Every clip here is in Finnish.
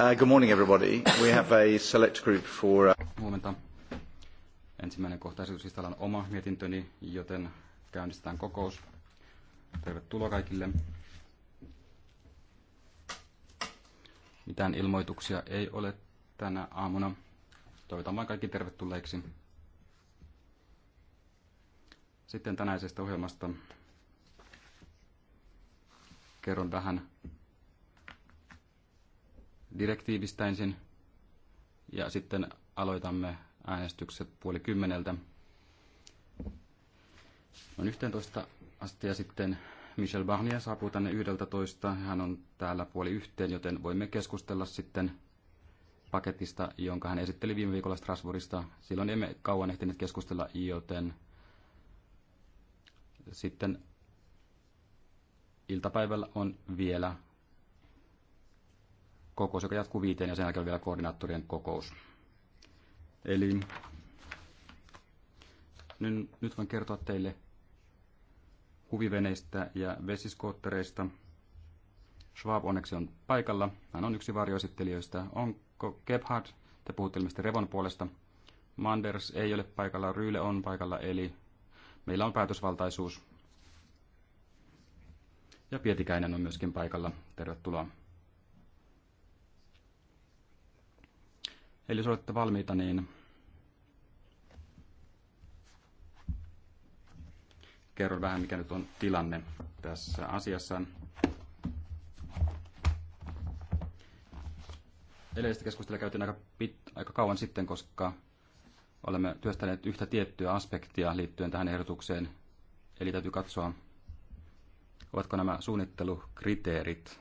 Uh, good morning everybody. We have a select group for... Uh, Huomenta. Ensimmäinen kohta on oma mietintöni, joten käynnistetään kokous. Tervetuloa kaikille. Mitään ilmoituksia ei ole tänä aamuna. Toivotan vaan kaikki tervetulleiksi. Sitten tänäisestä ohjelmasta kerron vähän direktiivistä ensin ja sitten aloitamme äänestykset puoli kymmeneltä. Noin 11 asti ja sitten Michel Barnier saapuu tänne 11. Hän on täällä puoli yhteen, joten voimme keskustella sitten paketista, jonka hän esitteli viime viikolla Strasbourgista. Silloin emme kauan ehtineet keskustella, joten sitten iltapäivällä on vielä kokous, joka jatkuu viiteen ja sen jälkeen vielä koordinaattorien kokous. Eli nyt, nyt voin kertoa teille huviveneistä ja vesiskoottereista. Schwab onneksi on paikalla. Hän on yksi varjoesittelijöistä. Onko Gebhard? Te puhutte ilmeisesti Revon puolesta. Manders ei ole paikalla, Ryyle on paikalla, eli meillä on päätösvaltaisuus. Ja Pietikäinen on myöskin paikalla. Tervetuloa. Eli jos olette valmiita, niin kerron vähän, mikä nyt on tilanne tässä asiassa. Edellistä keskustelua käytiin aika, pit, aika kauan sitten, koska olemme työstäneet yhtä tiettyä aspektia liittyen tähän ehdotukseen. Eli täytyy katsoa, ovatko nämä suunnittelukriteerit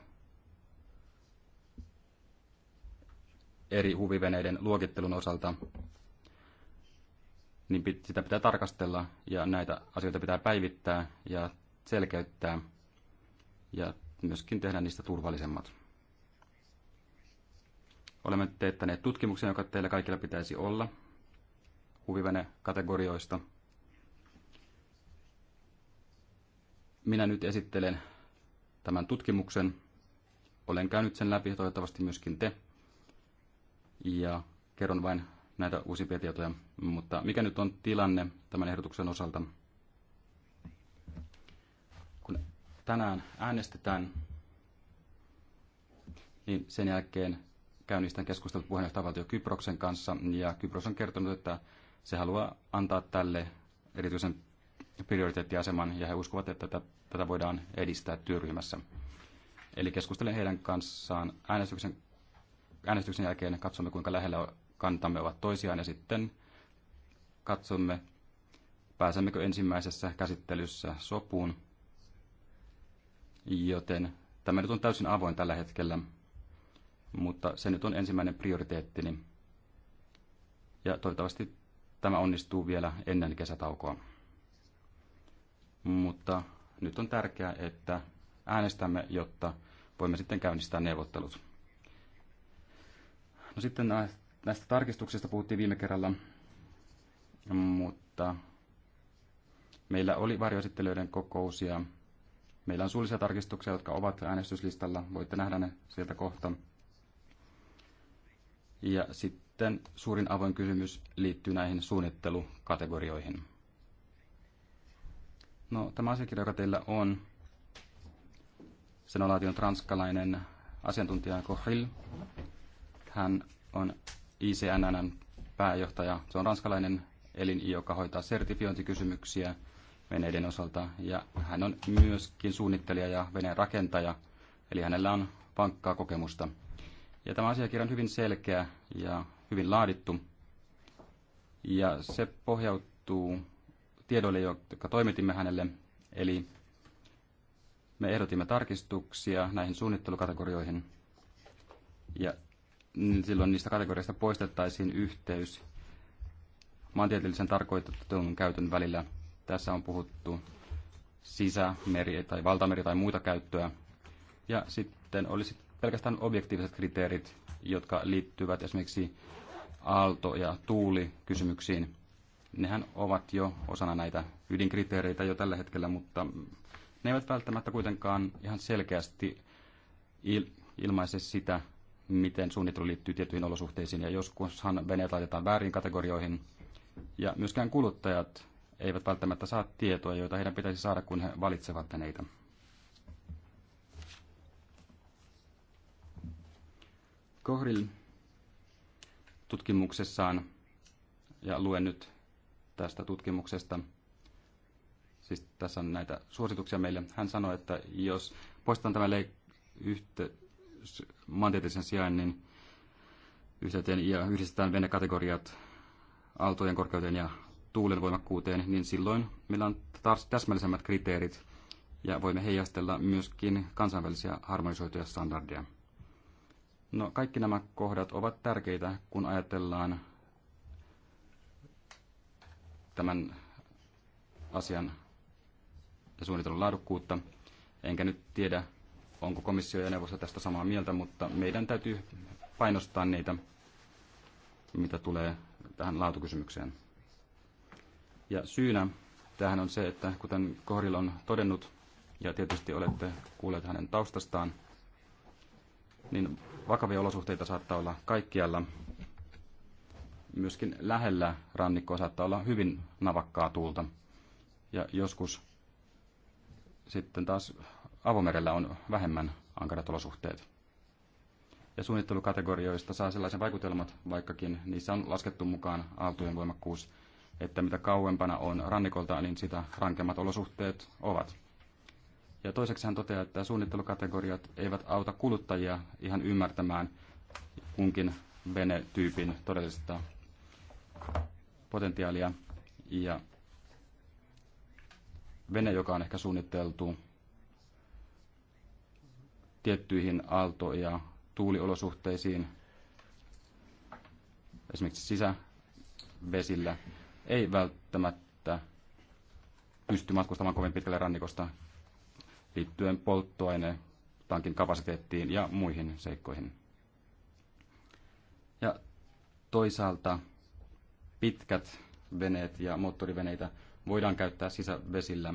eri huviveneiden luokittelun osalta, niin sitä pitää tarkastella ja näitä asioita pitää päivittää ja selkeyttää ja myöskin tehdä niistä turvallisemmat. Olemme teettäneet tutkimuksen, joka teillä kaikilla pitäisi olla huvivene-kategorioista. Minä nyt esittelen tämän tutkimuksen. Olen käynyt sen läpi, toivottavasti myöskin te ja kerron vain näitä uusimpia tietoja. Mutta mikä nyt on tilanne tämän ehdotuksen osalta? Kun tänään äänestetään, niin sen jälkeen käynnistän keskustelut puheenjohtajavaltio Kyproksen kanssa, ja Kypros on kertonut, että se haluaa antaa tälle erityisen prioriteettiaseman, ja he uskovat, että tätä voidaan edistää työryhmässä. Eli keskustelen heidän kanssaan äänestyksen äänestyksen jälkeen katsomme, kuinka lähellä kantamme ovat toisiaan ja sitten katsomme, pääsemmekö ensimmäisessä käsittelyssä sopuun. Joten tämä nyt on täysin avoin tällä hetkellä, mutta se nyt on ensimmäinen prioriteettini. Ja toivottavasti tämä onnistuu vielä ennen kesätaukoa. Mutta nyt on tärkeää, että äänestämme, jotta voimme sitten käynnistää neuvottelut. No sitten näistä tarkistuksista puhuttiin viime kerralla, mutta meillä oli varjoesittelyiden kokousia. Meillä on suullisia tarkistuksia, jotka ovat äänestyslistalla. Voitte nähdä ne sieltä kohta. Ja sitten suurin avoin kysymys liittyy näihin suunnittelukategorioihin. No, tämä asiakirja, joka teillä on, sen on laatinut ranskalainen asiantuntija Kohil, hän on ICN:n pääjohtaja. Se on ranskalainen elin, joka hoitaa sertifiointikysymyksiä veneiden osalta. Ja hän on myöskin suunnittelija ja veneen rakentaja, eli hänellä on vankkaa kokemusta. Ja tämä asiakirja on hyvin selkeä ja hyvin laadittu. Ja se pohjautuu tiedoille, jotka toimitimme hänelle. Eli me ehdotimme tarkistuksia näihin suunnittelukategorioihin. Ja niin silloin niistä kategoriasta poistettaisiin yhteys maantieteellisen tarkoitetun käytön välillä. Tässä on puhuttu sisämeri tai valtameri tai muita käyttöä. Ja sitten olisi pelkästään objektiiviset kriteerit, jotka liittyvät esimerkiksi aalto- ja tuulikysymyksiin. Nehän ovat jo osana näitä ydinkriteereitä jo tällä hetkellä, mutta ne eivät välttämättä kuitenkaan ihan selkeästi il- ilmaise sitä, miten suunnittelu liittyy tiettyihin olosuhteisiin, ja joskushan veneet laitetaan väärin kategorioihin, ja myöskään kuluttajat eivät välttämättä saa tietoa, joita heidän pitäisi saada, kun he valitsevat veneitä. Kohril tutkimuksessaan, ja luen nyt tästä tutkimuksesta, siis tässä on näitä suosituksia meille, hän sanoi, että jos poistetaan tämä leik- yhte- maantieteellisen sijainnin yhteyteen ja yhdistetään venekategoriat aaltojen korkeuteen ja tuulen voimakkuuteen, niin silloin meillä on taas täsmällisemmät kriteerit ja voimme heijastella myöskin kansainvälisiä harmonisoituja standardeja. No, kaikki nämä kohdat ovat tärkeitä, kun ajatellaan tämän asian ja suunnitelun laadukkuutta. Enkä nyt tiedä, onko komissio ja neuvosto tästä samaa mieltä, mutta meidän täytyy painostaa niitä, mitä tulee tähän laatukysymykseen. Ja syynä tähän on se, että kuten Kohril on todennut, ja tietysti olette kuulleet hänen taustastaan, niin vakavia olosuhteita saattaa olla kaikkialla. Myöskin lähellä rannikkoa saattaa olla hyvin navakkaa tuulta. Ja joskus sitten taas avomerellä on vähemmän ankarat olosuhteet. Ja suunnittelukategorioista saa sellaisen vaikutelmat, vaikkakin niissä on laskettu mukaan aaltojen voimakkuus, että mitä kauempana on rannikolta, niin sitä rankemmat olosuhteet ovat. Ja toiseksi hän toteaa, että suunnittelukategoriat eivät auta kuluttajia ihan ymmärtämään kunkin venetyypin todellista potentiaalia. Ja vene, joka on ehkä suunniteltu tiettyihin aalto- ja tuuliolosuhteisiin, esimerkiksi sisävesillä, ei välttämättä pysty matkustamaan kovin pitkälle rannikosta liittyen polttoaine tankin kapasiteettiin ja muihin seikkoihin. Ja toisaalta pitkät veneet ja moottoriveneitä voidaan käyttää sisävesillä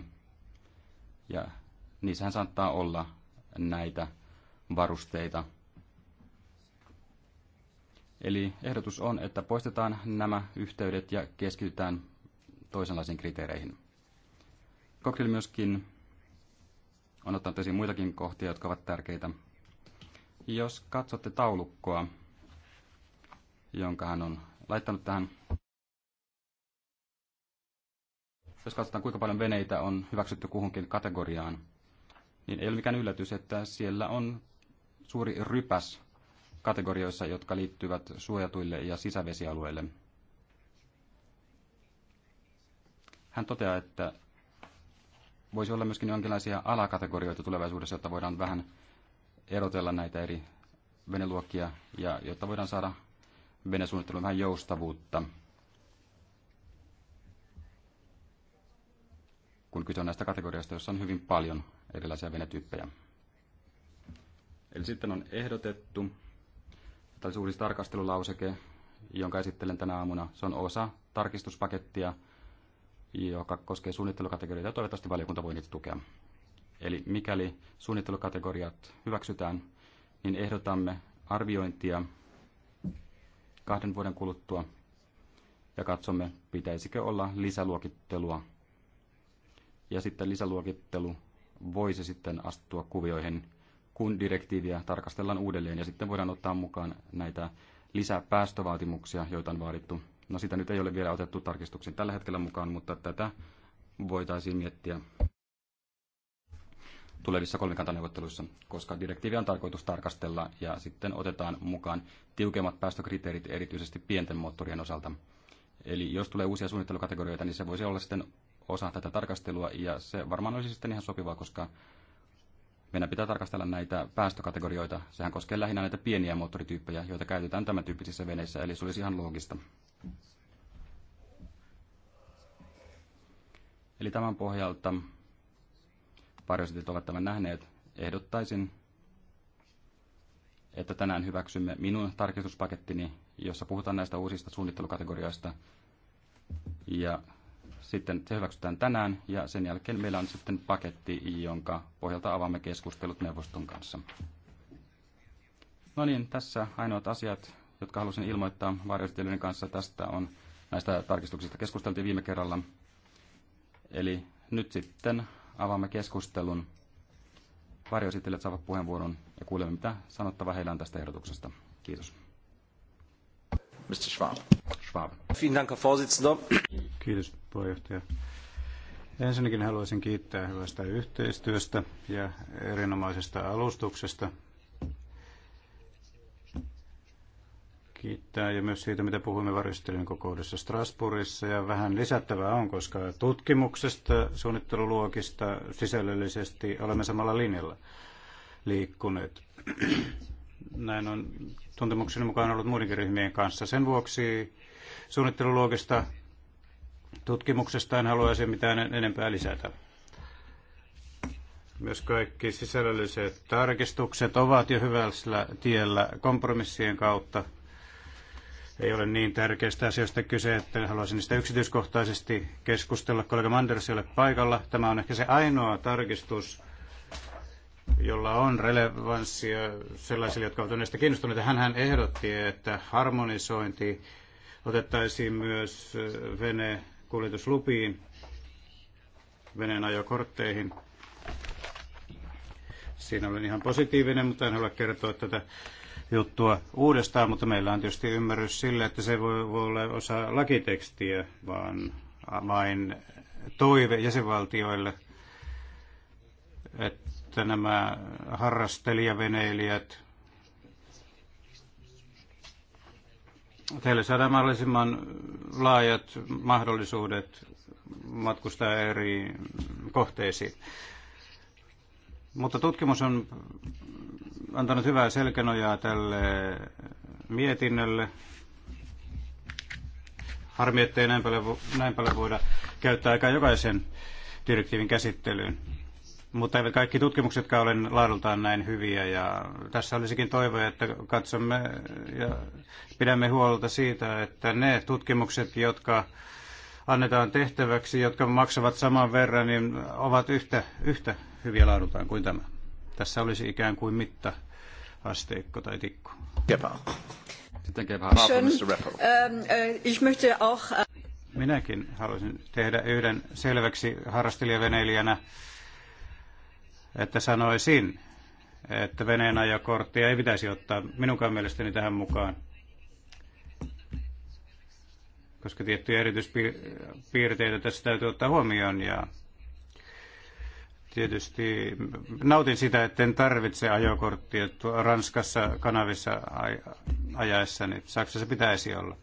ja niissähän saattaa olla näitä varusteita. Eli ehdotus on, että poistetaan nämä yhteydet ja keskitytään toisenlaisiin kriteereihin. Kokeil myöskin on ottanut esiin muitakin kohtia, jotka ovat tärkeitä. Jos katsotte taulukkoa, jonka hän on laittanut tähän, jos katsotaan kuinka paljon veneitä on hyväksytty kuhunkin kategoriaan, niin ei ole mikään yllätys, että siellä on suuri rypäs kategorioissa, jotka liittyvät suojatuille ja sisävesialueille. Hän toteaa, että voisi olla myöskin jonkinlaisia alakategorioita tulevaisuudessa, jotta voidaan vähän erotella näitä eri veneluokkia ja jotta voidaan saada venesuunnitteluun vähän joustavuutta. kun kyse on näistä kategorioista, joissa on hyvin paljon erilaisia venetyyppejä. Eli sitten on ehdotettu, että olisi uusi tarkastelulauseke, jonka esittelen tänä aamuna. Se on osa tarkistuspakettia, joka koskee suunnittelukategorioita ja toivottavasti valiokunta voi niitä tukea. Eli mikäli suunnittelukategoriat hyväksytään, niin ehdotamme arviointia kahden vuoden kuluttua ja katsomme, pitäisikö olla lisäluokittelua. Ja sitten lisäluokittelu voisi sitten astua kuvioihin, kun direktiiviä tarkastellaan uudelleen ja sitten voidaan ottaa mukaan näitä lisäpäästövaatimuksia, joita on vaadittu. No sitä nyt ei ole vielä otettu tarkistuksiin tällä hetkellä mukaan, mutta tätä voitaisiin miettiä tulevissa kolmikantaneuvotteluissa, koska direktiivi on tarkoitus tarkastella ja sitten otetaan mukaan tiukemmat päästökriteerit erityisesti pienten moottorien osalta. Eli jos tulee uusia suunnittelukategorioita, niin se voisi olla sitten osa tätä tarkastelua ja se varmaan olisi sitten ihan sopivaa, koska meidän pitää tarkastella näitä päästökategorioita. Sehän koskee lähinnä näitä pieniä moottorityyppejä, joita käytetään tämän tyyppisissä veneissä, eli se olisi ihan loogista. Eli tämän pohjalta parjositit ovat tämän nähneet. Ehdottaisin, että tänään hyväksymme minun tarkistuspakettini, jossa puhutaan näistä uusista suunnittelukategorioista. Ja sitten se hyväksytään tänään ja sen jälkeen meillä on sitten paketti, jonka pohjalta avaamme keskustelut neuvoston kanssa. No niin, tässä ainoat asiat, jotka halusin ilmoittaa varjoistelijoiden kanssa. Tästä on näistä tarkistuksista keskusteltiin viime kerralla. Eli nyt sitten avaamme keskustelun. Varjoesittelijät saavat puheenvuoron ja kuulemme, mitä sanottava heillä on tästä ehdotuksesta. Kiitos. Mr. Schwab. Schwab. Vielen Dank, Herr Vorsitzender. Kiitos puheenjohtaja. Ensinnäkin haluaisin kiittää hyvästä yhteistyöstä ja erinomaisesta alustuksesta. Kiittää ja myös siitä, mitä puhuimme varjostelun kokoudessa Strasbourgissa. Ja vähän lisättävää on, koska tutkimuksesta, suunnitteluluokista sisällöllisesti olemme samalla linjalla liikkuneet. Näin on tuntemukseni mukaan ollut muidenkin ryhmien kanssa. Sen vuoksi suunnitteluluokista Tutkimuksesta en haluaisi mitään enempää lisätä. Myös kaikki sisällölliset tarkistukset ovat jo hyvällä tiellä kompromissien kautta. Ei ole niin tärkeästä asioista kyse, että haluaisin niistä yksityiskohtaisesti keskustella. Kollega Manders ei ole paikalla. Tämä on ehkä se ainoa tarkistus, jolla on relevanssia sellaisille, jotka ovat näistä kiinnostuneita. Hänhän ehdotti, että harmonisointi otettaisiin myös eh, vene kuljetuslupiin, veneen ajokortteihin. Siinä olen ihan positiivinen, mutta en halua kertoa tätä juttua uudestaan, mutta meillä on tietysti ymmärrys sille, että se voi, voi olla osa lakitekstiä, vaan vain toive jäsenvaltioille, että nämä harrastelijaveneilijät Teille saadaan mahdollisimman laajat mahdollisuudet matkustaa eri kohteisiin. Mutta tutkimus on antanut hyvää selkänojaa tälle mietinnölle. Harmi, ettei näin paljon, näin paljon voida käyttää aikaa jokaisen direktiivin käsittelyyn mutta eivät kaikki tutkimukset, ole laadultaan näin hyviä. Ja tässä olisikin toivo, että katsomme ja pidämme huolta siitä, että ne tutkimukset, jotka annetaan tehtäväksi, jotka maksavat saman verran, niin ovat yhtä, yhtä hyviä laadultaan kuin tämä. Tässä olisi ikään kuin mitta asteikko tai tikku. Sitten ähm, äh, äh, Minäkin haluaisin tehdä yhden selväksi harrastelijaveneilijänä. veneilijänä että sanoisin, että veneen ajokorttia ei pitäisi ottaa minunkaan mielestäni tähän mukaan, koska tiettyjä erityispiirteitä tässä täytyy ottaa huomioon ja tietysti nautin sitä, että en tarvitse ajokorttia Ranskassa kanavissa ajaessani. Niin Saksassa pitäisi olla.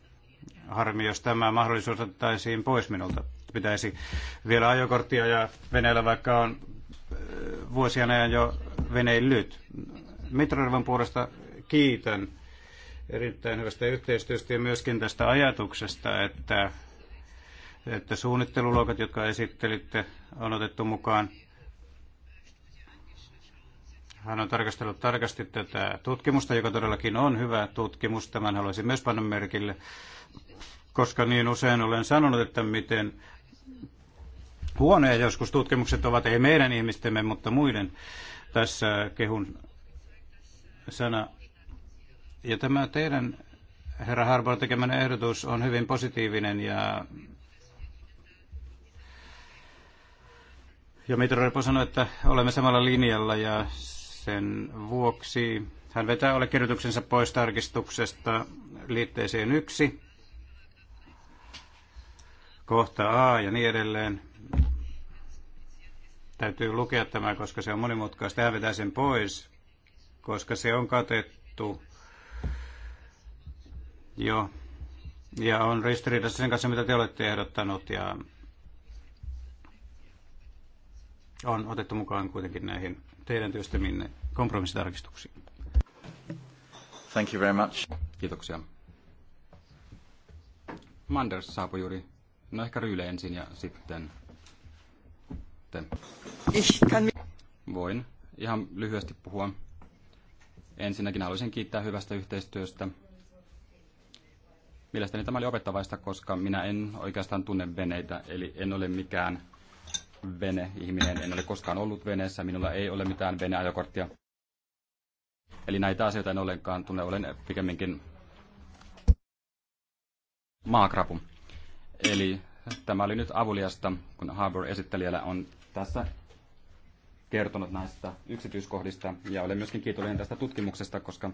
Harmi, jos tämä mahdollisuus otettaisiin pois minulta. Pitäisi vielä ajokorttia ja veneellä, vaikka on vuosien ajan jo veneillyt. Mitrorvan puolesta kiitän erittäin hyvästä yhteistyöstä ja myöskin tästä ajatuksesta, että, että suunnitteluluokat, jotka esittelitte, on otettu mukaan. Hän on tarkastellut tarkasti tätä tutkimusta, joka todellakin on hyvä tutkimus. Tämän haluaisin myös panna merkille, koska niin usein olen sanonut, että miten huonoja joskus tutkimukset ovat, ei meidän ihmistemme, mutta muiden. Tässä kehun sana. Ja tämä teidän, herra Harbour, tekemänne ehdotus on hyvin positiivinen ja Ja Mitro sanoi, että olemme samalla linjalla ja sen vuoksi hän vetää allekirjoituksensa pois tarkistuksesta liitteeseen yksi kohta A ja niin edelleen. Täytyy lukea tämä, koska se on monimutkaista. Tämä vetää sen pois, koska se on katettu jo ja on ristiriidassa sen kanssa, mitä te olette ehdottanut ja on otettu mukaan kuitenkin näihin teidän työstäminne kompromissitarkistuksiin. Thank you very much. Kiitoksia. Manders saapui juuri. No ehkä Ryyle ensin ja sitten sitten? Voin ihan lyhyesti puhua. Ensinnäkin haluaisin kiittää hyvästä yhteistyöstä. Mielestäni tämä oli opettavaista, koska minä en oikeastaan tunne veneitä, eli en ole mikään vene-ihminen, en ole koskaan ollut veneessä, minulla ei ole mitään veneajokorttia. Eli näitä asioita en ollenkaan tunne, olen pikemminkin maakrapu. Eli tämä oli nyt avuliasta, kun Harbour esittelijällä on tässä kertonut näistä yksityiskohdista ja olen myöskin kiitollinen tästä tutkimuksesta, koska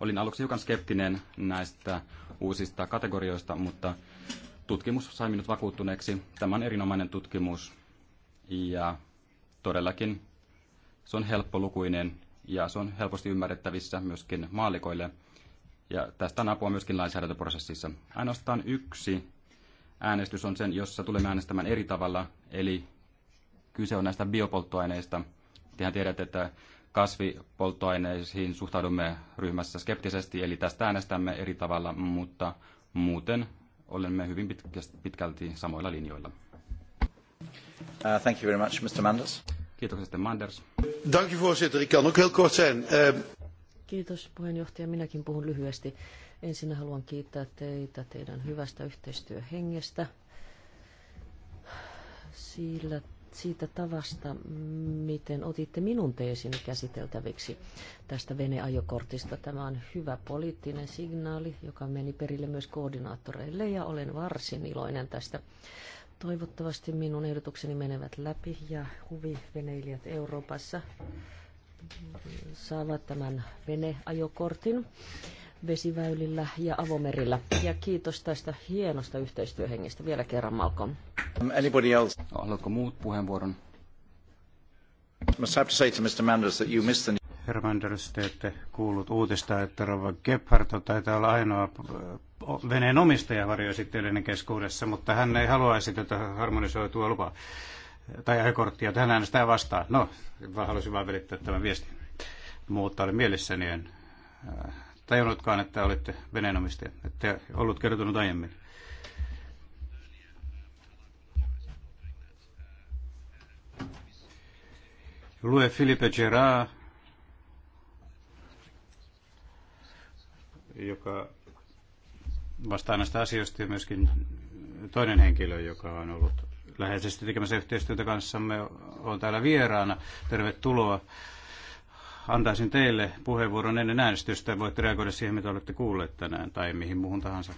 olin aluksi hiukan skeptinen näistä uusista kategorioista, mutta tutkimus sai minut vakuuttuneeksi. Tämä on erinomainen tutkimus ja todellakin se on helppolukuinen ja se on helposti ymmärrettävissä myöskin maalikoille. Ja tästä on apua myöskin lainsäädäntöprosessissa. Ainoastaan yksi äänestys on sen, jossa tulemme äänestämään eri tavalla, eli kyse on näistä biopolttoaineista. Tehän tiedät, että kasvipolttoaineisiin suhtaudumme ryhmässä skeptisesti, eli tästä äänestämme eri tavalla, mutta muuten olemme hyvin pitkälti samoilla linjoilla. Uh, thank you very much, Mr. Manders. Kiitos, Manders. Dank u voorzitter. Ik kan ook heel kort zijn. Uh, Kiitos puheenjohtaja. Minäkin puhun lyhyesti. Ensin haluan kiittää teitä teidän hyvästä yhteistyöhengestä. Sillä siitä tavasta, miten otitte minun teesini käsiteltäviksi tästä veneajokortista. Tämä on hyvä poliittinen signaali, joka meni perille myös koordinaattoreille ja olen varsin iloinen tästä. Toivottavasti minun ehdotukseni menevät läpi ja huviveneilijät Euroopassa saavat tämän veneajokortin vesiväylillä ja avomerillä. Ja kiitos tästä hienosta yhteistyöhengestä vielä kerran, Malcolm. Um, anybody else? No, haluatko muut puheenvuoron? Must have to say to Mr. Manders that you missed the... Herra Manders, te ette kuullut uutista, että Rova Gebhardt taitaa olla ainoa veneen omistaja varjoesittelijöiden keskuudessa, mutta hän ei haluaisi tätä harmonisoitua lupaa tai ajokorttia, että hän äänestää vastaan. No, vaan halusin vain välittää tämän viestin. Mutta oli mielessäni, en tajunnutkaan, että olette veneenomistaja, ette ollut kertonut aiemmin. Lue Philippe Gerard, joka vastaa näistä asioista ja myöskin toinen henkilö, joka on ollut läheisesti tekemässä yhteistyötä kanssamme, on täällä vieraana. Tervetuloa antaisin teille puheenvuoron ennen äänestystä. Voitte reagoida siihen, mitä olette kuulleet tänään tai mihin muuhun tahansa.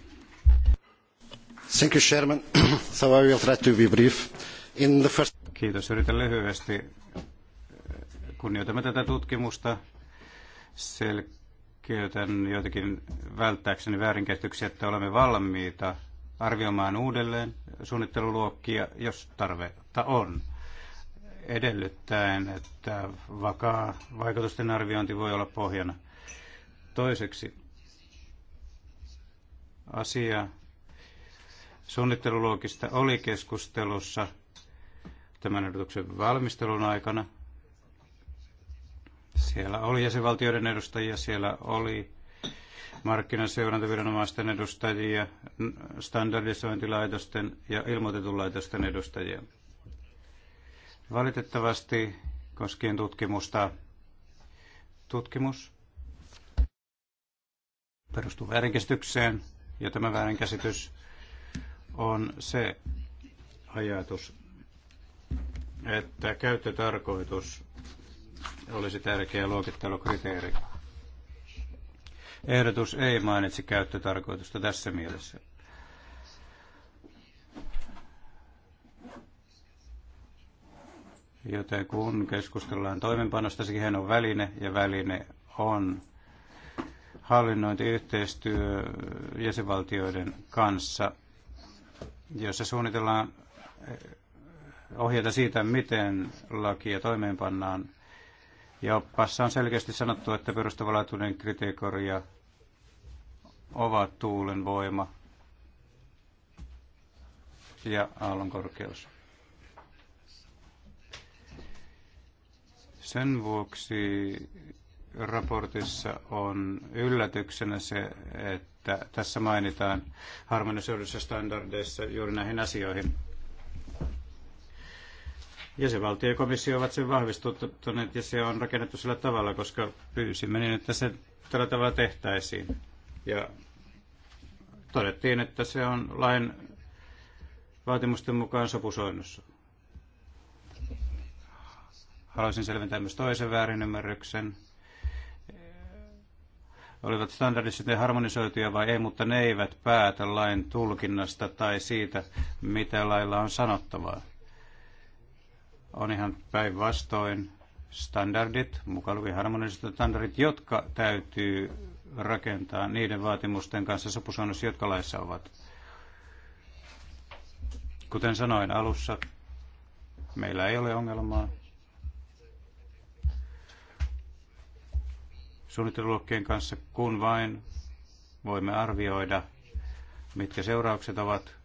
Thank you, Chairman. So I will try to be brief. In the first... Kiitos. Yritän lyhyesti. Kunnioitamme tätä tutkimusta. Selkeytän joitakin välttääkseni väärinkäsityksiä, että olemme valmiita arvioimaan uudelleen suunnitteluluokkia, jos tarvetta on edellyttäen, että vakaa vaikutusten arviointi voi olla pohjana. Toiseksi asia suunnitteluluokista oli keskustelussa tämän ehdotuksen valmistelun aikana. Siellä oli jäsenvaltioiden edustajia, siellä oli markkinaseurantaviranomaisten edustajia, standardisointilaitosten ja ilmoitetun laitosten edustajia. Valitettavasti koskien tutkimusta, tutkimus perustuu väärinkäsitykseen ja tämä väärinkäsitys on se ajatus, että käyttötarkoitus olisi tärkeä luokittelukriteeri. Ehdotus ei mainitsi käyttötarkoitusta tässä mielessä. Joten kun keskustellaan toimenpanosta, siihen on väline ja väline on hallinnointiyhteistyö jäsenvaltioiden kanssa, jossa suunnitellaan eh, ohjeita siitä, miten lakia toimeenpannaan. Ja oppassa on selkeästi sanottu, että perustavanlaatuinen kriteekoria ovat tuulen voima ja aallon korkeus. Sen vuoksi raportissa on yllätyksenä se, että tässä mainitaan harmonisoidussa standardeissa juuri näihin asioihin. Jäsenvaltio ja komissio ovat sen vahvistuneet ja se on rakennettu sillä tavalla, koska pyysimme niin, että se tällä tavalla tehtäisiin. Ja todettiin, että se on lain vaatimusten mukaan sopusoinnussa. Haluaisin selventää myös toisen väärinymmärryksen. Olivat standardit sitten harmonisoituja vai ei, mutta ne eivät päätä lain tulkinnasta tai siitä, mitä lailla on sanottavaa. On ihan päinvastoin standardit, mukaan lukien harmoniset standardit, jotka täytyy rakentaa niiden vaatimusten kanssa sopusoinnussa, jotka laissa ovat. Kuten sanoin alussa, meillä ei ole ongelmaa suunnitteluluokkien kanssa, kun vain voimme arvioida, mitkä seuraukset ovat.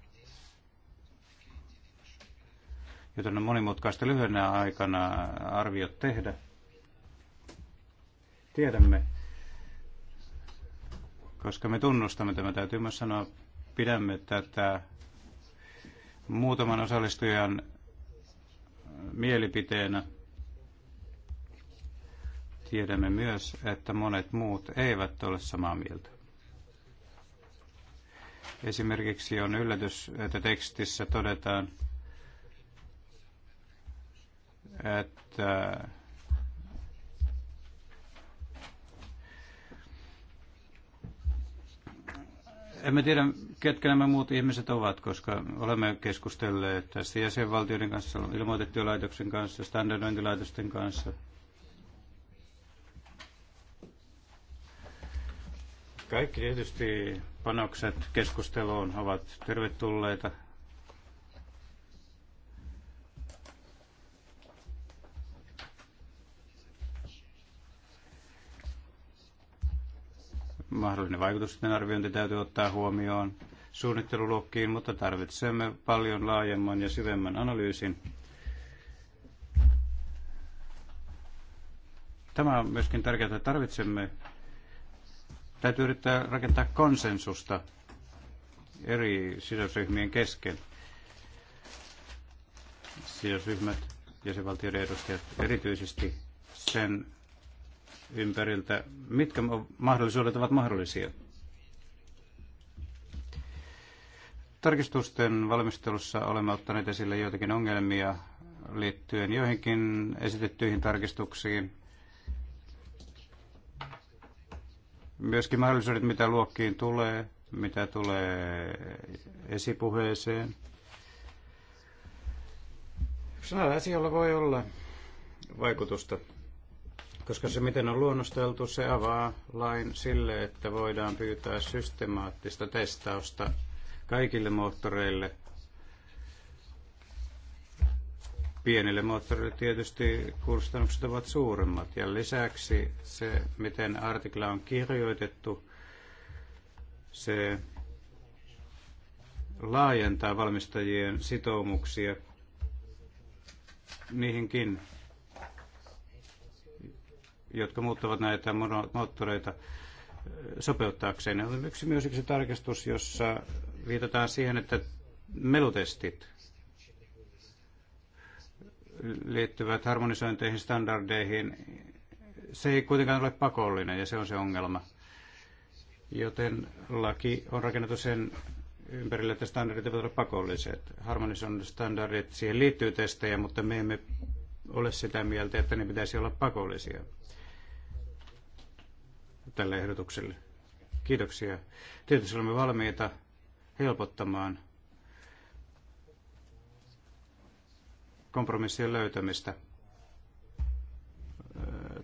Joten on monimutkaista lyhyenä aikana arviot tehdä. Tiedämme, koska me tunnustamme, tämä täytyy myös sanoa, pidämme tätä muutaman osallistujan mielipiteenä Tiedämme myös, että monet muut eivät ole samaa mieltä. Esimerkiksi on yllätys, että tekstissä todetaan, että emme tiedä, ketkä nämä muut ihmiset ovat, koska olemme keskustelleet tästä jäsenvaltioiden kanssa, ilmoitettujen laitoksen kanssa, standardointilaitosten kanssa, Kaikki tietysti panokset keskusteluun ovat tervetulleita. Mahdollinen vaikutusten arviointi täytyy ottaa huomioon suunnitteluluokkiin, mutta tarvitsemme paljon laajemman ja syvemmän analyysin. Tämä on myöskin tärkeää, että tarvitsemme Täytyy yrittää rakentaa konsensusta eri sidosryhmien kesken. Sidosryhmät, jäsenvaltioiden edustajat erityisesti sen ympäriltä, mitkä mahdollisuudet ovat mahdollisia. Tarkistusten valmistelussa olemme ottaneet esille joitakin ongelmia liittyen joihinkin esitettyihin tarkistuksiin. Myöskin mahdollisuudet, mitä luokkiin tulee, mitä tulee esipuheeseen. Sanalla asioilla voi olla vaikutusta, koska se miten on luonnosteltu, se avaa lain sille, että voidaan pyytää systemaattista testausta kaikille moottoreille Pienille moottoreille tietysti kustannukset ovat suuremmat ja lisäksi se, miten artikla on kirjoitettu, se laajentaa valmistajien sitoumuksia niihinkin, jotka muuttavat näitä moottoreita sopeuttaakseen. On yksi myös yksi tarkistus, jossa viitataan siihen, että melutestit liittyvät harmonisointeihin, standardeihin, se ei kuitenkaan ole pakollinen ja se on se ongelma. Joten laki on rakennettu sen ympärille, että standardit eivät ole pakolliset. Harmonisoinnin standardit, siihen liittyy testejä, mutta me emme ole sitä mieltä, että ne pitäisi olla pakollisia tälle ehdotukselle. Kiitoksia. Tietysti olemme valmiita helpottamaan kompromissien löytämistä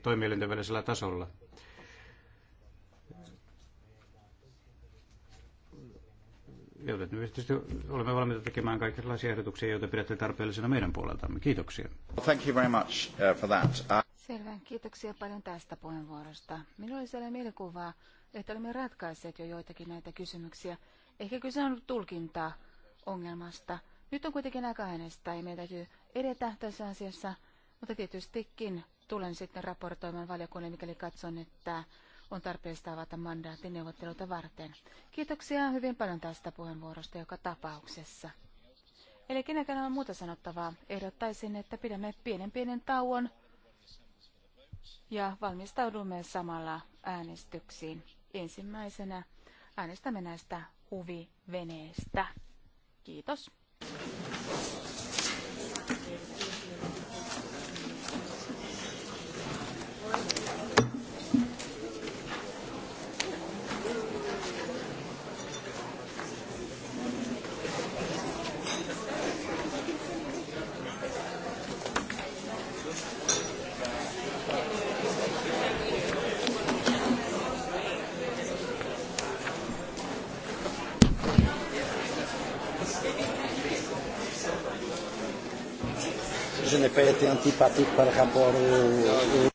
toimielinten välisellä tasolla. Joten me tietysti olemme valmiita tekemään kaikenlaisia ehdotuksia, joita pidätte tarpeellisena meidän puoleltamme. Kiitoksia. Thank you very much uh, for that. Uh, Selvä. Kiitoksia paljon tästä puheenvuorosta. Minulla oli sellainen mielikuva, että olemme ratkaisseet jo joitakin näitä kysymyksiä. Ehkä kyse on tulkintaa ongelmasta. Nyt on kuitenkin aika äänestää ja meidän täytyy edetä tässä asiassa, mutta tietystikin tulen sitten raportoimaan valiokunnille, mikäli katson, että on tarpeesta avata mandaatin neuvotteluita varten. Kiitoksia hyvin paljon tästä puheenvuorosta joka tapauksessa. Eli kenenkään on muuta sanottavaa. Ehdottaisin, että pidämme pienen pienen tauon ja valmistaudumme samalla äänestyksiin. Ensimmäisenä äänestämme näistä huviveneistä. Kiitos. antipático para Japón.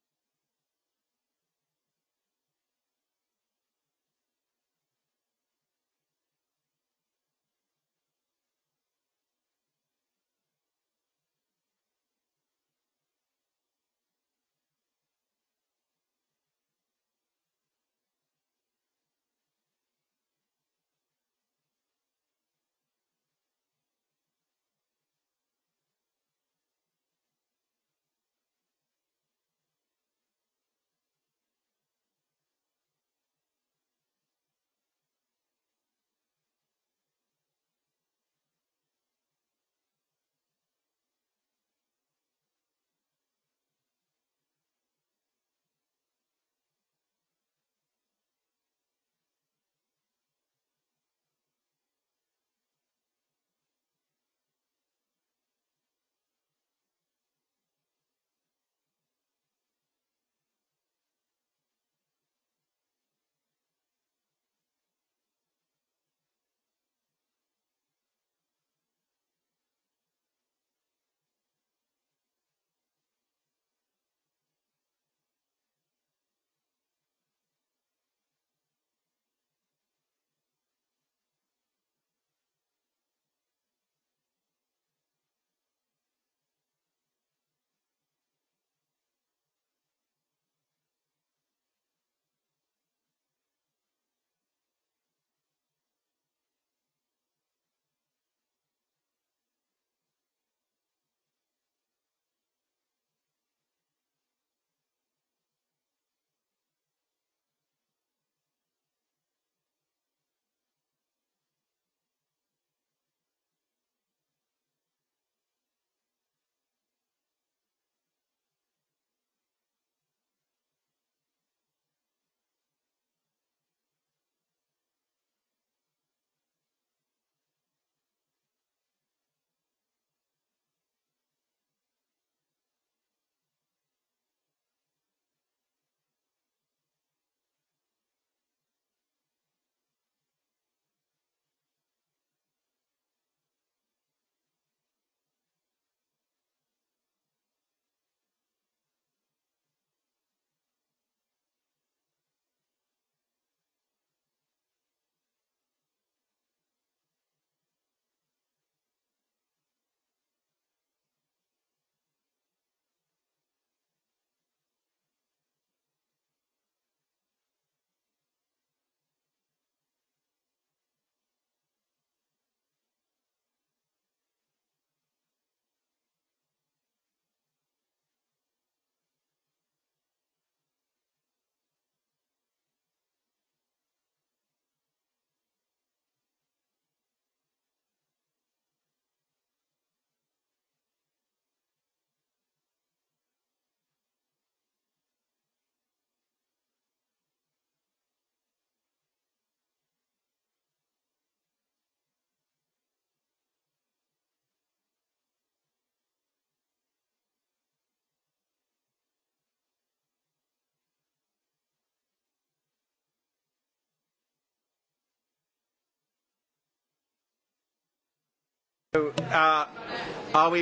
Uh,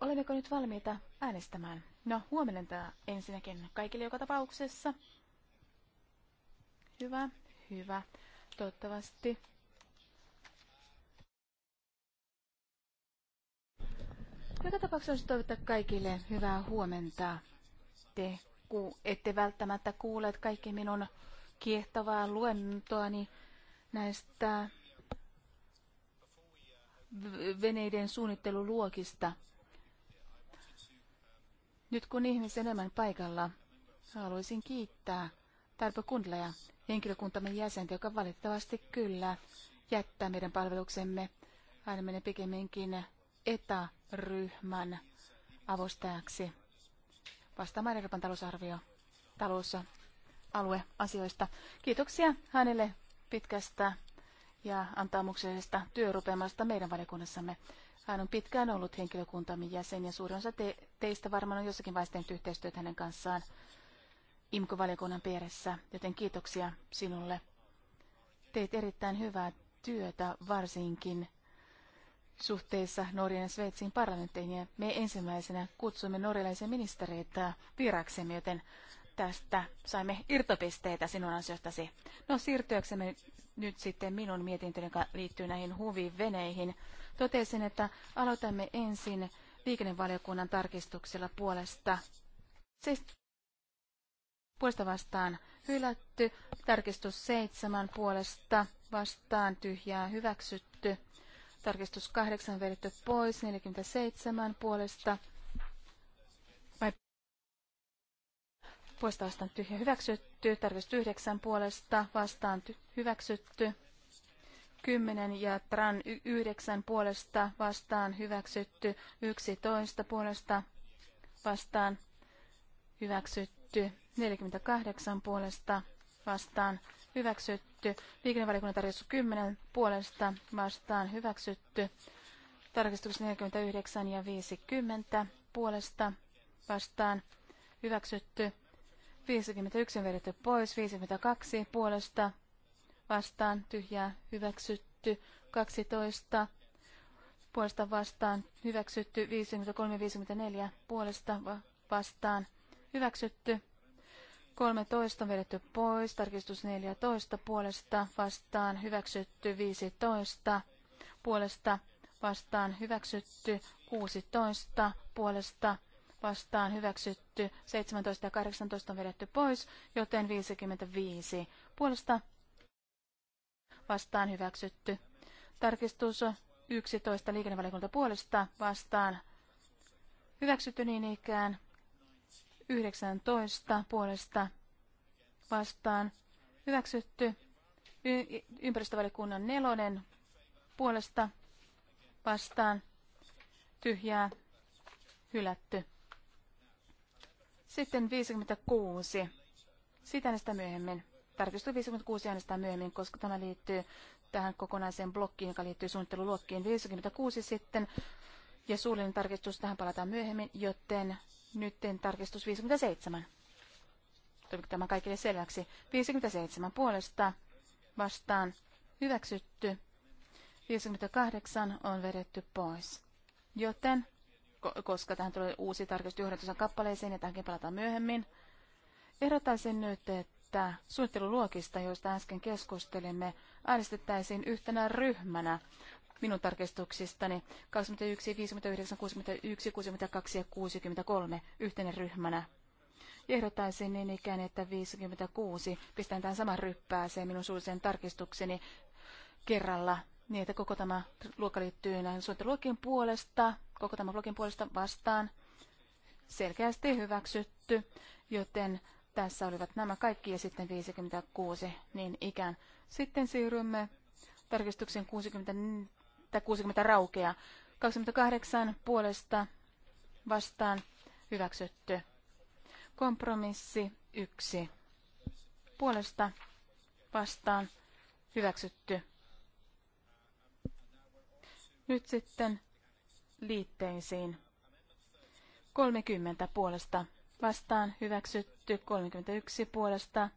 Olemmeko nyt valmiita äänestämään? No, huomenna ensinnäkin kaikille joka tapauksessa. Hyvä, hyvä. Toivottavasti. Joka tapauksessa toivottaa kaikille hyvää huomenta. Te ku, ette välttämättä kuule kaikki minun kiehtovaa luentoani näistä veneiden suunnitteluluokista. Nyt kun ihmiset enemmän paikalla, haluaisin kiittää Tarpo Kundla ja henkilökuntamme jäsentä, joka valitettavasti kyllä jättää meidän palveluksemme. Hän menee pikemminkin etäryhmän avustajaksi vastaamaan Euroopan talousarvio talousalueasioista. Kiitoksia hänelle pitkästä ja antaamuksellisesta työrupeamasta meidän valiokunnassamme. Hän on pitkään ollut henkilökuntamme jäsen ja suurin osa te- teistä varmaan on jossakin vaiheessa tehnyt yhteistyötä hänen kanssaan IMKO-valiokunnan piirissä, joten kiitoksia sinulle. Teit erittäin hyvää työtä varsinkin suhteessa Norjan ja Sveitsin parlamentteihin ja me ensimmäisenä kutsumme norjalaisia ministereitä viraksemme, joten tästä saimme irtopisteitä sinun ansiostasi. No siirtyäksemme nyt sitten minun mietintöni, joka liittyy näihin huviveneihin. Totesin, että aloitamme ensin liikennevaliokunnan tarkistuksella puolesta. Siis puolesta vastaan hylätty, tarkistus seitsemän puolesta vastaan tyhjää hyväksytty, tarkistus kahdeksan vedetty pois, 47 puolesta puolesta vastaan tyhjä hyväksytty, tarkistus yhdeksän puolesta vastaan hyväksytty, 10 ja tran 9 puolesta vastaan hyväksytty, 11 puolesta vastaan hyväksytty, 48 puolesta vastaan hyväksytty, liikennevaliokunnan tarkistus 10 puolesta vastaan hyväksytty, tarkistukset 49 ja 50 puolesta vastaan hyväksytty, 51 on vedetty pois, 52 puolesta vastaan tyhjää hyväksytty, 12 puolesta vastaan hyväksytty, 53-54 puolesta vastaan hyväksytty, 13 on vedetty pois, tarkistus 14 puolesta vastaan hyväksytty, 15 puolesta vastaan hyväksytty, 16 puolesta vastaan hyväksytty, 17 ja 18 on vedetty pois, joten 55 puolesta vastaan hyväksytty. Tarkistus 11 liikennevaliokunta puolesta vastaan hyväksytty niin ikään, 19 puolesta vastaan hyväksytty, y- ympäristövaliokunnan nelonen puolesta vastaan tyhjää hylätty. Sitten 56. Sitä näistä myöhemmin. Tarkistus 56 äänestää myöhemmin, koska tämä liittyy tähän kokonaiseen blokkiin, joka liittyy suunnitteluluokkiin 56 sitten. Ja suullinen tarkistus tähän palataan myöhemmin, joten nyt teen tarkistus 57. Tuliko tämä kaikille selväksi? 57 puolesta vastaan hyväksytty. 58 on vedetty pois. Joten koska tähän tulee uusi tarkistus johdatuksen kappaleeseen ja tähänkin palataan myöhemmin. Ehdotaisin nyt, että suunnitteluluokista, joista äsken keskustelimme, äänestettäisiin yhtenä ryhmänä minun tarkistuksistani 21, 59, 61, 62 ja 63 yhtenä ryhmänä. Ehdottaisin niin ikään, että 56 pistän tämän saman ryppääseen minun suulliseen tarkistukseni kerralla niin, että koko tämä luokka liittyy näihin suunnitteluokien puolesta, koko tämä blogin puolesta vastaan selkeästi hyväksytty, joten tässä olivat nämä kaikki ja sitten 56 niin ikään. Sitten siirrymme tarkistuksen 60, tai 60 raukea. 28 puolesta vastaan hyväksytty. Kompromissi 1 puolesta vastaan hyväksytty. Nyt sitten liitteisiin. 30 puolesta vastaan hyväksytty, 31 puolesta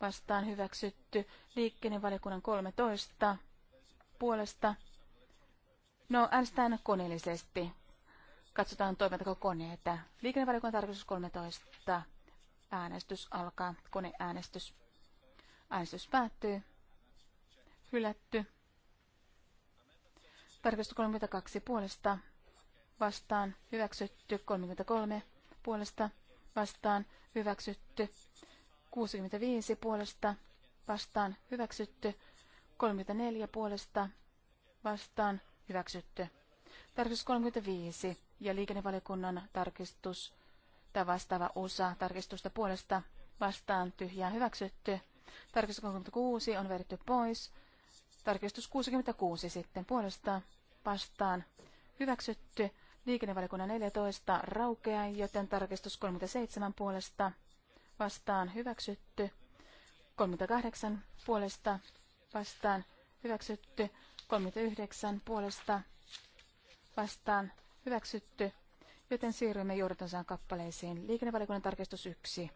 vastaan hyväksytty, liikennevaliokunnan 13 puolesta. No, äänestään koneellisesti. Katsotaan toimintako koneita. Liikennevaliokunnan tarkoitus 13. Äänestys alkaa. Koneäänestys. Äänestys päättyy. Hylätty. Tarkistus 32 puolesta vastaan hyväksytty. 33 puolesta vastaan hyväksytty. 65 puolesta vastaan hyväksytty. 34 puolesta vastaan hyväksytty. Tarkistus 35 ja liikennevaliokunnan tarkistus tai vastaava osa tarkistusta puolesta vastaan tyhjää hyväksytty. Tarkistus 36 on vedetty pois. Tarkistus 66 sitten puolesta vastaan hyväksytty. Liikennevaliokunnan 14 raukeaa, joten tarkistus 37 puolesta vastaan hyväksytty. 38 puolesta vastaan hyväksytty. 39 puolesta vastaan hyväksytty. Joten siirrymme juuritasaan kappaleisiin. Liikennevaliokunnan tarkistus 1.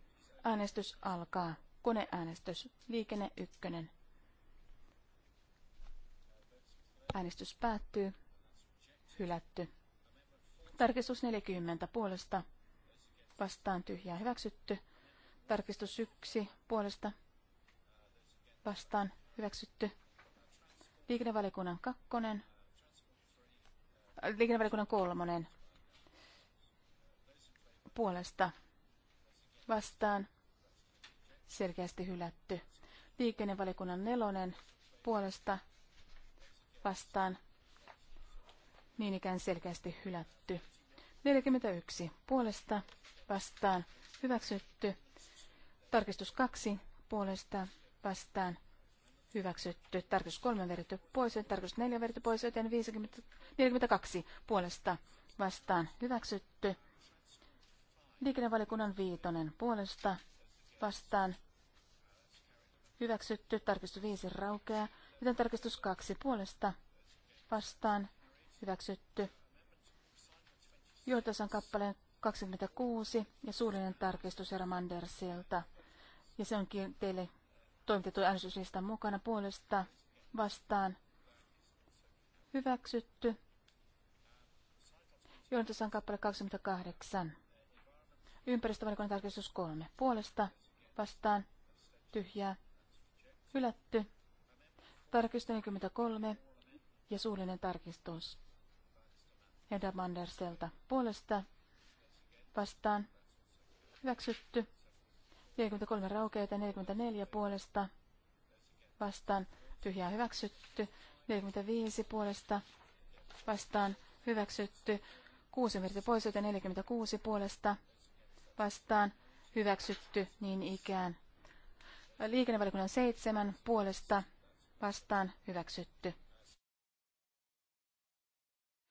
Äänestys alkaa. Koneäänestys. Liikenne 1. Äänestys päättyy. Hylätty. Tarkistus 40 puolesta. Vastaan tyhjää hyväksytty. Tarkistus 1 puolesta. Vastaan hyväksytty. Liikennevalikunnan kakkonen. Liikennevalikunnan kolmonen. Puolesta. Vastaan. Selkeästi hylätty. Liikennevalikunnan nelonen. Puolesta vastaan. Niin ikään selkeästi hylätty. 41 puolesta vastaan hyväksytty. Tarkistus 2 puolesta vastaan hyväksytty. Tarkistus 3 veritty pois, tarkistus 4 veritty pois, joten 50, 42 puolesta vastaan hyväksytty. Liikennevaliokunnan viitonen puolesta vastaan hyväksytty. Tarkistus 5 raukeaa. Joten tarkistus kaksi puolesta vastaan hyväksytty. Johtasan kappaleen 26 ja suullinen tarkistus Mandersilta. Ja se onkin teille toimitettu äänestyslistan mukana puolesta vastaan hyväksytty. Johtasan kappale 28. Ympäristövalikon tarkistus 3. Puolesta vastaan tyhjää hylätty. Tarkistus 43 ja suullinen tarkistus Hedda Manderselta puolesta vastaan hyväksytty. 43 raukeita, 44 puolesta vastaan tyhjää hyväksytty, 45 puolesta vastaan hyväksytty, 6 merkitty pois, joten 46 puolesta vastaan hyväksytty niin ikään. Liikennevaliokunnan 7 puolesta vastaan hyväksytty.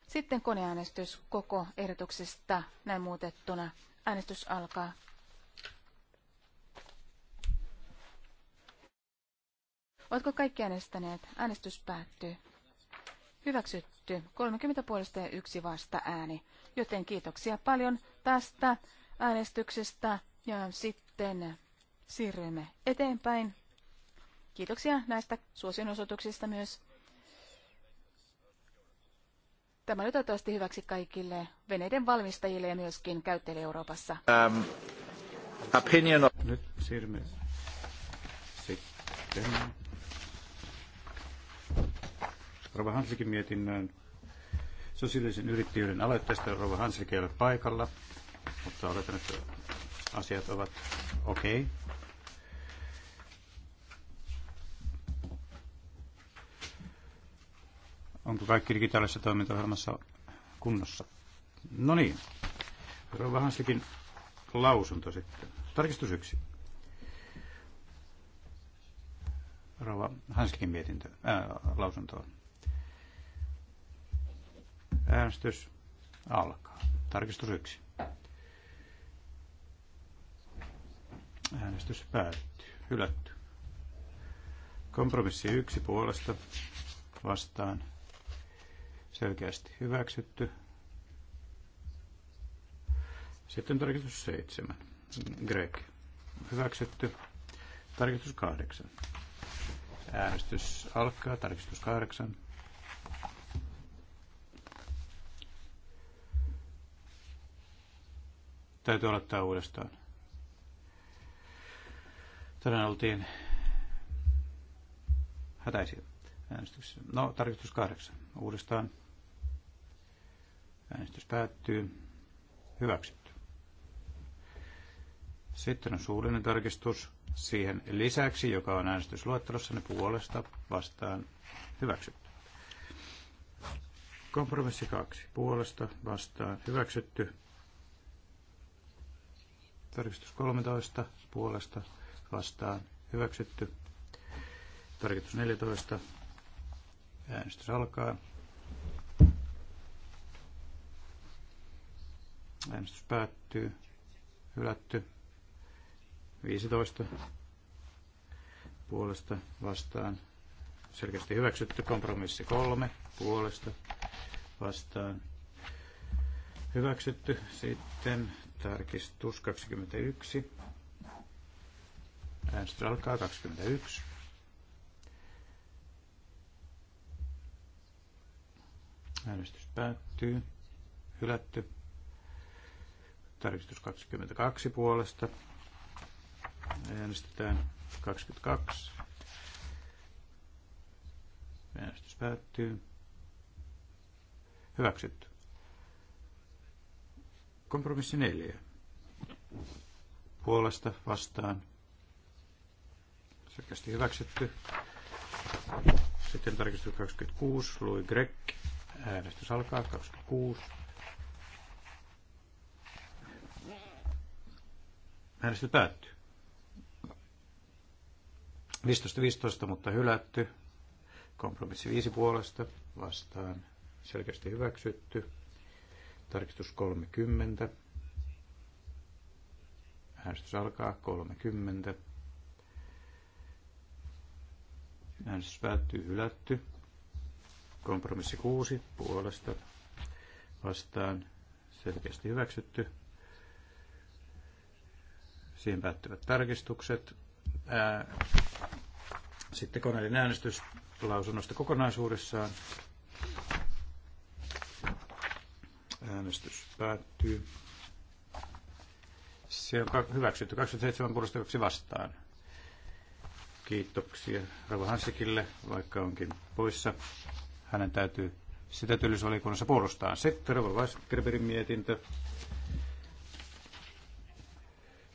Sitten koneäänestys koko ehdotuksesta näin muutettuna. Äänestys alkaa. Oletko kaikki äänestäneet? Äänestys päättyy. Hyväksytty. 30 puolesta ja yksi vasta ääni. Joten kiitoksia paljon tästä äänestyksestä ja sitten siirrymme eteenpäin. Kiitoksia näistä suosionosoituksista myös. Tämä oli toivottavasti hyväksi kaikille veneiden valmistajille ja myöskin käyttäjille Euroopassa. Um, opinion of... Nyt siirrymme sitten Rova Hanslikin mietinnön sosiaalisen yrittäjyyden aloitteesta. Rova Hanslik ei ole paikalla, mutta oletan, että asiat ovat okei. Okay. Onko kaikki digitaalisessa toimintaohjelmassa kunnossa? No niin. Rova Hanslikin lausunto sitten. Tarkistus yksi. Rova Hanslikin mietintö, ää, äh, lausuntoa. Äänestys alkaa. Tarkistus yksi. Äänestys päättyy. Hylätty. Kompromissi yksi puolesta vastaan Selkeästi hyväksytty. Sitten tarkistus 7. Greg. Hyväksytty. Tarkistus 8. Äänestys alkaa. Tarkistus 8. Täytyy aloittaa uudestaan. Tänään oltiin hätäisiä äänestyksessä. No, tarkistus 8. Uudestaan. Äänestys päättyy. Hyväksytty. Sitten on suullinen tarkistus siihen lisäksi, joka on äänestysluettelossa, ne puolesta vastaan hyväksytty. Kompromissi 2. Puolesta vastaan hyväksytty. Tarkistus 13. Puolesta vastaan hyväksytty. Tarkistus 14. Äänestys alkaa. Äänestys päättyy. Hylätty. 15 puolesta vastaan. Selkeästi hyväksytty. Kompromissi 3 puolesta vastaan. Hyväksytty. Sitten tarkistus 21. Äänestys alkaa 21. Äänestys päättyy. Hylätty. Tarkistus 22 puolesta. Äänestetään 22. Äänestys päättyy. Hyväksytty. Kompromissi 4. Puolesta vastaan. Selkeästi hyväksytty. Sitten tarkistus 26. Louis Gregg. Äänestys alkaa 26. Äänestys päättyy. 15-15, mutta hylätty. Kompromissi 5 puolesta vastaan selkeästi hyväksytty. Tarkistus 30. Äänestys alkaa 30. Äänestys päättyy hylätty. Kompromissi 6 puolesta vastaan selkeästi hyväksytty. Siihen päättyvät tarkistukset. Sitten koneiden äänestys lausunnosta kokonaisuudessaan. Äänestys päättyy. Se on hyväksytty 27 puolesta 2 vastaan. Kiitoksia Rauha Hansikille, vaikka onkin poissa. Hänen täytyy sitä työllisyysvaliokunnassa puolustaa. Sitten Rauha Weisgerberin mietintö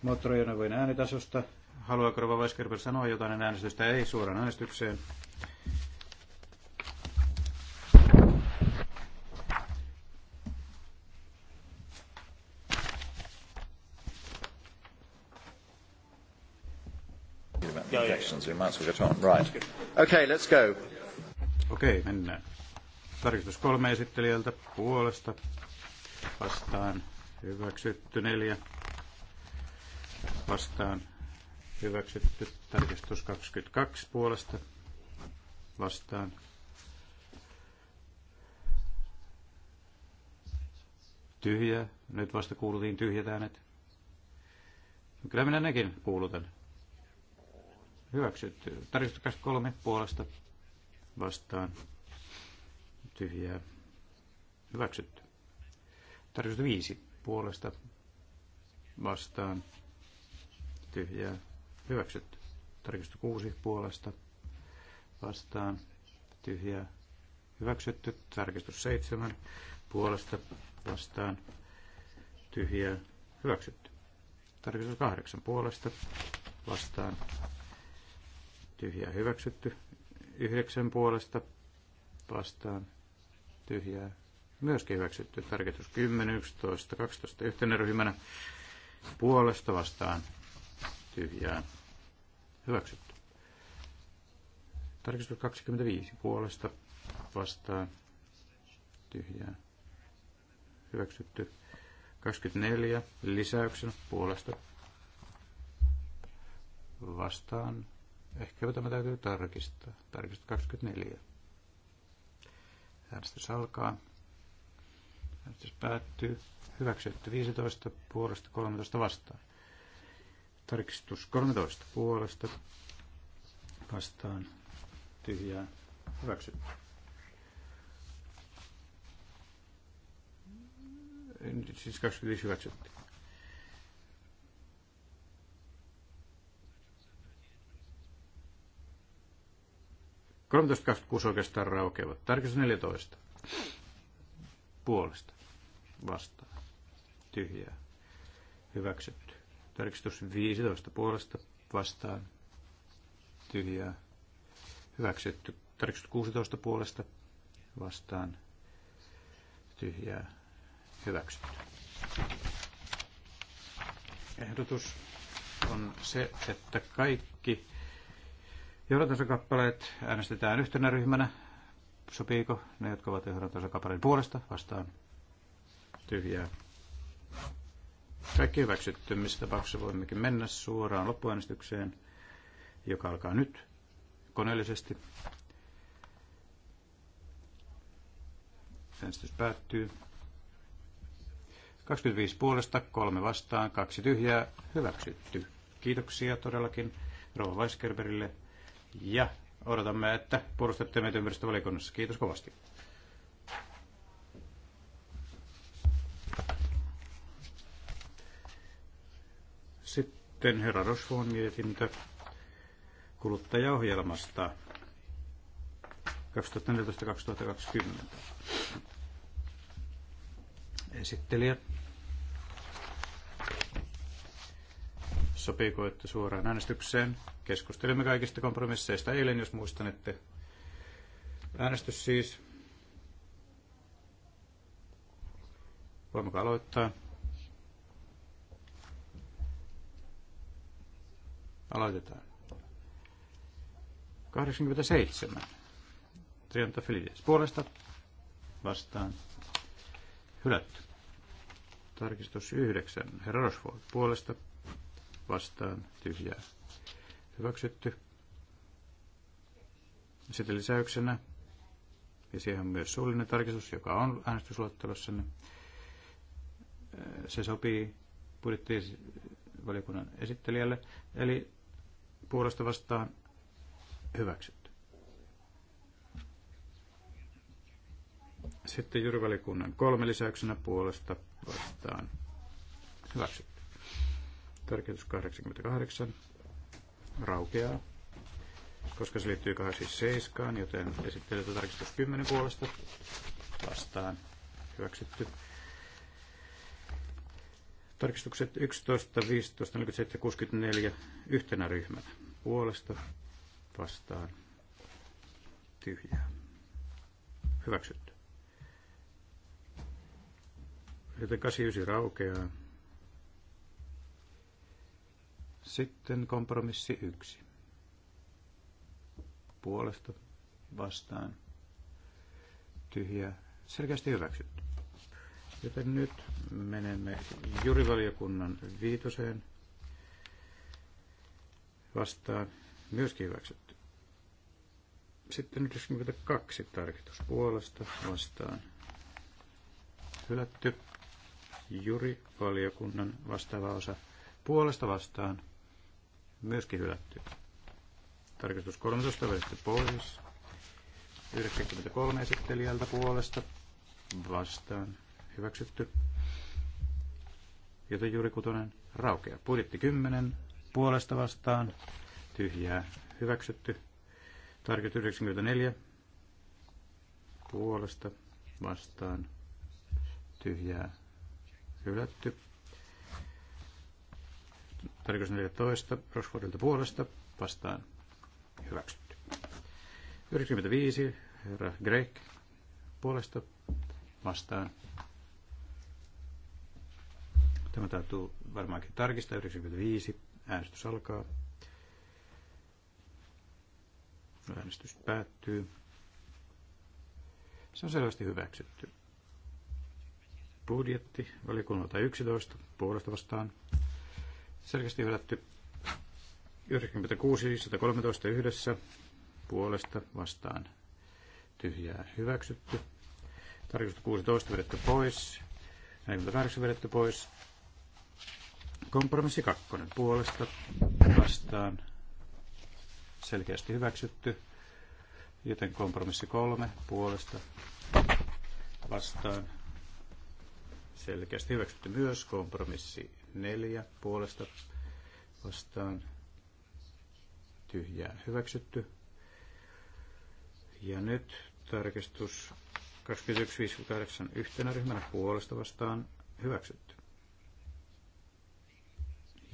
moottoriajoneuvojen äänitasosta. Haluaako Rova Weisgerber sanoa jotain äänestystä? Ei suoraan äänestykseen. Okei, Right. Okay, let's go. Okei, okay, mennään. Tarkistus kolme esittelijältä puolesta. Vastaan hyväksytty neljä vastaan hyväksytty. Tarkistus 22 puolesta vastaan tyhjä. Nyt vasta kuulutiin tyhjät äänet. Kyllä minä nekin kuulutan. Hyväksytty. Tarkistus kolme puolesta vastaan. Tyhjää. Hyväksytty. Tarkistus viisi puolesta vastaan tyhjää hyväksytty. Tarkistus kuusi puolesta vastaan tyhjää hyväksytty. Tarkistus seitsemän puolesta vastaan tyhjää hyväksytty. Tarkistus kahdeksan puolesta vastaan tyhjää hyväksytty. yhdeksän puolesta vastaan tyhjää myöskin hyväksytty. Tarkistus 10, 11, 12 yhtenä ryhmänä puolesta vastaan tyhjää hyväksytty. Tarkistus 25 puolesta vastaan tyhjää hyväksytty. 24 lisäyksen puolesta vastaan. Ehkä tämä täytyy tarkistaa. Tarkistus 24. Äänestys alkaa. Äänestys päättyy. Hyväksytty 15 puolesta 13 vastaan. Tarkistus 13 puolesta vastaan tyhjää hyväksytty. Siis 25 hyväksyttiin. Kolmetoista oikeastaan raukeavat. Tarkistus 14. Puolesta. Vastaan. Tyhjää. Hyväksytty. Tarkistus puolesta vastaan tyhjää hyväksytty. Tarkistus puolesta vastaan tyhjää hyväksytty. Ehdotus on se, että kaikki johdantosakappaleet äänestetään yhtenä ryhmänä. Sopiiko ne, jotka ovat johdantosakappaleen puolesta vastaan tyhjää kaikki hyväksytty, missä tapauksessa voimmekin mennä suoraan loppuäänestykseen, joka alkaa nyt koneellisesti. Äänestys päättyy. 25 puolesta, kolme vastaan, kaksi tyhjää, hyväksytty. Kiitoksia todellakin Rova Weiskerberille ja odotamme, että puolustatte meitä ympäristövaliokunnassa. Kiitos kovasti. Sitten herra Rosvon mietintö kuluttajaohjelmasta 2014-2020. Esittelijä. Sopiiko, että suoraan äänestykseen? Keskustelimme kaikista kompromisseista eilen, jos että Äänestys siis. Voimmeko aloittaa? Aloitetaan. 87. Filides. puolesta vastaan hylätty. Tarkistus 9. Herra Rosvold puolesta vastaan tyhjää hyväksytty. Sitten lisäyksenä, ja siihen on myös suullinen tarkistus, joka on äänestysluottelossa. se sopii budjettivaliokunnan esittelijälle. Eli puolesta vastaan hyväksytty. Sitten jyrvälikunnan kolme lisäyksenä puolesta vastaan hyväksytty. Tarkistus 88 raukeaa, koska se liittyy 87, siis joten esittelytä tarkistus 10 puolesta vastaan hyväksytty. Tarkistukset 11, 15, 47, 64 yhtenä ryhmänä. Puolesta vastaan tyhjää. Hyväksytty. Joten 89 raukeaa. Sitten kompromissi 1. Puolesta vastaan tyhjää. Selkeästi hyväksytty. Joten nyt menemme jurivaliokunnan viitoseen vastaan myöskin hyväksytty. Sitten 92 tarkitus puolesta vastaan hylätty. Jurivaliokunnan vastaava osa puolesta vastaan myöskin hylätty. Tarkistus 13 vedetty pois. 93 esittelijältä puolesta vastaan hyväksytty. Joten juuri kutonen raukea. Budjetti 10 puolesta vastaan tyhjää hyväksytty. Tarkit 94 puolesta vastaan tyhjää hylätty. Tarkoitus 14 Rosfordilta puolesta vastaan hyväksytty. 95 herra Greg puolesta vastaan Tämä täytyy varmaankin tarkistaa. 95. Äänestys alkaa. Äänestys päättyy. Se on selvästi hyväksytty. Budjetti valikunnalta 11 puolesta vastaan. Selkeästi hylätty 96, 113 yhdessä puolesta vastaan tyhjää hyväksytty. Tarkistus 16 vedetty pois, 48 vedetty pois, Kompromissi kakkonen puolesta vastaan selkeästi hyväksytty, joten kompromissi kolme puolesta vastaan selkeästi hyväksytty myös, kompromissi neljä puolesta vastaan tyhjää hyväksytty. Ja nyt tarkistus 21.58 yhtenä ryhmänä puolesta vastaan hyväksytty.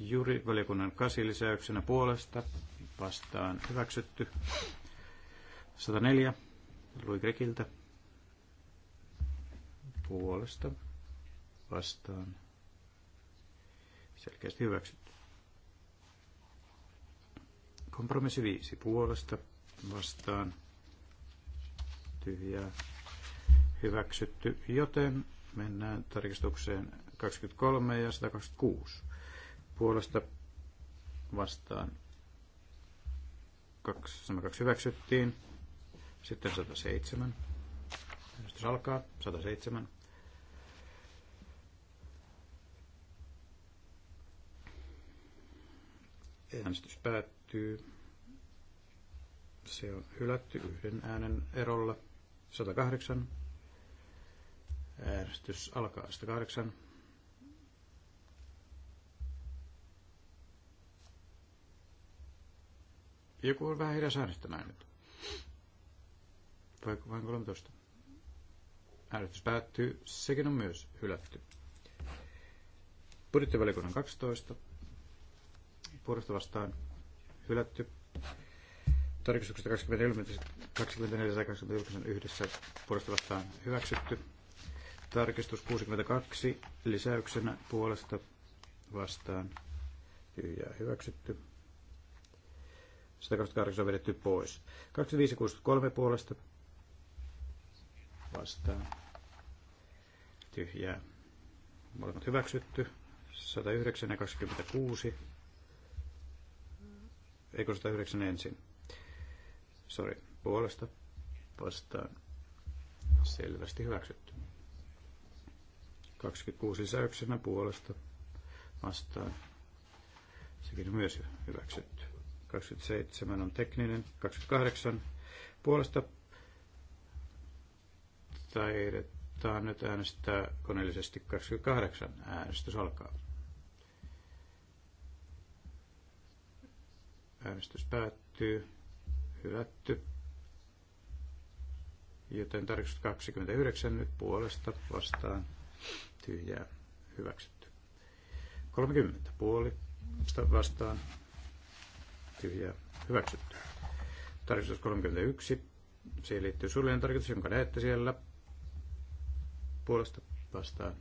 Juri valiokunnan kasilisäyksenä puolesta vastaan hyväksytty. 104 Louis Grekiltä puolesta vastaan selkeästi hyväksytty. Kompromissi 5 puolesta vastaan tyhjää hyväksytty, joten mennään tarkistukseen 23 ja 126 puolesta vastaan. 202 hyväksyttiin. Sitten 107. Äänestys alkaa. 107. Äänestys päättyy. Se on hylätty yhden äänen erolla. 108. Äänestys alkaa 108. Joku on vähän hidas äänestämään nyt. Vai vain 13? Äänestys päättyy. Sekin on myös hylätty. Budjettivalikunnan 12. Puolesta vastaan hylätty. Tarkistuksesta 24, 24 29 yhdessä puolesta vastaan hyväksytty. Tarkistus 62 lisäyksenä puolesta vastaan tyhjää hyväksytty. 128 on vedetty pois. 2563 puolesta vastaan. Tyhjää. Molemmat hyväksytty. 109 ja 26. Eikö 109 ensin? Sori. Puolesta vastaan. Selvästi hyväksytty. 26 lisäyksenä puolesta vastaan. Sekin on myös hyväksytty. 27 on tekninen, 28 puolesta taidetaan nyt äänestää koneellisesti 28. Äänestys alkaa. Äänestys päättyy. Hylätty. Joten tarkistus 29 nyt puolesta vastaan tyhjää hyväksytty. 30 puoli vastaan tyhjää hyväksytty. Tarkistus 31. Siihen liittyy suullinen tarkistus, jonka näette siellä puolesta vastaan.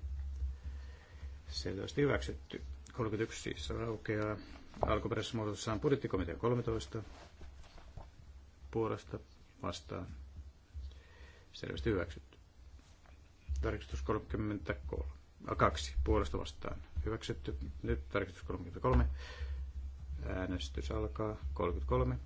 Selvästi hyväksytty. 31 siis on aukeaa. Alkuperäisessä muodossa on budjettikomitea 13 puolesta vastaan. Selvästi hyväksytty. Tarkistus 32 puolesta vastaan hyväksytty. Nyt tarkistus 33 Äänestys alkaa. 33.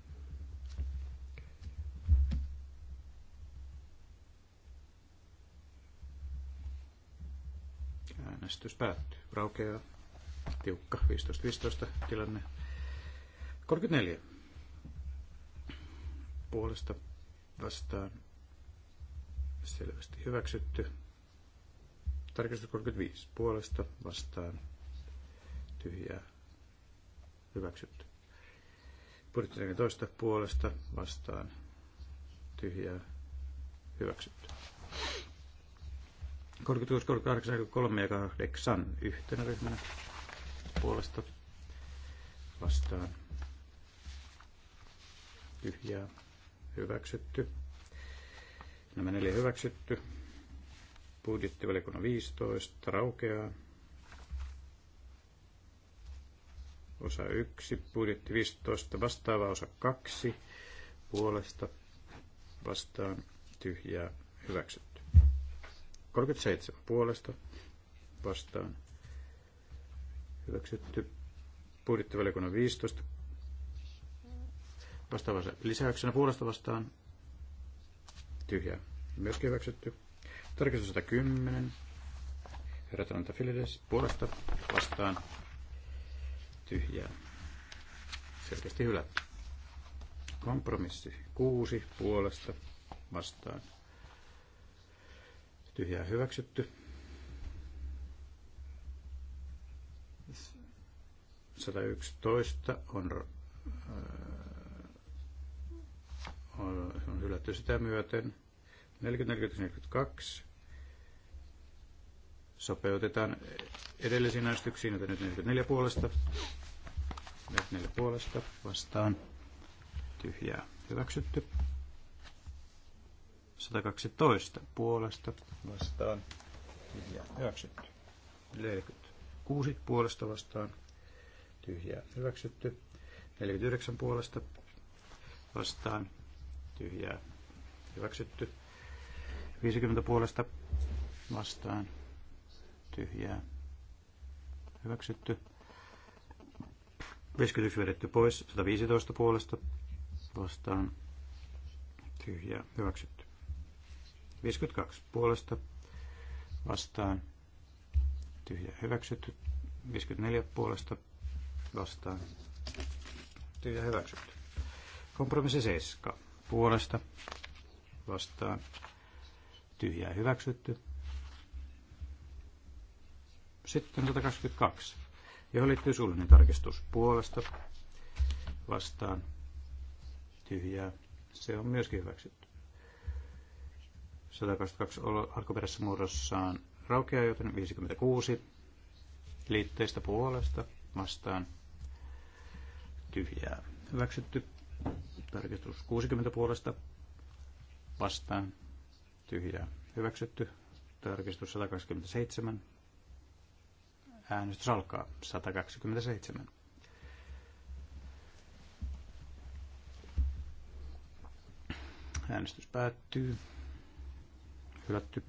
Äänestys päättyy. Raukeaa. Tiukka. 15-15 tilanne. 34. Puolesta vastaan. Selvästi hyväksytty. Tarkistus 35. Puolesta vastaan. Tyhjää hyväksytty. Budjetti toista puolesta vastaan tyhjää hyväksytty. 36, 38, 43 ja 8 yhtenä ryhmänä puolesta vastaan tyhjää hyväksytty. Nämä neljä hyväksytty. Budjettivaliokunnan 15 raukeaa. osa 1, budjetti 15, vastaava osa 2, puolesta vastaan tyhjää hyväksytty. 37 puolesta vastaan hyväksytty. Budjettivaliokunnan 15 vastaavansa lisäyksenä puolesta vastaan tyhjää myöskin hyväksytty. Tarkistus 110. Herra Filidis puolesta vastaan tyhjää. Selkeästi hylätty. Kompromissi Kuusi puolesta vastaan. Tyhjää hyväksytty. 111 on, äh, on, on hylätty sitä myöten. 40, 40, 42 sopeutetaan edellisiin äänestyksiin, joten nyt 44 puolesta. 44 puolesta vastaan. Tyhjää hyväksytty. 112 puolesta vastaan. Tyhjää hyväksytty. 46 puolesta vastaan. Tyhjää hyväksytty. 49 puolesta vastaan. Tyhjää hyväksytty. 50 puolesta vastaan tyhjää hyväksytty. 51 vedetty pois, 115 puolesta vastaan tyhjää hyväksytty. 52 puolesta vastaan tyhjää hyväksytty. 54 puolesta vastaan tyhjää hyväksytty. Kompromissi 7 puolesta vastaan tyhjää hyväksytty. Sitten 122, johon liittyy suullinen tarkistus puolesta vastaan tyhjää. Se on myöskin hyväksytty. 122 alkuperäisessä muodossaan raukeaa, joten 56 liitteistä puolesta vastaan tyhjää. Hyväksytty tarkistus 60 puolesta vastaan tyhjää. Hyväksytty tarkistus 127 Äänestys alkaa. 127. Äänestys päättyy. Hylätty.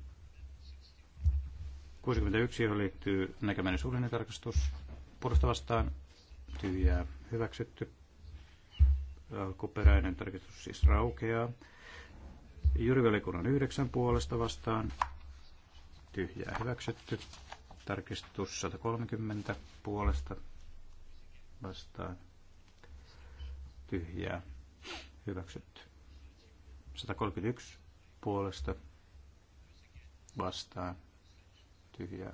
61, johon liittyy näkemäinen suullinen tarkastus. Puolesta vastaan tyhjää hyväksytty. Alkuperäinen tarkistus siis raukeaa. Jyrvelikunnan 9 puolesta vastaan tyhjää hyväksytty. Tarkistus 130 puolesta vastaan tyhjää hyväksytty. 131 puolesta vastaan tyhjää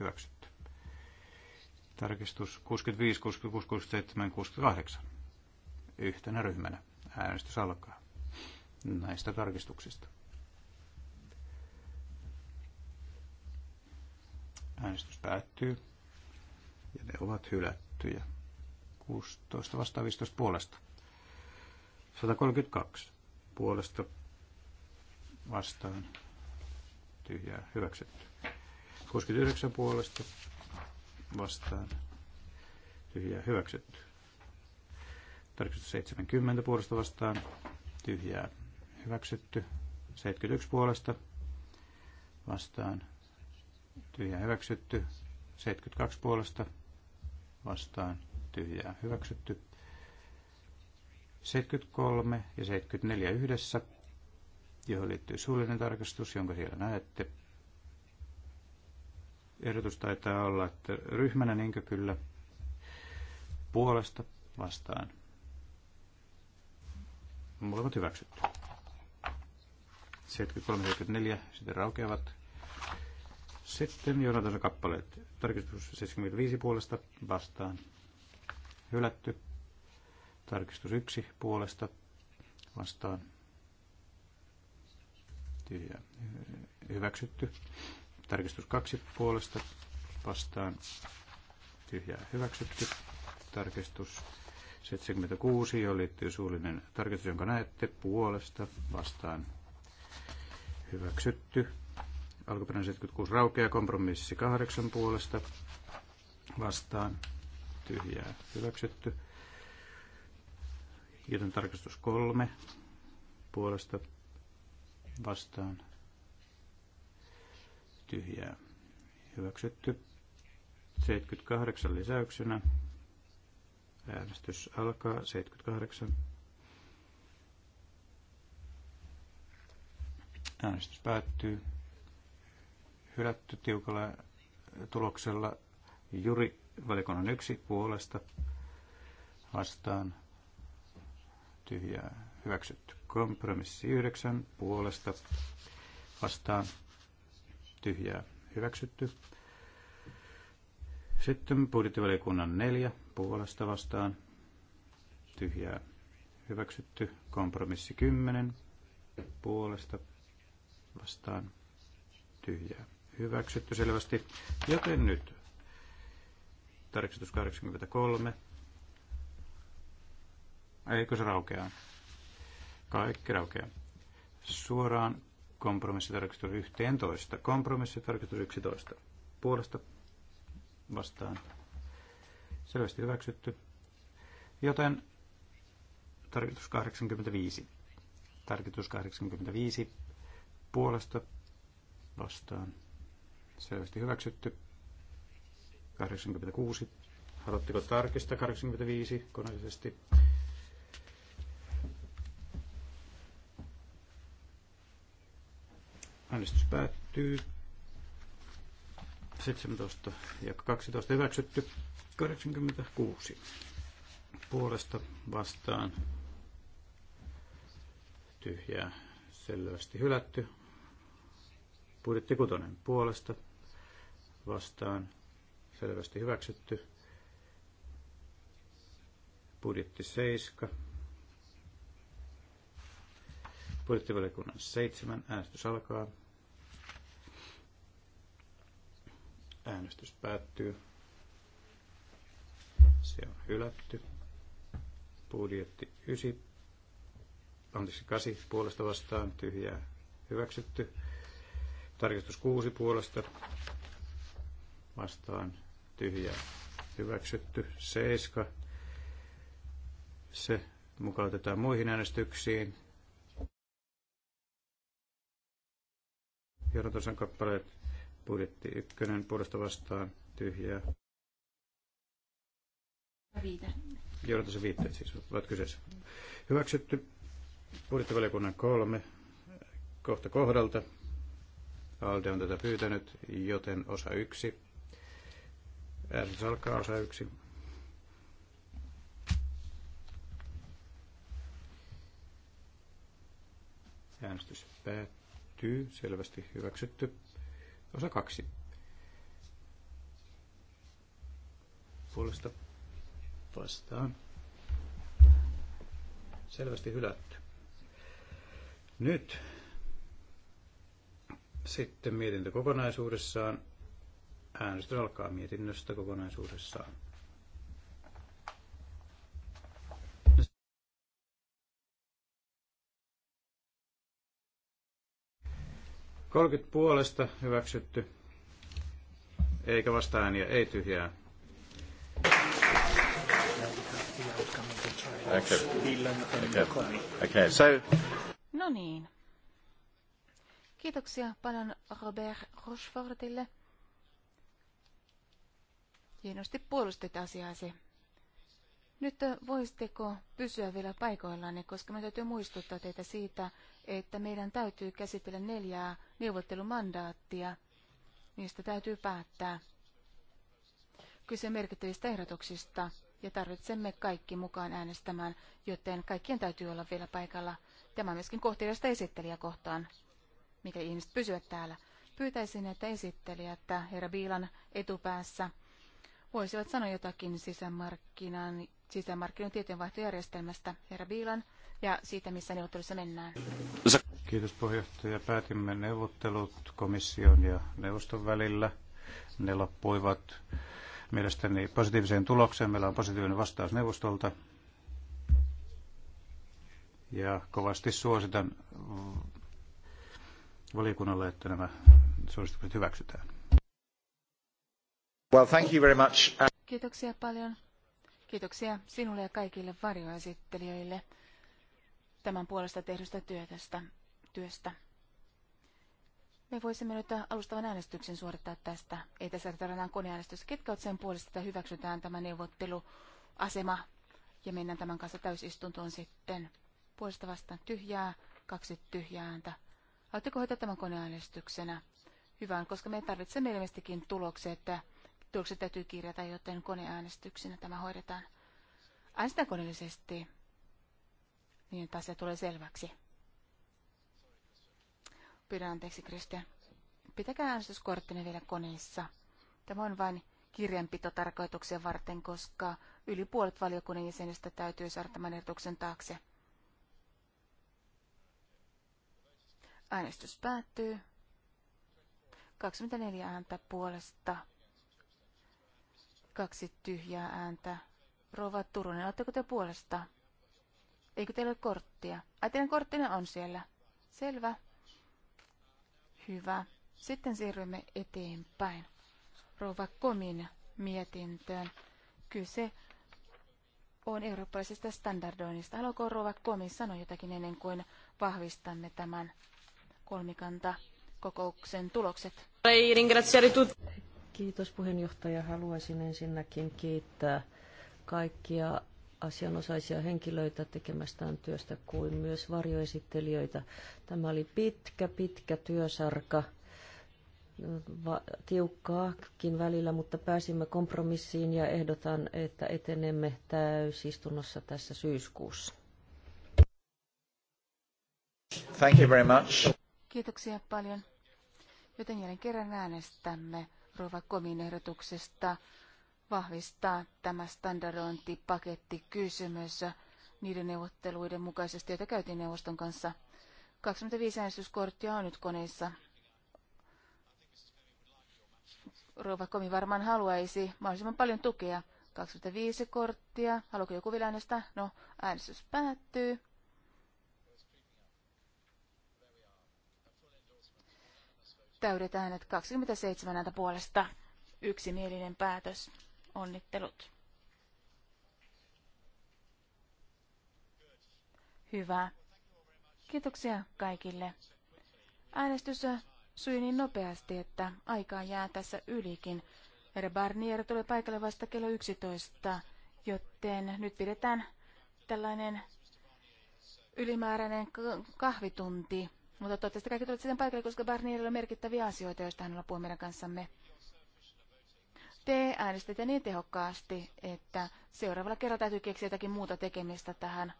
hyväksytty. Tarkistus 65, 66, 67, 68 yhtenä ryhmänä. Äänestys alkaa näistä tarkistuksista. Äänestys päättyy. Ja ne ovat hylättyjä. 16 vastaan 15 puolesta. 132 puolesta vastaan tyhjää hyväksytty. 69 puolesta vastaan tyhjää hyväksytty. Tarkistus 70 puolesta vastaan tyhjää hyväksytty. 71 puolesta vastaan Tyhjä hyväksytty. 72 puolesta vastaan tyhjää hyväksytty. 73 ja 74 yhdessä, johon liittyy suullinen tarkastus, jonka siellä näette. Ehdotus taitaa olla, että ryhmänä niinkö kyllä puolesta vastaan. Molemmat hyväksytty. 73-74 ja sitten raukeavat. Sitten johdatonsa kappaleet. Tarkistus 75 puolesta vastaan. Hylätty. Tarkistus 1 puolesta vastaan. Tyhjä. Hyväksytty. Tarkistus 2 puolesta vastaan. Tyhjää hyväksytty. Tarkistus 76, johon liittyy suullinen tarkistus, jonka näette puolesta vastaan. Hyväksytty alkuperäinen 76 raukeaa, kompromissi 8 puolesta vastaan, tyhjää hyväksytty. Joten tarkastus 3 puolesta vastaan, tyhjää hyväksytty. 78 lisäyksenä. Äänestys alkaa 78. Äänestys päättyy hylätty tiukalla tuloksella. Juri valikonnan yksi puolesta vastaan tyhjää hyväksytty. Kompromissi yhdeksän puolesta vastaan tyhjää hyväksytty. Sitten budjettivaliokunnan neljä puolesta vastaan tyhjää hyväksytty. Kompromissi kymmenen puolesta vastaan tyhjää hyväksytty selvästi. Joten nyt tarkistus 83. Eikö se raukea? Kaikki raukea. Suoraan kompromissitarkistus 11. Kompromissitarkistus 11. Puolesta vastaan. Selvästi hyväksytty. Joten tarkistus 85. Tarkistus 85. Puolesta vastaan Selvästi hyväksytty. 86. Haluatteko tarkistaa 85 koneellisesti? Äänestys päättyy. 17 ja 12 hyväksytty. 86 puolesta vastaan. Tyhjää selvästi hylätty. Budjetti kutonen puolesta vastaan selvästi hyväksytty. Budjetti 7. Budjettivaliokunnan 7. Äänestys alkaa. Äänestys päättyy. Se on hylätty. Budjetti 9. Anteeksi, 8 puolesta vastaan tyhjää hyväksytty. Tarkistus 6 puolesta vastaan tyhjää hyväksytty. 7. Se mukautetaan muihin äänestyksiin. Johdantosan kappaleet budjetti 1 puolesta vastaan tyhjää. Viite. viitteet siis ovat kyseessä. Hyväksytty budjettivaliokunnan kolme kohta kohdalta. Alde on tätä pyytänyt, joten osa yksi Ensi alkaa se yksi. Äänestys päättyy. Selvästi hyväksytty. Osa kaksi. Puolesta vastaan. Selvästi hylätty. Nyt sitten mietintö kokonaisuudessaan. Äänestys alkaa mietinnöstä kokonaisuudessaan. Kolkit puolesta hyväksytty. Eikä vasta ääniä, ei tyhjää. Okay. Okay. Okay. So... No niin. Kiitoksia paljon Robert Rochefortille hienosti puolustit asiaasi. Nyt voisitteko pysyä vielä paikoillanne, koska me täytyy muistuttaa teitä siitä, että meidän täytyy käsitellä neljää neuvottelumandaattia. Niistä täytyy päättää. Kyse merkittävistä ehdotuksista ja tarvitsemme kaikki mukaan äänestämään, joten kaikkien täytyy olla vielä paikalla. Tämä on myöskin kohteellista esittelijä kohtaan, mikä ihmiset pysyvät täällä. Pyytäisin, että esittelijä, että herra Biilan etupäässä – voisivat sanoa jotakin sisämarkkinan, sisämarkkinoiden tietojenvaihtojärjestelmästä, herra Biilan, ja siitä, missä neuvottelussa mennään. Kiitos puheenjohtaja. Päätimme neuvottelut komission ja neuvoston välillä. Ne loppuivat mielestäni positiiviseen tulokseen. Meillä on positiivinen vastaus neuvostolta. Ja kovasti suositan valiokunnalle, että nämä suositukset hyväksytään. Well, thank you very much. Uh, Kiitoksia paljon. Kiitoksia sinulle ja kaikille varjoesittelijöille tämän puolesta tehdystä työtästä, työstä. Me voisimme nyt alustavan äänestyksen suorittaa tästä. Ei tässä tarvitaan koneäänestys. Ketkä ovat sen puolesta, että hyväksytään tämä neuvotteluasema ja mennään tämän kanssa täysistuntoon sitten. Puolesta vastaan tyhjää, kaksi tyhjää ääntä. Haluatteko hoitaa tämän koneäänestyksenä? Hyvä koska me tarvitsemme ilmeisestikin tuloksia, että Tulokset täytyy kirjata, joten koneäänestyksenä tämä hoidetaan. Äänestetään koneellisesti, niin että asia tulee selväksi. Pyydän anteeksi, Kristian. Pitäkää äänestyskorttinen vielä koneissa. Tämä on vain kirjanpitotarkoituksen varten, koska yli puolet valiokunnan jäsenistä täytyy saada tämän ehdotuksen taakse. Äänestys päättyy. 24 ääntä puolesta, Kaksi tyhjää ääntä. Rova Turunen, oletteko te puolesta? Eikö teillä ole korttia? Ai, teidän korttina on siellä. Selvä. Hyvä. Sitten siirrymme eteenpäin. Rova Komin mietintöön. Kyse on eurooppalaisesta standardoinnista. Haluatko Rova Komi sanoa jotakin ennen kuin vahvistamme tämän kolmikanta kokouksen tulokset? Kiitos puheenjohtaja. Haluaisin ensinnäkin kiittää kaikkia asianosaisia henkilöitä tekemästään työstä kuin myös varjoesittelijöitä. Tämä oli pitkä, pitkä työsarka, va- tiukkaakin välillä, mutta pääsimme kompromissiin ja ehdotan, että etenemme täysistunnossa tässä syyskuussa. Thank you very much. Kiitoksia paljon. Joten jälleen kerran äänestämme Rova Komin ehdotuksesta vahvistaa tämä standardointipakettikysymys niiden neuvotteluiden mukaisesti, joita käytiin neuvoston kanssa. 25 äänestyskorttia on nyt koneissa. Rova Komi varmaan haluaisi mahdollisimman paljon tukea. 25 korttia. Haluatko joku vielä äänestää? No, äänestys päättyy. täydet äänet 27 ääntä puolesta. Yksimielinen päätös. Onnittelut. Hyvä. Kiitoksia kaikille. Äänestys sujui niin nopeasti, että aikaa jää tässä ylikin. Herra Barnier tulee paikalle vasta kello 11, joten nyt pidetään tällainen ylimääräinen kahvitunti mutta toivottavasti kaikki tulevat sitten paikalle, koska Barnierilla on merkittäviä asioita, joista hänellä puhuu meidän kanssamme. Te äänestitte niin tehokkaasti, että seuraavalla kerralla täytyy keksiä jotakin muuta tekemistä tähän,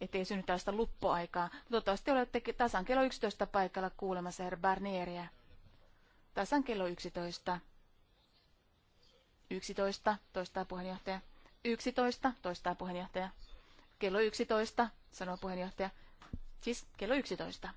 ettei synny tällaista luppoaikaa. Toivottavasti olette tasan kello 11 paikalla kuulemassa herra Barnieria. Tasan kello 11. 11, toistaa puheenjohtaja. 11, toistaa puheenjohtaja. Kello 11, sanoo puheenjohtaja. Siis kello 11.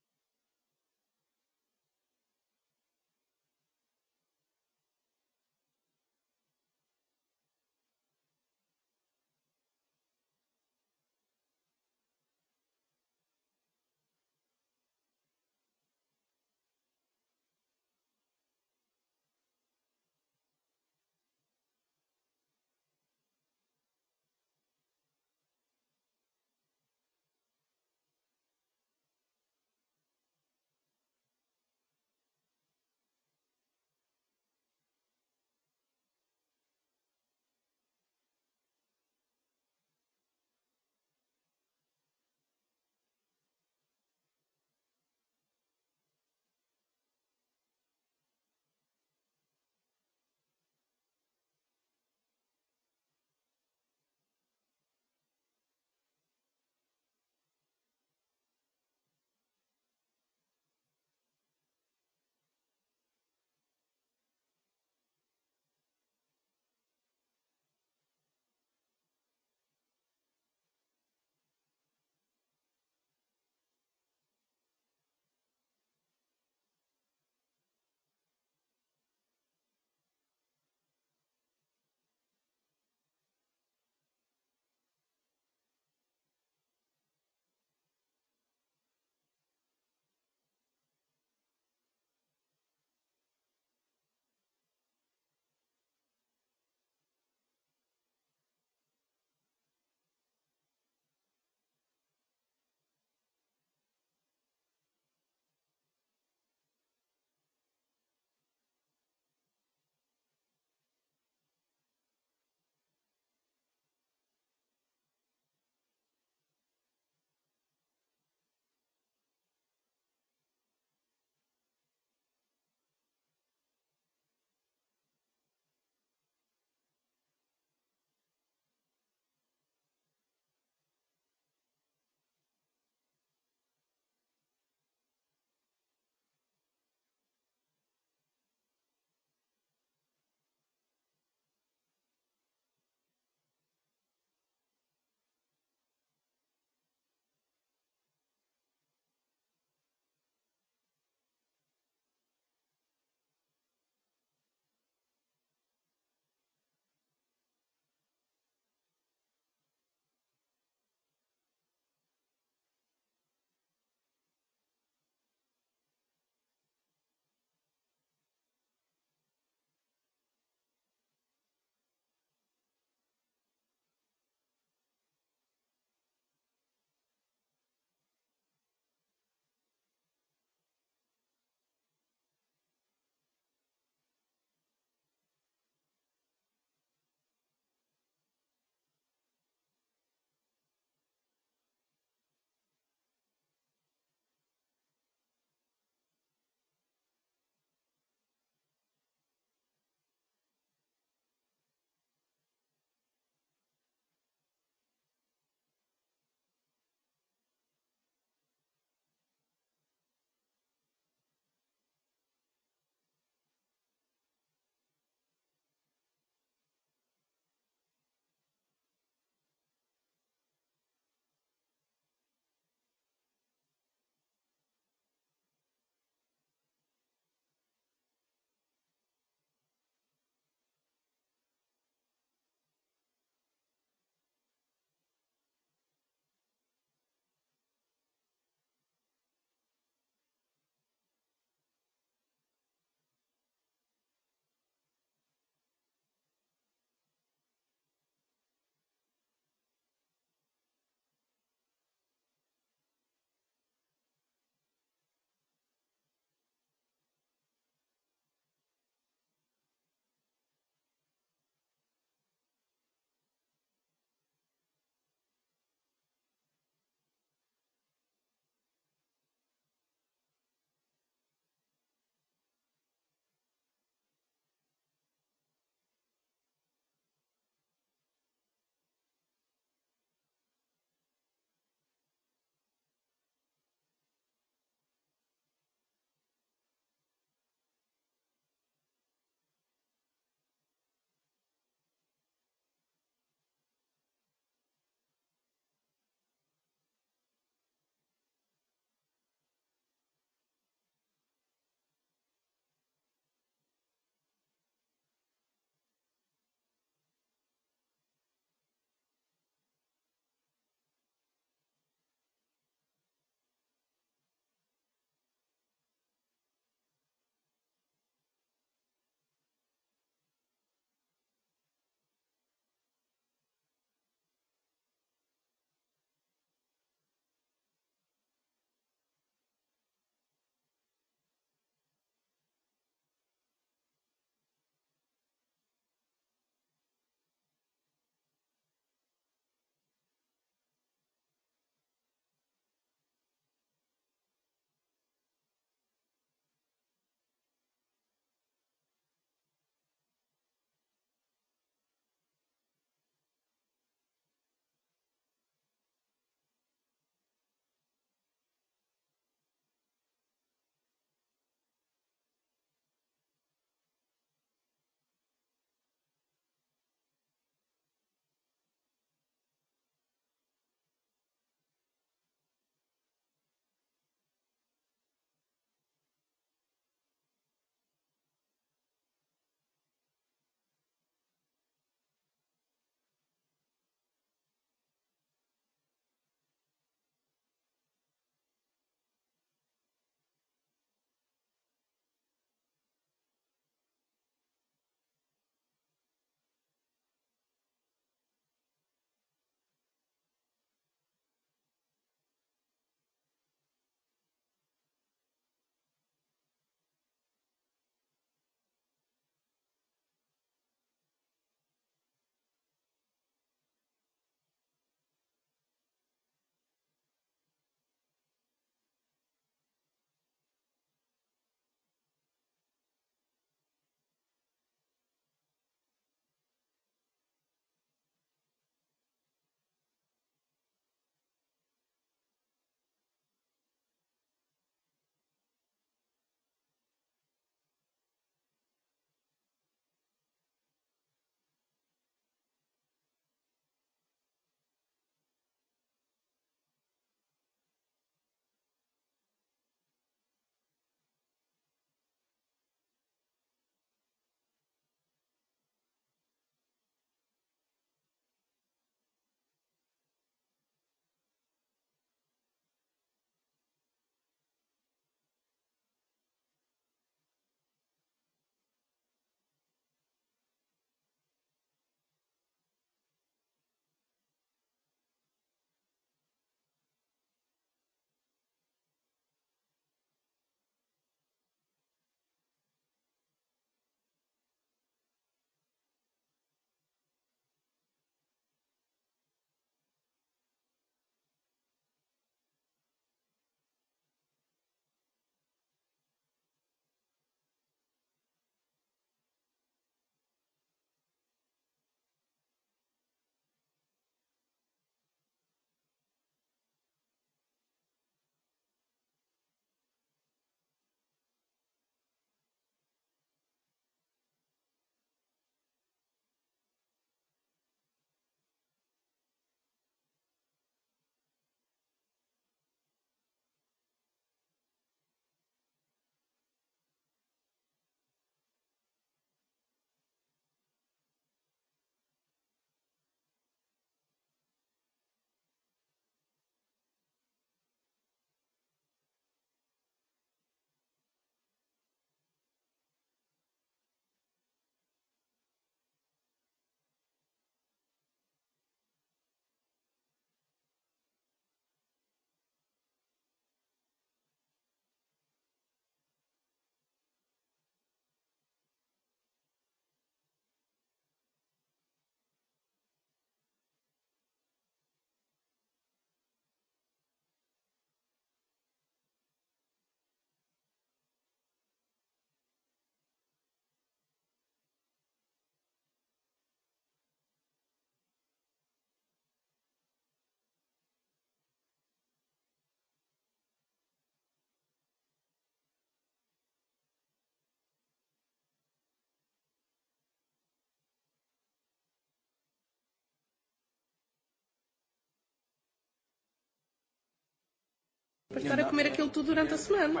para estar a comer aquilo tudo durante a semana.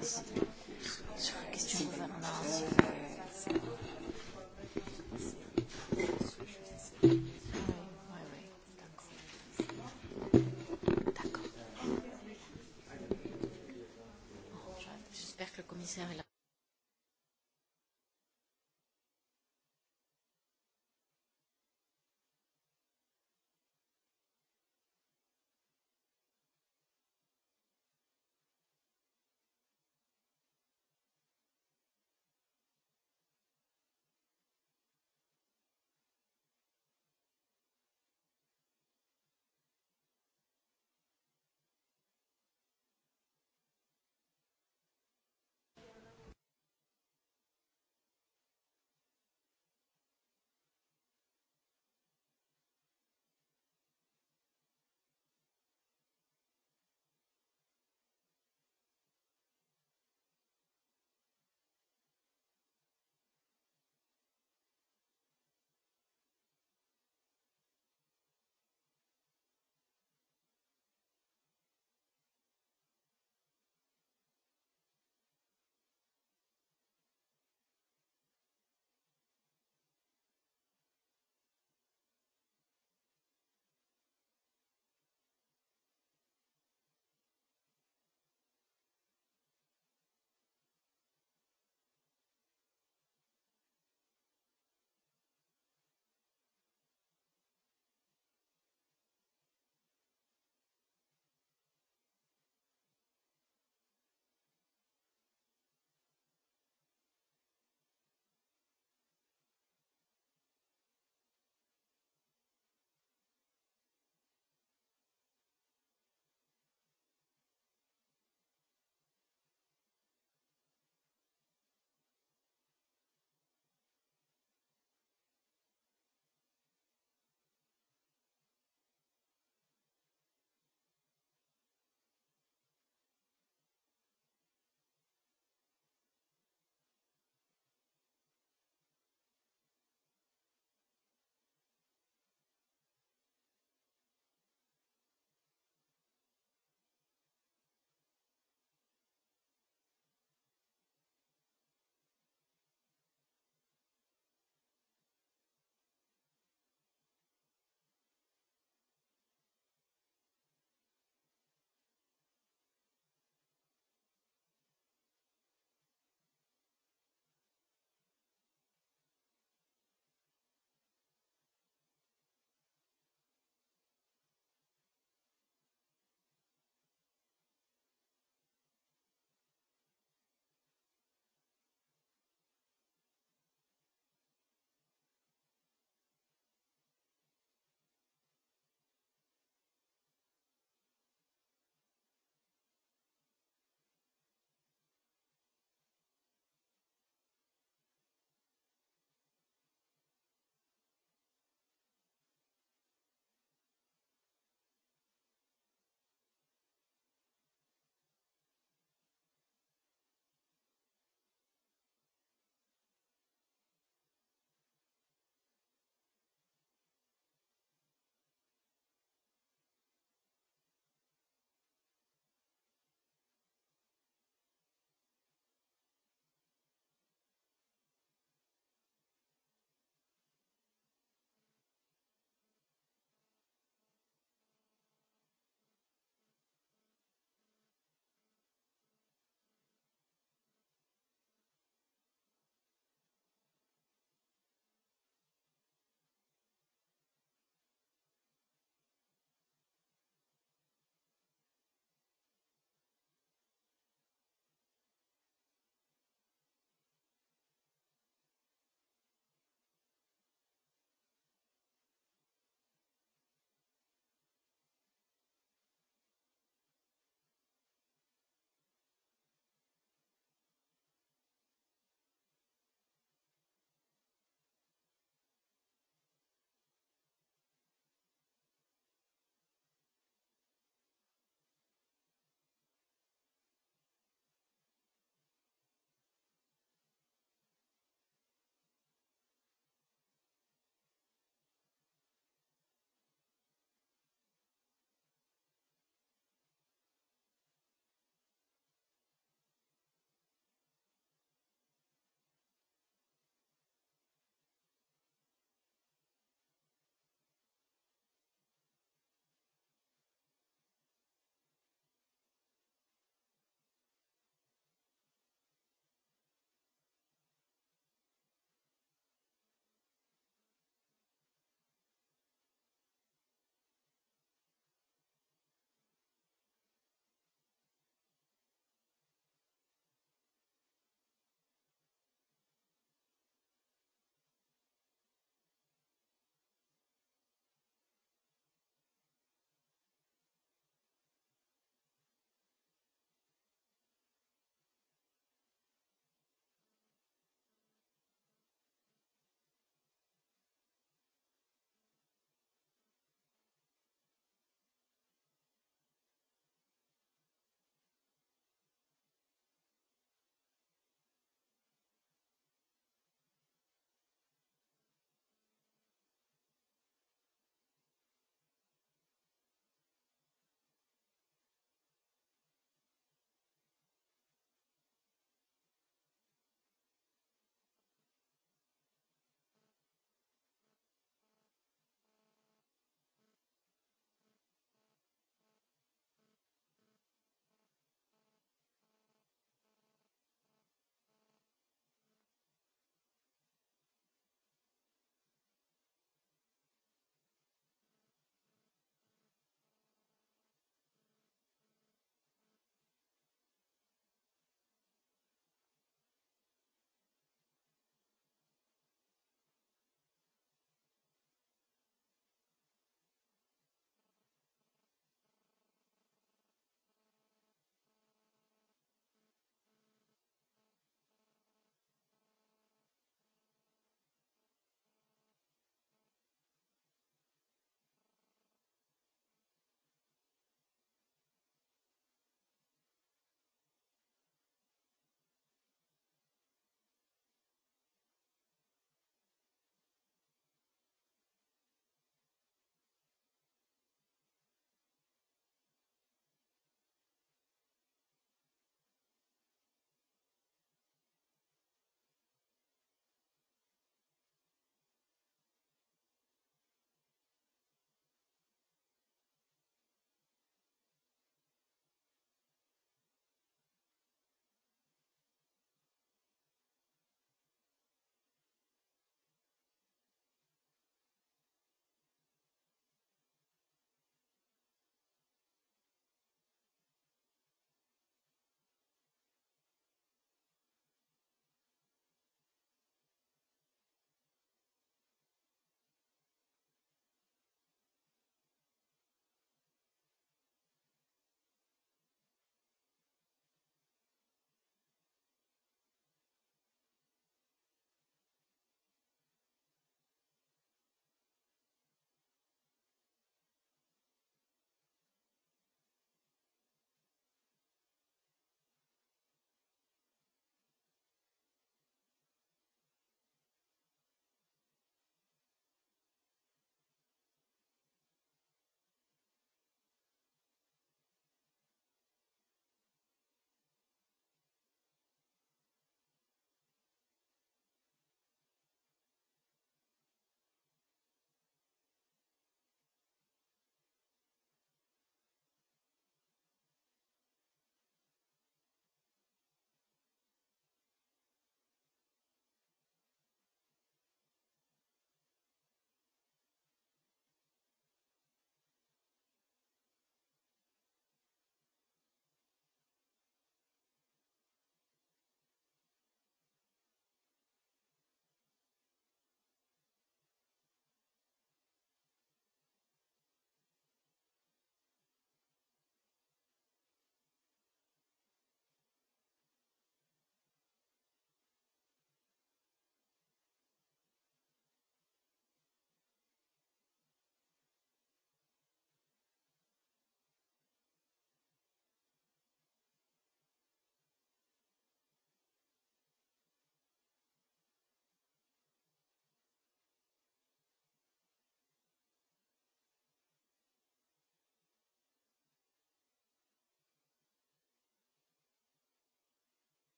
Sur la question gouvernementale.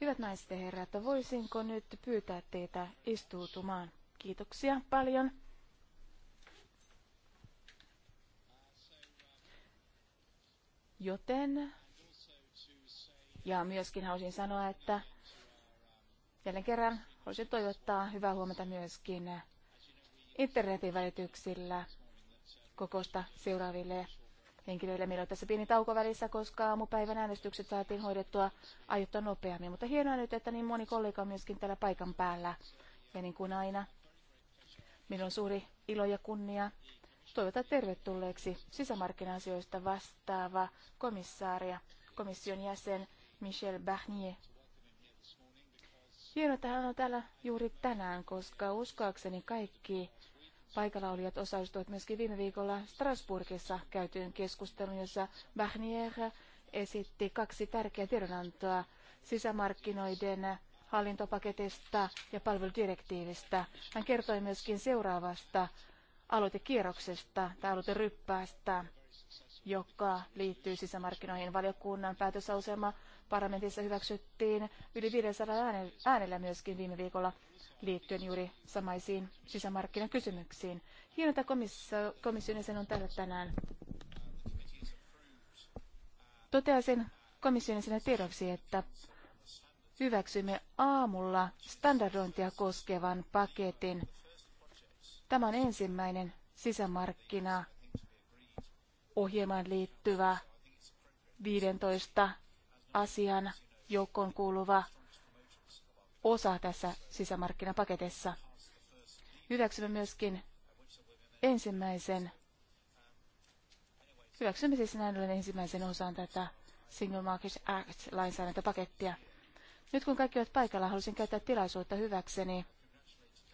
Hyvät naiset ja herrat, voisinko nyt pyytää teitä istuutumaan? Kiitoksia paljon. Joten, ja myöskin haluaisin sanoa, että jälleen kerran haluaisin toivottaa hyvää huomenta myöskin internetin välityksillä kokousta seuraaville henkilöille. Meillä on tässä pieni tauko välissä, koska aamupäivän äänestykset saatiin hoidettua aiottua nopeammin. Mutta hienoa nyt, että niin moni kollega on myöskin täällä paikan päällä. Ja niin kuin aina, meillä on suuri ilo ja kunnia toivota tervetulleeksi sisämarkkina-asioista vastaava komissaaria, komission jäsen Michel Barnier. Hienoa, että hän on täällä juuri tänään, koska uskoakseni kaikki paikallaolijat osallistuivat myöskin viime viikolla Strasbourgissa käytyyn keskusteluun, jossa Barnier esitti kaksi tärkeää tiedonantoa sisämarkkinoiden hallintopaketista ja palveludirektiivistä. Hän kertoi myöskin seuraavasta aloitekierroksesta tai aloiteryppäästä, joka liittyy sisämarkkinoihin. Valiokunnan päätösasema parlamentissa hyväksyttiin yli 500 äänellä myöskin viime viikolla liittyen juuri samaisiin sisämarkkinakysymyksiin. Hienoa, että komissio, komission jäsen on täällä tänään. Toteaisin komission jäsenen tiedoksi, että hyväksymme aamulla standardointia koskevan paketin. Tämä on ensimmäinen sisämarkkina ohjelmaan liittyvä 15 asian joukkoon kuuluva osa tässä sisämarkkinapaketissa. Hyväksymme myöskin ensimmäisen, hyväksymme siis näin ollen ensimmäisen osan tätä Single Market Act-lainsäädäntöpakettia. Nyt kun kaikki ovat paikalla, halusin käyttää tilaisuutta hyväkseni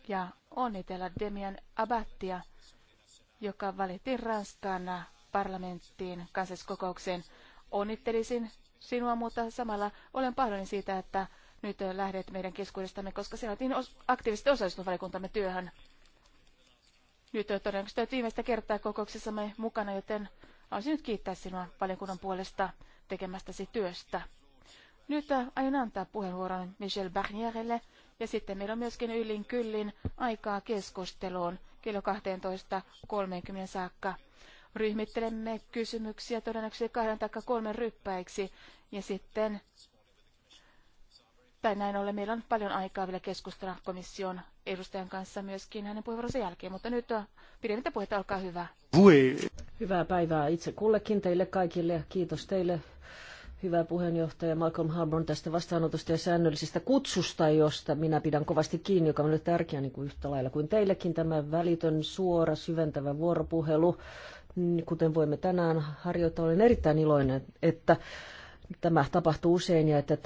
ja onnitella Demian Abattia, joka valittiin Ranskan parlamenttiin kansalliskokoukseen. Onnittelisin sinua, mutta samalla olen pahoillani siitä, että nyt eh, lähdet meidän keskuudestamme, koska se otin aktiivisesti osallistunut valiokuntamme työhön. Nyt eh, todennäköisesti olet viimeistä kertaa kokouksessamme mukana, joten haluaisin nyt kiittää sinua valiokunnan puolesta tekemästäsi työstä. Nyt eh, aion antaa puheenvuoron Michel Barnierille, ja sitten meillä on myöskin yllin kyllin aikaa keskusteluun kello 12.30 saakka. Ryhmittelemme kysymyksiä todennäköisesti kahden tai kolmen ryppäiksi, ja sitten tai näin ollen meillä on paljon aikaa vielä keskustella komission edustajan kanssa myöskin hänen puheenvuoronsa jälkeen, mutta nyt äh, pidemmittä puhetta, olkaa hyvä. Vui. Hyvää päivää itse kullekin teille kaikille. Kiitos teille hyvä puheenjohtaja Malcolm Harbour tästä vastaanotosta ja säännöllisestä kutsusta, josta minä pidän kovasti kiinni, joka on nyt tärkeä niin kuin yhtä lailla kuin teillekin tämä välitön, suora, syventävä vuoropuhelu. Niin, kuten voimme tänään harjoittaa, olen erittäin iloinen, että tämä tapahtuu usein ja että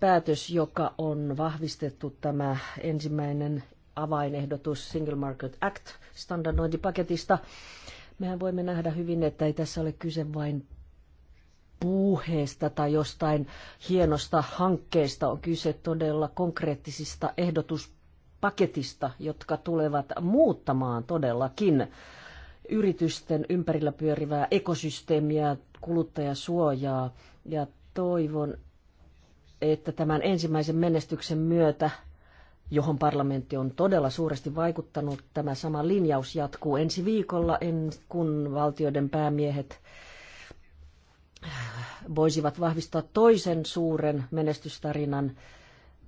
päätös, joka on vahvistettu tämä ensimmäinen avainehdotus Single Market Act standardointipaketista, mehän voimme nähdä hyvin, että ei tässä ole kyse vain puuheesta tai jostain hienosta hankkeesta. On kyse todella konkreettisista ehdotuspaketista, jotka tulevat muuttamaan todellakin yritysten ympärillä pyörivää ekosysteemiä, kuluttajasuojaa ja toivon, että tämän ensimmäisen menestyksen myötä, johon parlamentti on todella suuresti vaikuttanut, tämä sama linjaus jatkuu ensi viikolla, kun valtioiden päämiehet voisivat vahvistaa toisen suuren menestystarinan,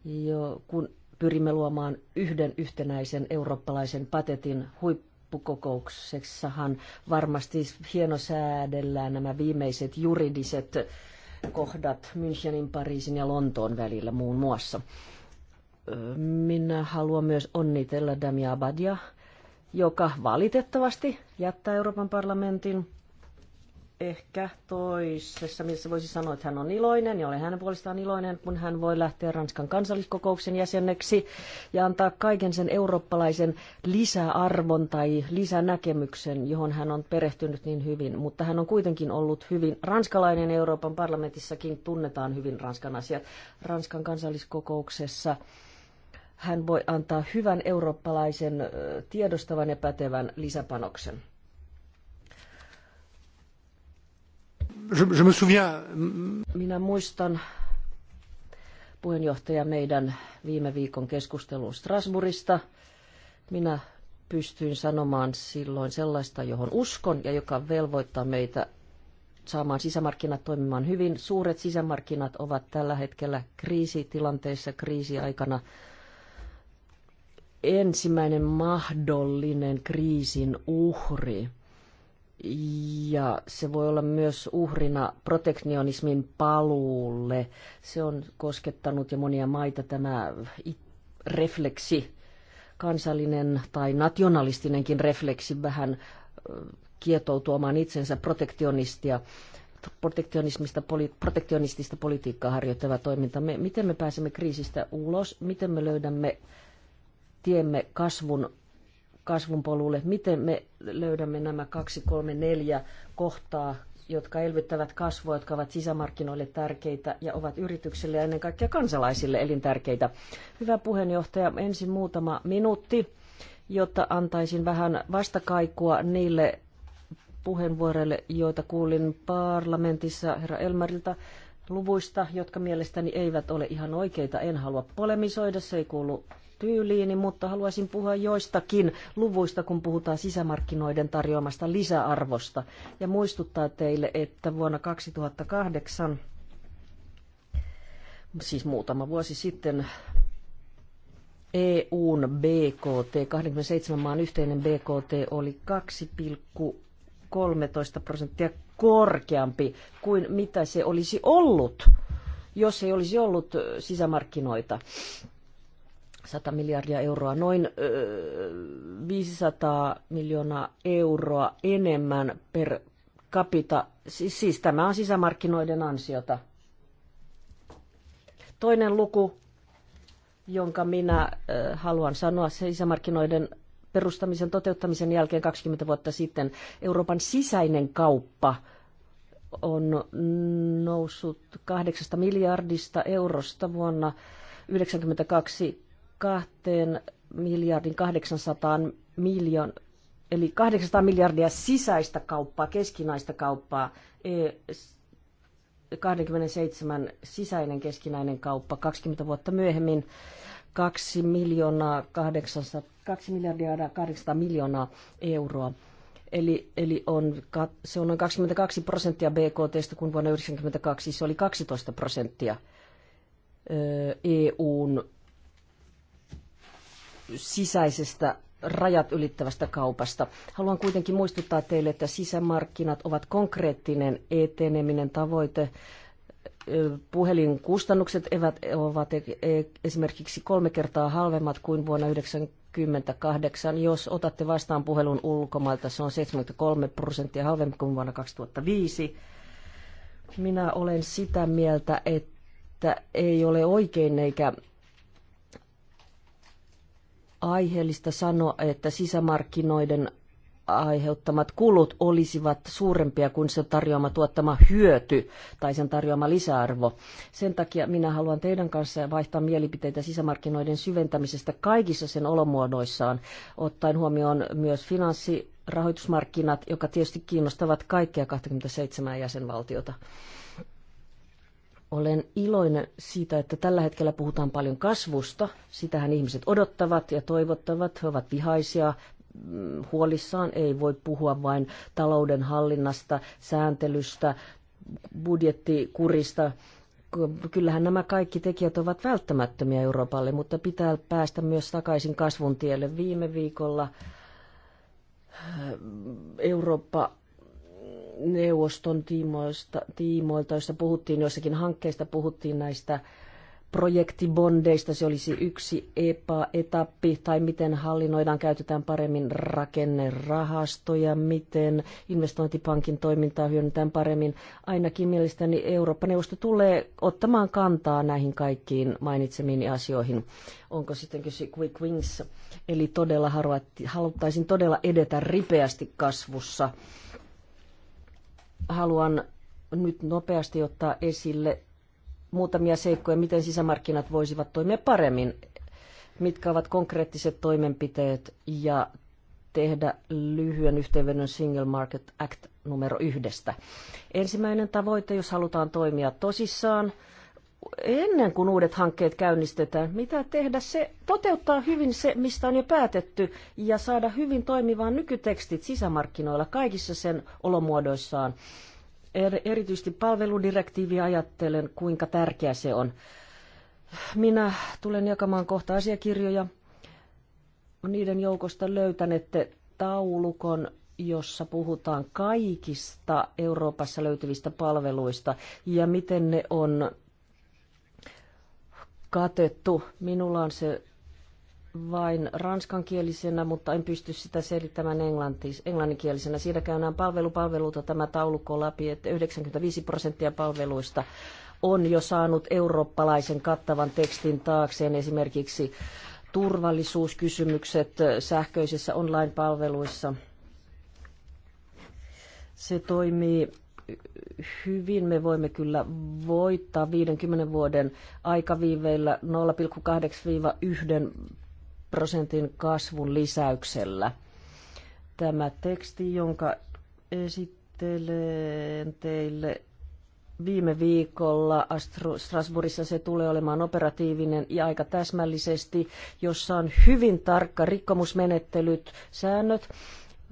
jo kun pyrimme luomaan yhden yhtenäisen eurooppalaisen patetin huippukokouksessahan varmasti hieno säädellään nämä viimeiset juridiset kohdat Münchenin, Pariisin ja Lontoon välillä muun muassa. Minä haluan myös onnitella Damia Abadia, joka valitettavasti jättää Euroopan parlamentin ehkä toisessa missä voisi sanoa, että hän on iloinen ja olen hänen puolestaan iloinen, kun hän voi lähteä Ranskan kansalliskokouksen jäseneksi ja antaa kaiken sen eurooppalaisen lisäarvon tai lisänäkemyksen, johon hän on perehtynyt niin hyvin. Mutta hän on kuitenkin ollut hyvin ranskalainen Euroopan parlamentissakin, tunnetaan hyvin Ranskan asiat Ranskan kansalliskokouksessa hän voi antaa hyvän eurooppalaisen tiedostavan ja pätevän lisäpanoksen. je, me souviens... Minä muistan puheenjohtaja meidän viime viikon keskustelun Strasbourgista. Minä pystyin sanomaan silloin sellaista, johon uskon ja joka velvoittaa meitä saamaan sisämarkkinat toimimaan hyvin. Suuret sisämarkkinat ovat tällä hetkellä kriisitilanteessa, kriisiaikana ensimmäinen mahdollinen kriisin uhri ja se voi olla myös uhrina protektionismin paluulle. Se on koskettanut jo monia maita tämä refleksi, kansallinen tai nationalistinenkin refleksi vähän kietoutuu omaan itsensä protektionistia protektionismista, poli, protektionistista politiikkaa harjoittava toiminta. Me, miten me pääsemme kriisistä ulos? Miten me löydämme tiemme kasvun kasvun polulle. Miten me löydämme nämä kaksi, kolme, neljä kohtaa, jotka elvyttävät kasvua, jotka ovat sisämarkkinoille tärkeitä ja ovat yrityksille ja ennen kaikkea kansalaisille elintärkeitä. Hyvä puheenjohtaja, ensin muutama minuutti, jotta antaisin vähän vastakaikua niille puheenvuoroille, joita kuulin parlamentissa herra Elmarilta luvuista, jotka mielestäni eivät ole ihan oikeita. En halua polemisoida, se ei kuulu tyyliini, mutta haluaisin puhua joistakin luvuista, kun puhutaan sisämarkkinoiden tarjoamasta lisäarvosta. Ja muistuttaa teille, että vuonna 2008, siis muutama vuosi sitten, EUn BKT, 27 maan yhteinen BKT oli 2,13 prosenttia korkeampi kuin mitä se olisi ollut, jos ei olisi ollut sisämarkkinoita. 100 miljardia euroa, noin 500 miljoonaa euroa enemmän per capita. Siis, siis tämä on sisämarkkinoiden ansiota. Toinen luku, jonka minä haluan sanoa sisämarkkinoiden perustamisen toteuttamisen jälkeen 20 vuotta sitten, Euroopan sisäinen kauppa on noussut 8 miljardista eurosta vuonna 1992 kahteen miljardin 800 miljoon, eli 800 miljardia sisäistä kauppaa, keskinäistä kauppaa, 27 e, sisäinen keskinäinen kauppa 20 vuotta myöhemmin, 2, miljoonaa 800, 2 miljardia 800 miljoonaa euroa. Eli, eli on, se on noin 22 prosenttia BKT, kun vuonna 1992 se oli 12 prosenttia EUn sisäisestä rajat ylittävästä kaupasta. Haluan kuitenkin muistuttaa teille, että sisämarkkinat ovat konkreettinen eteneminen tavoite. Puhelinkustannukset eivät ovat e, e, esimerkiksi kolme kertaa halvemmat kuin vuonna 1998. Jos otatte vastaan puhelun ulkomailta, se on 73 prosenttia halvempi kuin vuonna 2005. Minä olen sitä mieltä, että ei ole oikein eikä aiheellista sanoa, että sisämarkkinoiden aiheuttamat kulut olisivat suurempia kuin sen tarjoama tuottama hyöty tai sen tarjoama lisäarvo. Sen takia minä haluan teidän kanssa vaihtaa mielipiteitä sisämarkkinoiden syventämisestä kaikissa sen olomuodoissaan, ottaen huomioon myös finanssirahoitusmarkkinat, jotka tietysti kiinnostavat kaikkia 27 jäsenvaltiota. Olen iloinen siitä, että tällä hetkellä puhutaan paljon kasvusta. Sitähän ihmiset odottavat ja toivottavat. He ovat vihaisia, mm, huolissaan. Ei voi puhua vain talouden hallinnasta, sääntelystä, budjettikurista. Kyllähän nämä kaikki tekijät ovat välttämättömiä Euroopalle, mutta pitää päästä myös takaisin kasvun tielle. Viime viikolla mm, Eurooppa neuvoston tiimoista, tiimoilta, joissa puhuttiin, joissakin hankkeista puhuttiin näistä projektibondeista. Se olisi yksi epäetappi, tai miten hallinnoidaan, käytetään paremmin rakennerahastoja, miten investointipankin toimintaa hyödynnetään paremmin. Ainakin mielestäni Eurooppa-neuvosto tulee ottamaan kantaa näihin kaikkiin mainitsemiini asioihin. Onko sitten kyse quick wins? Eli todella haluaisin todella edetä ripeästi kasvussa haluan nyt nopeasti ottaa esille muutamia seikkoja, miten sisämarkkinat voisivat toimia paremmin, mitkä ovat konkreettiset toimenpiteet ja tehdä lyhyen yhteenvedon Single Market Act numero yhdestä. Ensimmäinen tavoite, jos halutaan toimia tosissaan, ennen kuin uudet hankkeet käynnistetään, mitä tehdä se, toteuttaa hyvin se, mistä on jo päätetty, ja saada hyvin toimivaan nykytekstit sisämarkkinoilla kaikissa sen olomuodoissaan. Er, erityisesti palveludirektiivi ajattelen, kuinka tärkeä se on. Minä tulen jakamaan kohta asiakirjoja. Niiden joukosta löytänette taulukon jossa puhutaan kaikista Euroopassa löytyvistä palveluista ja miten ne on katettu. Minulla on se vain ranskankielisenä, mutta en pysty sitä selittämään englantis, englanninkielisenä. Siinä käydään palvelupalveluita tämä taulukko läpi, että 95 prosenttia palveluista on jo saanut eurooppalaisen kattavan tekstin taakseen esimerkiksi turvallisuuskysymykset sähköisissä online-palveluissa. Se toimii hyvin me voimme kyllä voittaa 50 vuoden aikaviiveillä 0,8-1 prosentin kasvun lisäyksellä. Tämä teksti, jonka esittelen teille viime viikolla Strasbourgissa se tulee olemaan operatiivinen ja aika täsmällisesti, jossa on hyvin tarkka rikkomusmenettelyt, säännöt,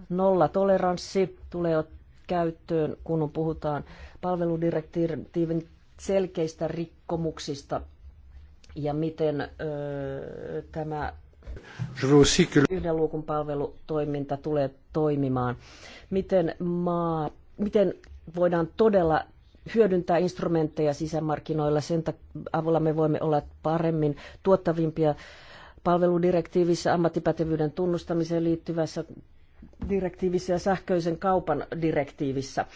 nolla toleranssi tulee ottaa käyttöön, kun puhutaan palveludirektiivin selkeistä rikkomuksista ja miten ö, tämä yhden luukun palvelutoiminta tulee toimimaan. Miten, maa, miten voidaan todella hyödyntää instrumentteja sisämarkkinoilla, sen avulla me voimme olla paremmin tuottavimpia palveludirektiivissä ammattipätevyyden tunnustamiseen liittyvässä direktiivissä ja sähköisen kaupan direktiivissä.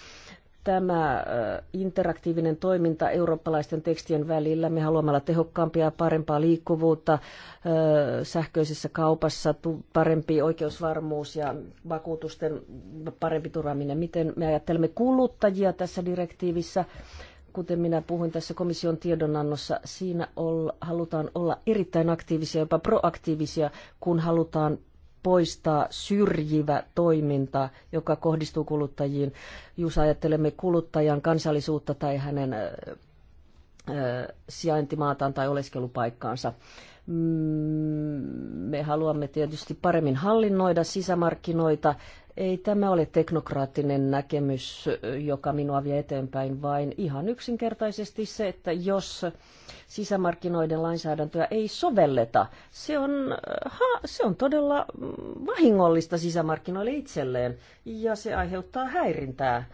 Tämä interaktiivinen toiminta eurooppalaisten tekstien välillä, me haluamme olla tehokkaampia ja parempaa liikkuvuutta sähköisessä kaupassa, parempi oikeusvarmuus ja vakuutusten parempi turvaaminen. Miten me ajattelemme kuluttajia tässä direktiivissä? kuten minä puhuin tässä komission tiedonannossa, siinä halutaan olla erittäin aktiivisia, jopa proaktiivisia, kun halutaan poistaa syrjivä toiminta, joka kohdistuu kuluttajiin. Jos ajattelemme kuluttajan kansallisuutta tai hänen sijaintimaataan tai oleskelupaikkaansa. Mm, me haluamme tietysti paremmin hallinnoida sisämarkkinoita ei tämä ole teknokraattinen näkemys, joka minua vie eteenpäin, vain ihan yksinkertaisesti se, että jos sisämarkkinoiden lainsäädäntöä ei sovelleta, se on, ha, se on todella vahingollista sisämarkkinoille itselleen ja se aiheuttaa häirintää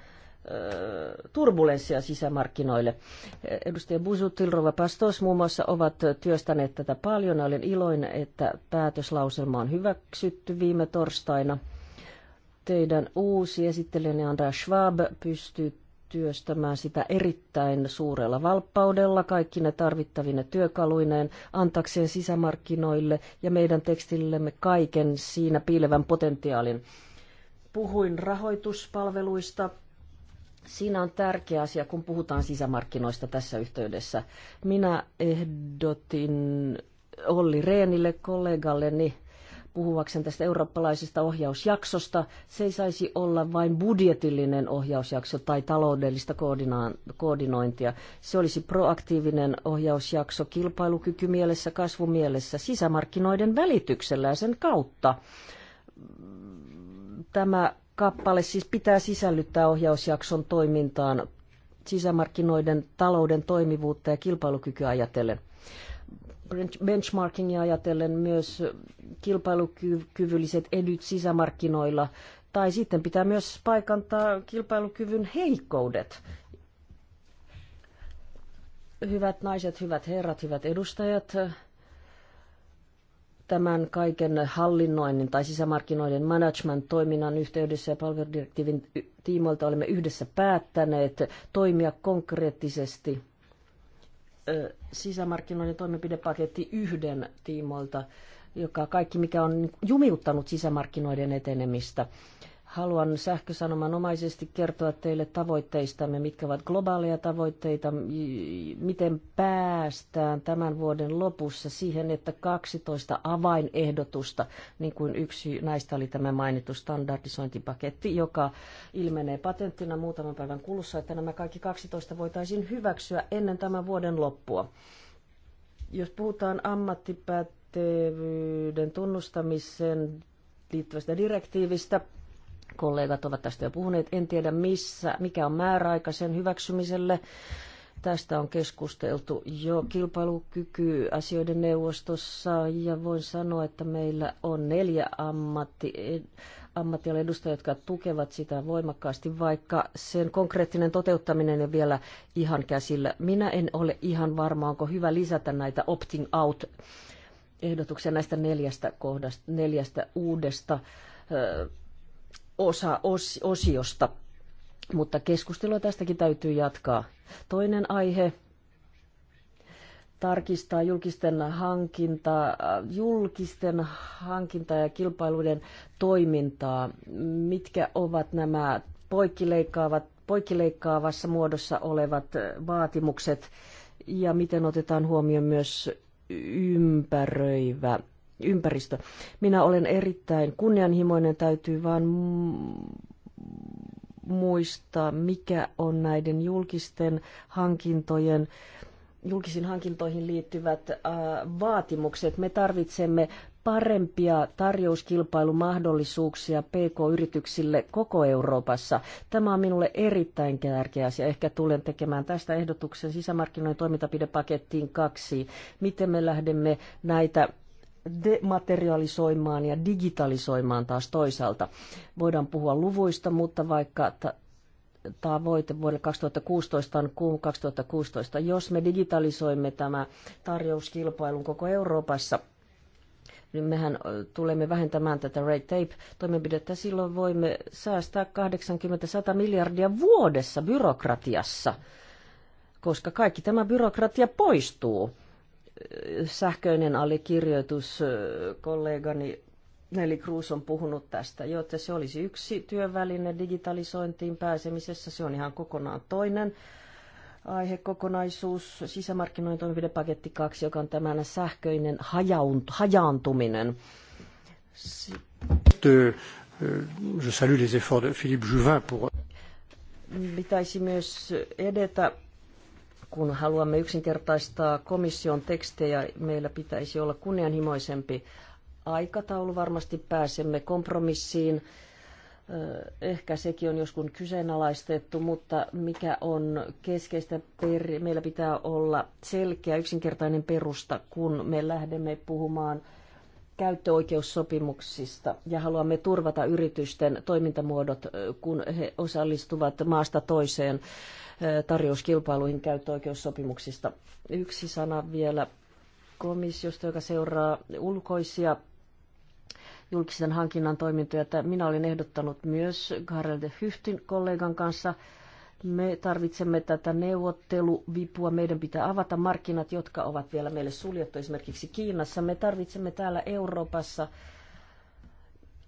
turbulenssia sisämarkkinoille. Edustaja Busutil, Tilrova Pastos muun muassa ovat työstäneet tätä paljon. Olen iloinen, että päätöslauselma on hyväksytty viime torstaina – teidän uusi esittelijänne Andrea Schwab pystyy työstämään sitä erittäin suurella valppaudella ne tarvittavine työkaluineen antakseen sisämarkkinoille ja meidän tekstillemme kaiken siinä piilevän potentiaalin. Puhuin rahoituspalveluista. Siinä on tärkeä asia, kun puhutaan sisämarkkinoista tässä yhteydessä. Minä ehdotin Olli Reenille kollegalleni, Puhuakseen tästä eurooppalaisesta ohjausjaksosta. Se ei saisi olla vain budjetillinen ohjausjakso tai taloudellista koordinointia. Se olisi proaktiivinen ohjausjakso kilpailukykymielessä, kasvumielessä, sisämarkkinoiden välityksellä ja sen kautta. Tämä kappale siis pitää sisällyttää ohjausjakson toimintaan sisämarkkinoiden talouden toimivuutta ja kilpailukykyä ajatellen benchmarkingia ajatellen myös kilpailukyvylliset edyt sisämarkkinoilla. Tai sitten pitää myös paikantaa kilpailukyvyn heikkoudet. Hyvät naiset, hyvät herrat, hyvät edustajat, tämän kaiken hallinnoinnin tai sisämarkkinoiden management-toiminnan yhteydessä ja palveludirektiivin tiimoilta olemme yhdessä päättäneet toimia konkreettisesti – sisämarkkinoiden toimenpidepaketti yhden tiimoilta, joka kaikki mikä on jumiuttanut sisämarkkinoiden etenemistä. Haluan sähkösanomanomaisesti kertoa teille tavoitteistamme, mitkä ovat globaaleja tavoitteita, miten päästään tämän vuoden lopussa siihen, että 12 avainehdotusta, niin kuin yksi näistä oli tämä mainittu standardisointipaketti, joka ilmenee patenttina muutaman päivän kulussa, että nämä kaikki 12 voitaisiin hyväksyä ennen tämän vuoden loppua. Jos puhutaan ammattipätevyyden tunnustamisen liittyvästä direktiivistä, Kollegat ovat tästä jo puhuneet. En tiedä, missä, mikä on määräaika sen hyväksymiselle. Tästä on keskusteltu jo kilpailukyky asioiden neuvostossa ja voin sanoa, että meillä on neljä ammatti, ammattialan edustajia, jotka tukevat sitä voimakkaasti, vaikka sen konkreettinen toteuttaminen on vielä ihan käsillä. Minä en ole ihan varma, onko hyvä lisätä näitä opting out ehdotuksia näistä neljästä kohdasta, neljästä uudesta osa os, osiosta. Mutta keskustelua tästäkin täytyy jatkaa. Toinen aihe tarkistaa julkisten hankinta, julkisten hankinta ja kilpailuiden toimintaa. Mitkä ovat nämä poikkileikkaavat, poikkileikkaavassa muodossa olevat vaatimukset ja miten otetaan huomioon myös ympäröivä ympäristö. Minä olen erittäin kunnianhimoinen, täytyy vaan muistaa, mikä on näiden julkisten hankintojen julkisiin hankintoihin liittyvät äh, vaatimukset. Me tarvitsemme parempia tarjouskilpailumahdollisuuksia PK-yrityksille koko Euroopassa. Tämä on minulle erittäin tärkeä asia. Ehkä tulen tekemään tästä ehdotuksen sisämarkkinoiden toimintapidepakettiin kaksi. Miten me lähdemme näitä dematerialisoimaan ja digitalisoimaan taas toisaalta. Voidaan puhua luvuista, mutta vaikka tavoite vuodelle 2016 on kuun 2016. Jos me digitalisoimme tämä tarjouskilpailun koko Euroopassa, niin mehän tulemme vähentämään tätä red tape-toimenpidettä. Silloin voimme säästää 80-100 miljardia vuodessa byrokratiassa, koska kaikki tämä byrokratia poistuu sähköinen allekirjoitus, kollegani Neli Kruus on puhunut tästä, jotta se olisi yksi työväline digitalisointiin pääsemisessä, se on ihan kokonaan toinen aihekokonaisuus, sisämarkkinoiden toimenpidepaketti 2, joka on tämän sähköinen hajaunt, hajaantuminen. je salue les efforts de Philippe Juvin pour... Pitäisi myös edetä kun haluamme yksinkertaistaa komission tekstejä, meillä pitäisi olla kunnianhimoisempi aikataulu. Varmasti pääsemme kompromissiin. Ehkä sekin on joskus kyseenalaistettu, mutta mikä on keskeistä, meillä pitää olla selkeä yksinkertainen perusta, kun me lähdemme puhumaan – käyttöoikeussopimuksista ja haluamme turvata yritysten toimintamuodot, kun he osallistuvat maasta toiseen tarjouskilpailuihin käyttöoikeussopimuksista. Yksi sana vielä komissiosta, joka seuraa ulkoisia julkisen hankinnan toimintoja. Minä olin ehdottanut myös Karel de Hyftin kollegan kanssa – me tarvitsemme tätä neuvotteluvipua. Meidän pitää avata markkinat, jotka ovat vielä meille suljettu esimerkiksi Kiinassa. Me tarvitsemme täällä Euroopassa,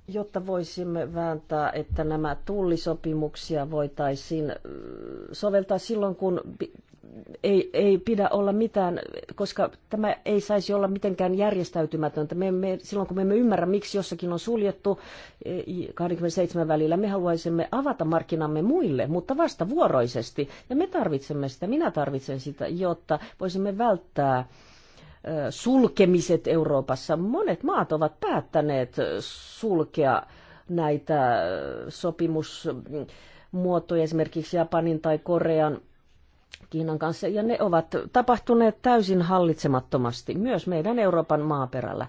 jotta voisimme vääntää, että nämä tullisopimuksia voitaisiin äh, soveltaa silloin, kun ei, ei pidä olla mitään, koska tämä ei saisi olla mitenkään järjestäytymätöntä. Me me, silloin kun me emme ymmärrä, miksi jossakin on suljettu 27 eh, välillä, me haluaisimme avata markkinamme muille, mutta vasta vuoroisesti. Ja me tarvitsemme sitä, minä tarvitsen sitä, jotta voisimme välttää eh, sulkemiset Euroopassa. Monet maat ovat päättäneet sulkea näitä eh, sopimusmuotoja, esimerkiksi Japanin tai Korean Kiinan kanssa, ja ne ovat tapahtuneet täysin hallitsemattomasti, myös meidän Euroopan maaperällä.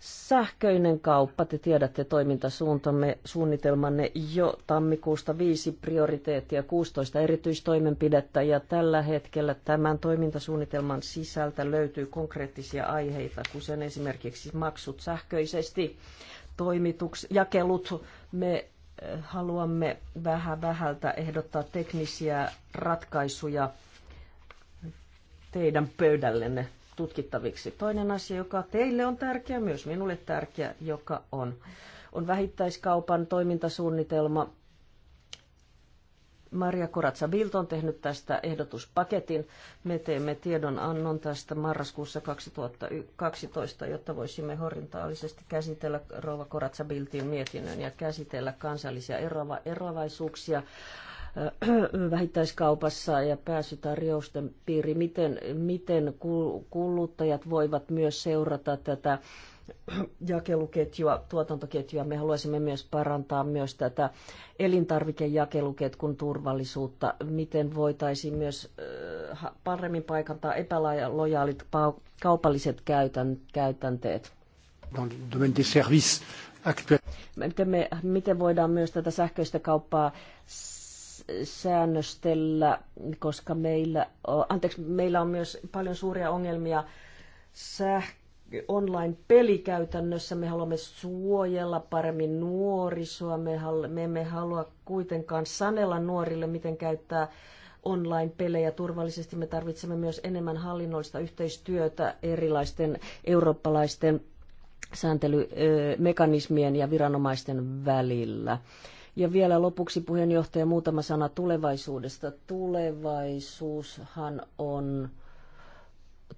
Sähköinen kauppa, te tiedätte toimintasuuntamme, suunnitelmanne jo tammikuusta viisi prioriteettia, 16 erityistoimenpidettä ja tällä hetkellä tämän toimintasuunnitelman sisältä löytyy konkreettisia aiheita, kuten esimerkiksi maksut sähköisesti, toimituks, jakelut. Me haluamme vähän vähältä ehdottaa teknisiä ratkaisuja teidän pöydällenne tutkittaviksi. Toinen asia, joka teille on tärkeä, myös minulle tärkeä, joka on, on vähittäiskaupan toimintasuunnitelma Maria Koratsa Bilt on tehnyt tästä ehdotuspaketin. Me teemme tiedonannon tästä marraskuussa 2012, jotta voisimme horintaalisesti käsitellä Rouva Koratsa Biltin mietinnön ja käsitellä kansallisia erova- eroavaisuuksia äh, vähittäiskaupassa ja pääsytarjousten piiri, miten, miten kuluttajat voivat myös seurata tätä jakeluketjua, tuotantoketjua. Me haluaisimme myös parantaa myös tätä elintarvikejakeluketkun turvallisuutta. Miten voitaisiin myös paremmin paikantaa epälojaalit kaupalliset käytänteet? Miten, me, miten voidaan myös tätä sähköistä kauppaa säännöstellä, koska meillä, anteeksi, meillä on myös paljon suuria ongelmia sähkö online-peli käytännössä. Me haluamme suojella paremmin nuorisoa. Me, hal- me emme halua kuitenkaan sanella nuorille, miten käyttää online-pelejä turvallisesti. Me tarvitsemme myös enemmän hallinnollista yhteistyötä erilaisten eurooppalaisten sääntelymekanismien ja viranomaisten välillä. Ja vielä lopuksi puheenjohtaja muutama sana tulevaisuudesta. Tulevaisuushan on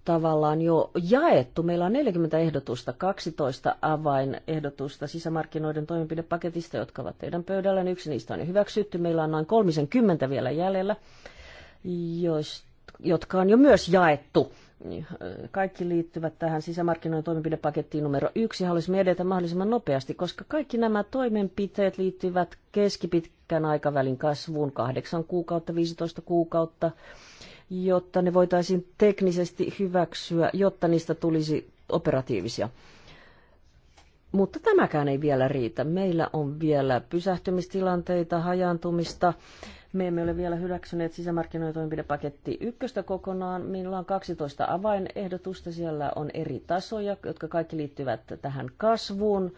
tavallaan jo jaettu. Meillä on 40 ehdotusta, 12 avainehdotusta sisämarkkinoiden toimenpidepaketista, jotka ovat teidän pöydällä. Yksi niistä on jo hyväksytty. Meillä on noin 30 vielä jäljellä, jotka on jo myös jaettu. Kaikki liittyvät tähän sisämarkkinoiden toimenpidepakettiin numero yksi. Haluaisimme edetä mahdollisimman nopeasti, koska kaikki nämä toimenpiteet liittyvät keskipitkän aikavälin kasvuun, 8 kuukautta, 15 kuukautta jotta ne voitaisiin teknisesti hyväksyä, jotta niistä tulisi operatiivisia. Mutta tämäkään ei vielä riitä. Meillä on vielä pysähtymistilanteita, hajaantumista. Me emme ole vielä hyväksyneet sisämarkkinoitoimenpidepaketti ykköstä kokonaan. Meillä on 12 avainehdotusta. Siellä on eri tasoja, jotka kaikki liittyvät tähän kasvuun.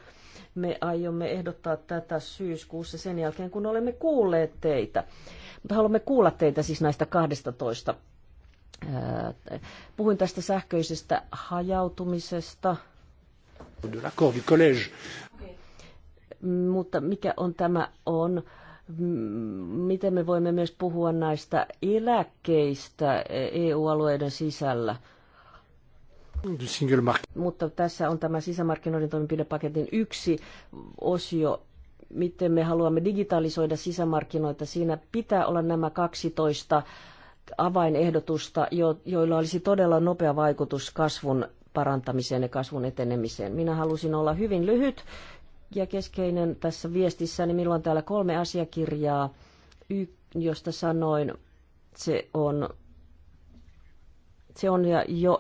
Me aiomme ehdottaa tätä syyskuussa sen jälkeen, kun olemme kuulleet teitä. Haluamme kuulla teitä siis näistä 12. Puhuin tästä sähköisestä hajautumisesta. Mutta mikä on tämä on? Miten me voimme myös puhua näistä eläkkeistä EU-alueiden sisällä? Mutta tässä on tämä sisämarkkinoiden toimenpidepaketin yksi osio miten me haluamme digitalisoida sisämarkkinoita. Siinä pitää olla nämä 12 avainehdotusta, jo, joilla olisi todella nopea vaikutus kasvun parantamiseen ja kasvun etenemiseen. Minä halusin olla hyvin lyhyt ja keskeinen tässä viestissä, niin milloin täällä kolme asiakirjaa, josta sanoin, se on, se on jo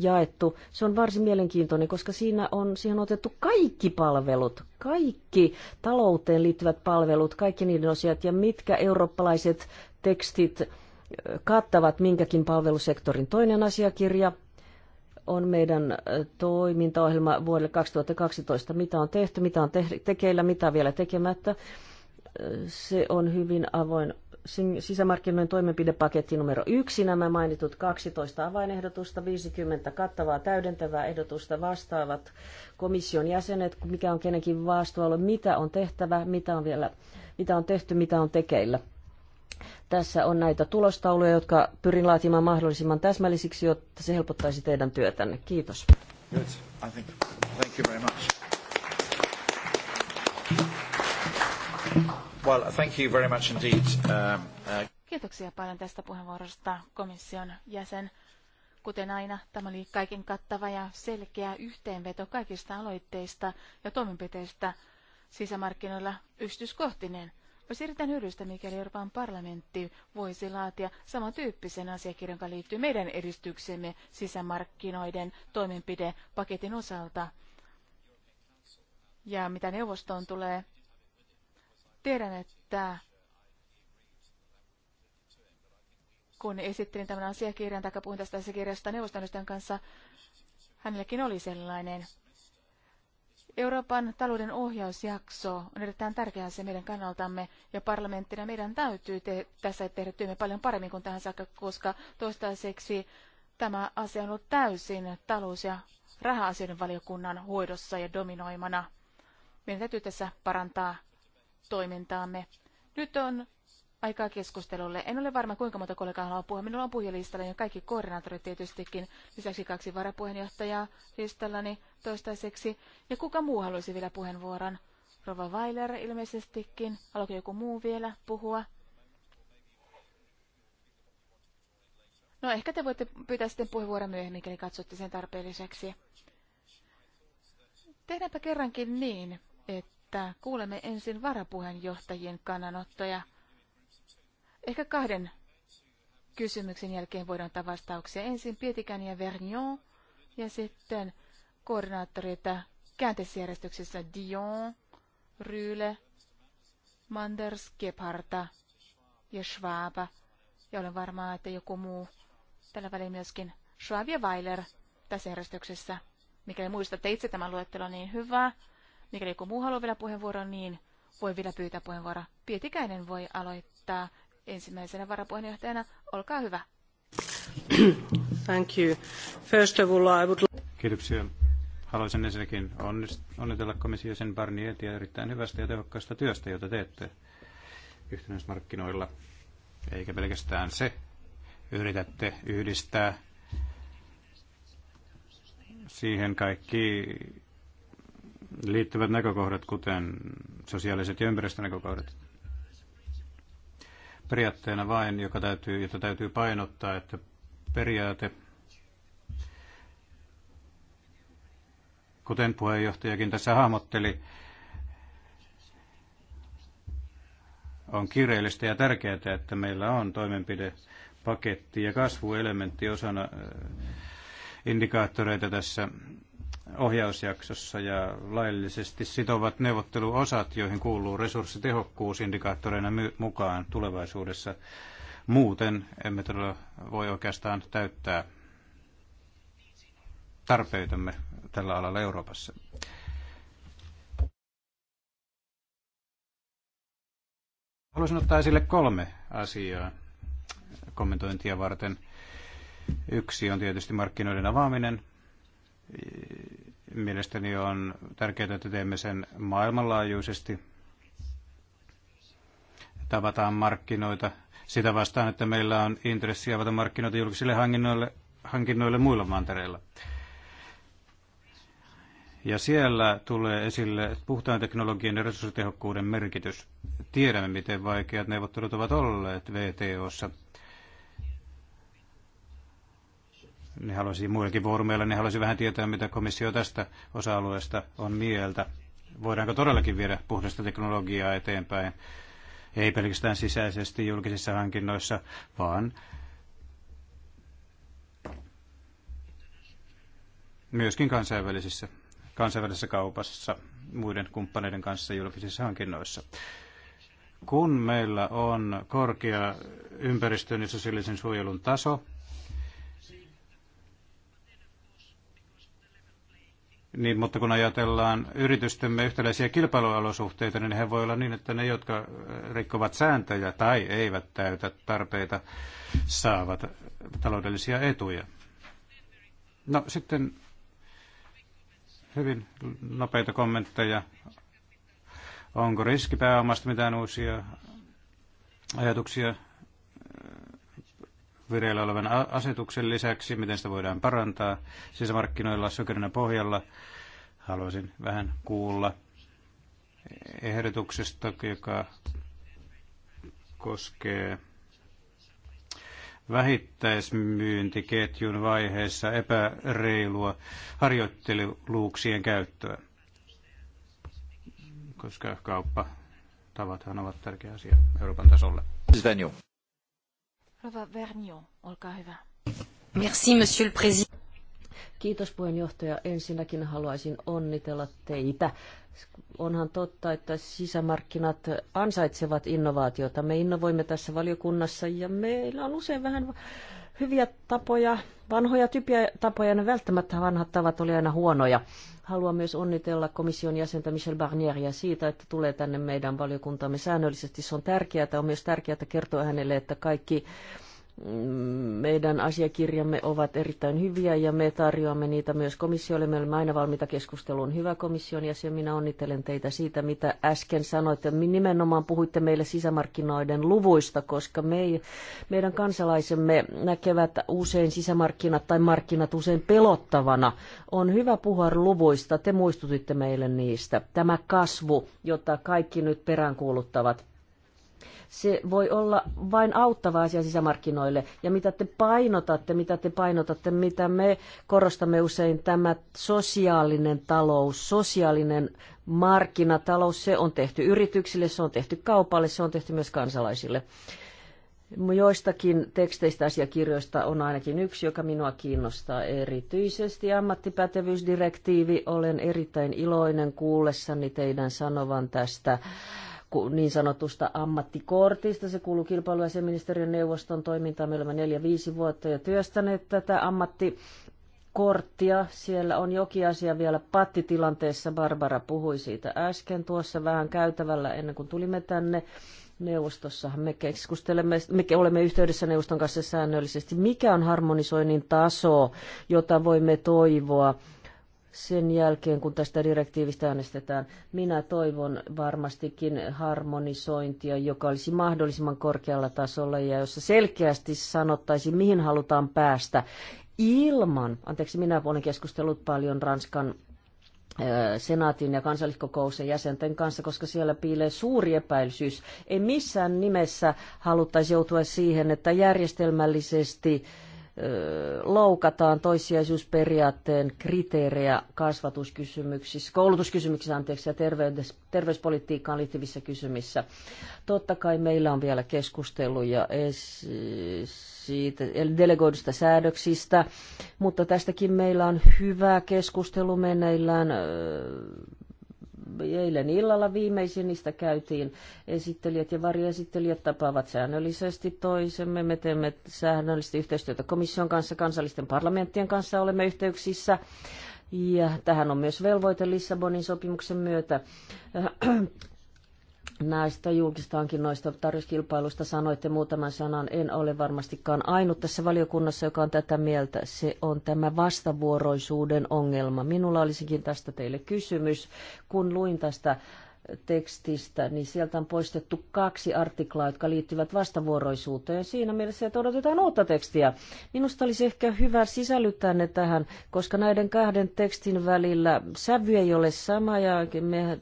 jaettu. Se on varsin mielenkiintoinen, koska siinä on, siihen on otettu kaikki palvelut, kaikki talouteen liittyvät palvelut, kaikki niiden osiat ja mitkä eurooppalaiset tekstit kattavat minkäkin palvelusektorin. Toinen asiakirja on meidän toimintaohjelma vuodelle 2012, mitä on tehty, mitä on tekeillä, mitä on vielä tekemättä. Se on hyvin avoin sisämarkkinoiden toimenpidepaketti numero yksi, nämä mainitut 12 avainehdotusta, 50 kattavaa täydentävää ehdotusta vastaavat komission jäsenet, mikä on kenenkin vastuualue, mitä on tehtävä, mitä on, vielä, mitä on tehty, mitä on tekeillä. Tässä on näitä tulostauluja, jotka pyrin laatimaan mahdollisimman täsmällisiksi, jotta se helpottaisi teidän työtänne. Kiitos. Good. I think. Thank you very much. Well, thank you very much indeed. Um, uh, Kiitoksia paljon tästä puheenvuorosta komission jäsen. Kuten aina, tämä oli kaiken kattava ja selkeä yhteenveto kaikista aloitteista ja toimenpiteistä sisämarkkinoilla ystyskohtinen. Olisi erittäin hyödyllistä, mikäli Euroopan parlamentti voisi laatia samantyyppisen asiakirjan, joka liittyy meidän edistyksemme sisämarkkinoiden toimenpidepaketin osalta. Ja mitä neuvostoon tulee, Tiedän, että kun esittelin tämän asiakirjan tai puhuin tästä asiakirjasta neuvoston kanssa, hänelläkin oli sellainen. Euroopan talouden ohjausjakso on erittäin tärkeä se meidän kannaltamme ja parlamenttina meidän täytyy te- tässä tehdä työmme paljon paremmin kuin tähän saakka, koska toistaiseksi tämä asia on ollut täysin talous- ja raha-asioiden valiokunnan hoidossa ja dominoimana. Meidän täytyy tässä parantaa toimintaamme. Nyt on aikaa keskustelulle. En ole varma, kuinka monta kollegaa haluaa puhua. Minulla on puhujalistalla jo kaikki koordinaattorit tietystikin, lisäksi kaksi varapuheenjohtajaa listallani toistaiseksi. Ja kuka muu haluaisi vielä puheenvuoron? Rova Weiler ilmeisestikin. Haluatko joku muu vielä puhua? No ehkä te voitte pyytää sitten puheenvuoron myöhemmin, mikäli katsotte sen tarpeelliseksi. Tehdäänpä kerrankin niin, että että kuulemme ensin varapuheenjohtajien kannanottoja. Ehkä kahden kysymyksen jälkeen voidaan ottaa vastauksia. Ensin Pietikän ja Vernion ja sitten koordinaattoreita käänteisjärjestyksessä Dion, Ryle, Manders, Gebharta ja Schwab. Ja olen varmaa, että joku muu tällä välin myöskin Schwab ja Weiler tässä järjestyksessä. Mikäli muistatte itse tämän luettelon, niin hyvä. Mikäli joku muu haluaa vielä puheenvuoron, niin voi vielä pyytää puheenvuoroa. Pietikäinen voi aloittaa ensimmäisenä varapuheenjohtajana. Olkaa hyvä. Thank you. First of all, I would... Kiitoksia. Haluaisin ensinnäkin onnitella sen Barnietia erittäin hyvästä ja tehokkaasta työstä, jota teette yhtenäismarkkinoilla. Eikä pelkästään se. Yritätte yhdistää siihen kaikki liittyvät näkökohdat, kuten sosiaaliset ja ympäristönäkökohdat. Periaatteena vain, joka täytyy, jota täytyy painottaa, että periaate, kuten puheenjohtajakin tässä hahmotteli, on kiireellistä ja tärkeää, että meillä on toimenpidepaketti ja kasvuelementti osana eh, indikaattoreita tässä ohjausjaksossa ja laillisesti sitovat neuvotteluosat, joihin kuuluu resurssitehokkuusindikaattoreina mukaan tulevaisuudessa. Muuten emme todella voi oikeastaan täyttää tarpeitamme tällä alalla Euroopassa. Haluaisin ottaa esille kolme asiaa kommentointia varten. Yksi on tietysti markkinoiden avaaminen, Mielestäni on tärkeää, että teemme sen maailmanlaajuisesti. Tavataan markkinoita sitä vastaan, että meillä on intressi avata markkinoita julkisille hankinnoille, hankinnoille muilla mantereilla. Ja siellä tulee esille puhtaan teknologian ja resurssitehokkuuden merkitys. Tiedämme, miten vaikeat neuvottelut ovat olleet VTOssa – niin haluaisin muillakin foorumeilla, niin haluaisin vähän tietää, mitä komissio tästä osa-alueesta on mieltä. Voidaanko todellakin viedä puhdasta teknologiaa eteenpäin, ei pelkästään sisäisesti julkisissa hankinnoissa, vaan myöskin kansainvälisissä, kansainvälisessä kaupassa muiden kumppaneiden kanssa julkisissa hankinnoissa. Kun meillä on korkea ympäristön ja sosiaalisen suojelun taso, Niin, mutta kun ajatellaan yritystemme yhtäläisiä kilpailuolosuhteita, niin he voi olla niin, että ne, jotka rikkovat sääntöjä tai eivät täytä tarpeita, saavat taloudellisia etuja. No sitten hyvin nopeita kommentteja. Onko riskipääomasta mitään uusia ajatuksia? vireillä olevan asetuksen lisäksi, miten sitä voidaan parantaa sisämarkkinoilla sykerinä pohjalla. Haluaisin vähän kuulla ehdotuksesta, joka koskee vähittäismyyntiketjun vaiheessa epäreilua harjoitteluluuksien käyttöä, koska kauppatavathan ovat tärkeä asia Euroopan tasolla. Rova Vernio, olkaa hyvä. Merci, monsieur le président. Kiitos puheenjohtaja. Ensinnäkin haluaisin onnitella teitä. Onhan totta, että sisämarkkinat ansaitsevat innovaatiota. Me innovoimme tässä valiokunnassa ja meillä on usein vähän hyviä tapoja, vanhoja typiä tapoja. Ne välttämättä vanhat tavat olivat aina huonoja. Haluan myös onnitella komission jäsentä Michel Barnieria siitä, että tulee tänne meidän valiokuntamme säännöllisesti. Se on tärkeää. On myös tärkeää kertoa hänelle, että kaikki meidän asiakirjamme ovat erittäin hyviä ja me tarjoamme niitä myös komissiolle. Me olemme aina valmiita keskusteluun. Hyvä komission jäsen, minä onnittelen teitä siitä, mitä äsken sanoitte. Nimenomaan puhuitte meille sisämarkkinoiden luvuista, koska me ei, meidän kansalaisemme näkevät usein sisämarkkinat tai markkinat usein pelottavana. On hyvä puhua luvuista, te muistutitte meille niistä. Tämä kasvu, jota kaikki nyt peräänkuuluttavat se voi olla vain auttava asia sisämarkkinoille. Ja mitä te painotatte, mitä te painotatte, mitä me korostamme usein, tämä sosiaalinen talous, sosiaalinen markkinatalous, se on tehty yrityksille, se on tehty kaupalle, se on tehty myös kansalaisille. Joistakin teksteistä asiakirjoista on ainakin yksi, joka minua kiinnostaa erityisesti. Ammattipätevyysdirektiivi. Olen erittäin iloinen kuullessani teidän sanovan tästä niin sanotusta ammattikortista. Se kuuluu kilpailu- ja ministeriön neuvoston toimintaan. Me olemme neljä viisi vuotta jo työstäneet tätä ammattikorttia. Siellä on jokin asia vielä pattitilanteessa. Barbara puhui siitä äsken tuossa vähän käytävällä ennen kuin tulimme tänne. Neuvostossahan me keskustelemme, me olemme yhteydessä neuvoston kanssa säännöllisesti. Mikä on harmonisoinnin taso, jota voimme toivoa? sen jälkeen, kun tästä direktiivistä äänestetään. Minä toivon varmastikin harmonisointia, joka olisi mahdollisimman korkealla tasolla ja jossa selkeästi sanottaisiin, mihin halutaan päästä ilman, anteeksi, minä olen keskustellut paljon Ranskan senaatin ja kansalliskokouksen jäsenten kanssa, koska siellä piilee suuri epäilysyys. Ei missään nimessä haluttaisi joutua siihen, että järjestelmällisesti äh, loukataan toissijaisuusperiaatteen kriteerejä kasvatuskysymyksissä, koulutuskysymyksissä anteeksi, ja terveys, terveyspolitiikkaan liittyvissä kysymyksissä. Totta kai meillä on vielä keskusteluja siitä, delegoidusta säädöksistä, mutta tästäkin meillä on hyvä keskustelu meneillään eilen illalla viimeisin niistä käytiin. Esittelijät ja varjoesittelijät tapaavat säännöllisesti toisemme. Me teemme säännöllisesti yhteistyötä komission kanssa, kansallisten parlamenttien kanssa olemme yhteyksissä. Ja tähän on myös velvoite Lissabonin sopimuksen myötä. Näistä julkista hankinnoista tarjouskilpailusta sanoitte muutaman sanan. En ole varmastikaan ainut tässä valiokunnassa, joka on tätä mieltä. Se on tämä vastavuoroisuuden ongelma. Minulla olisikin tästä teille kysymys. Kun luin tästä tekstistä, niin sieltä on poistettu kaksi artiklaa, jotka liittyvät vastavuoroisuuteen. Siinä mielessä, että odotetaan uutta tekstiä. Minusta olisi ehkä hyvä sisällyttää ne tähän, koska näiden kahden tekstin välillä sävy ei ole sama ja me,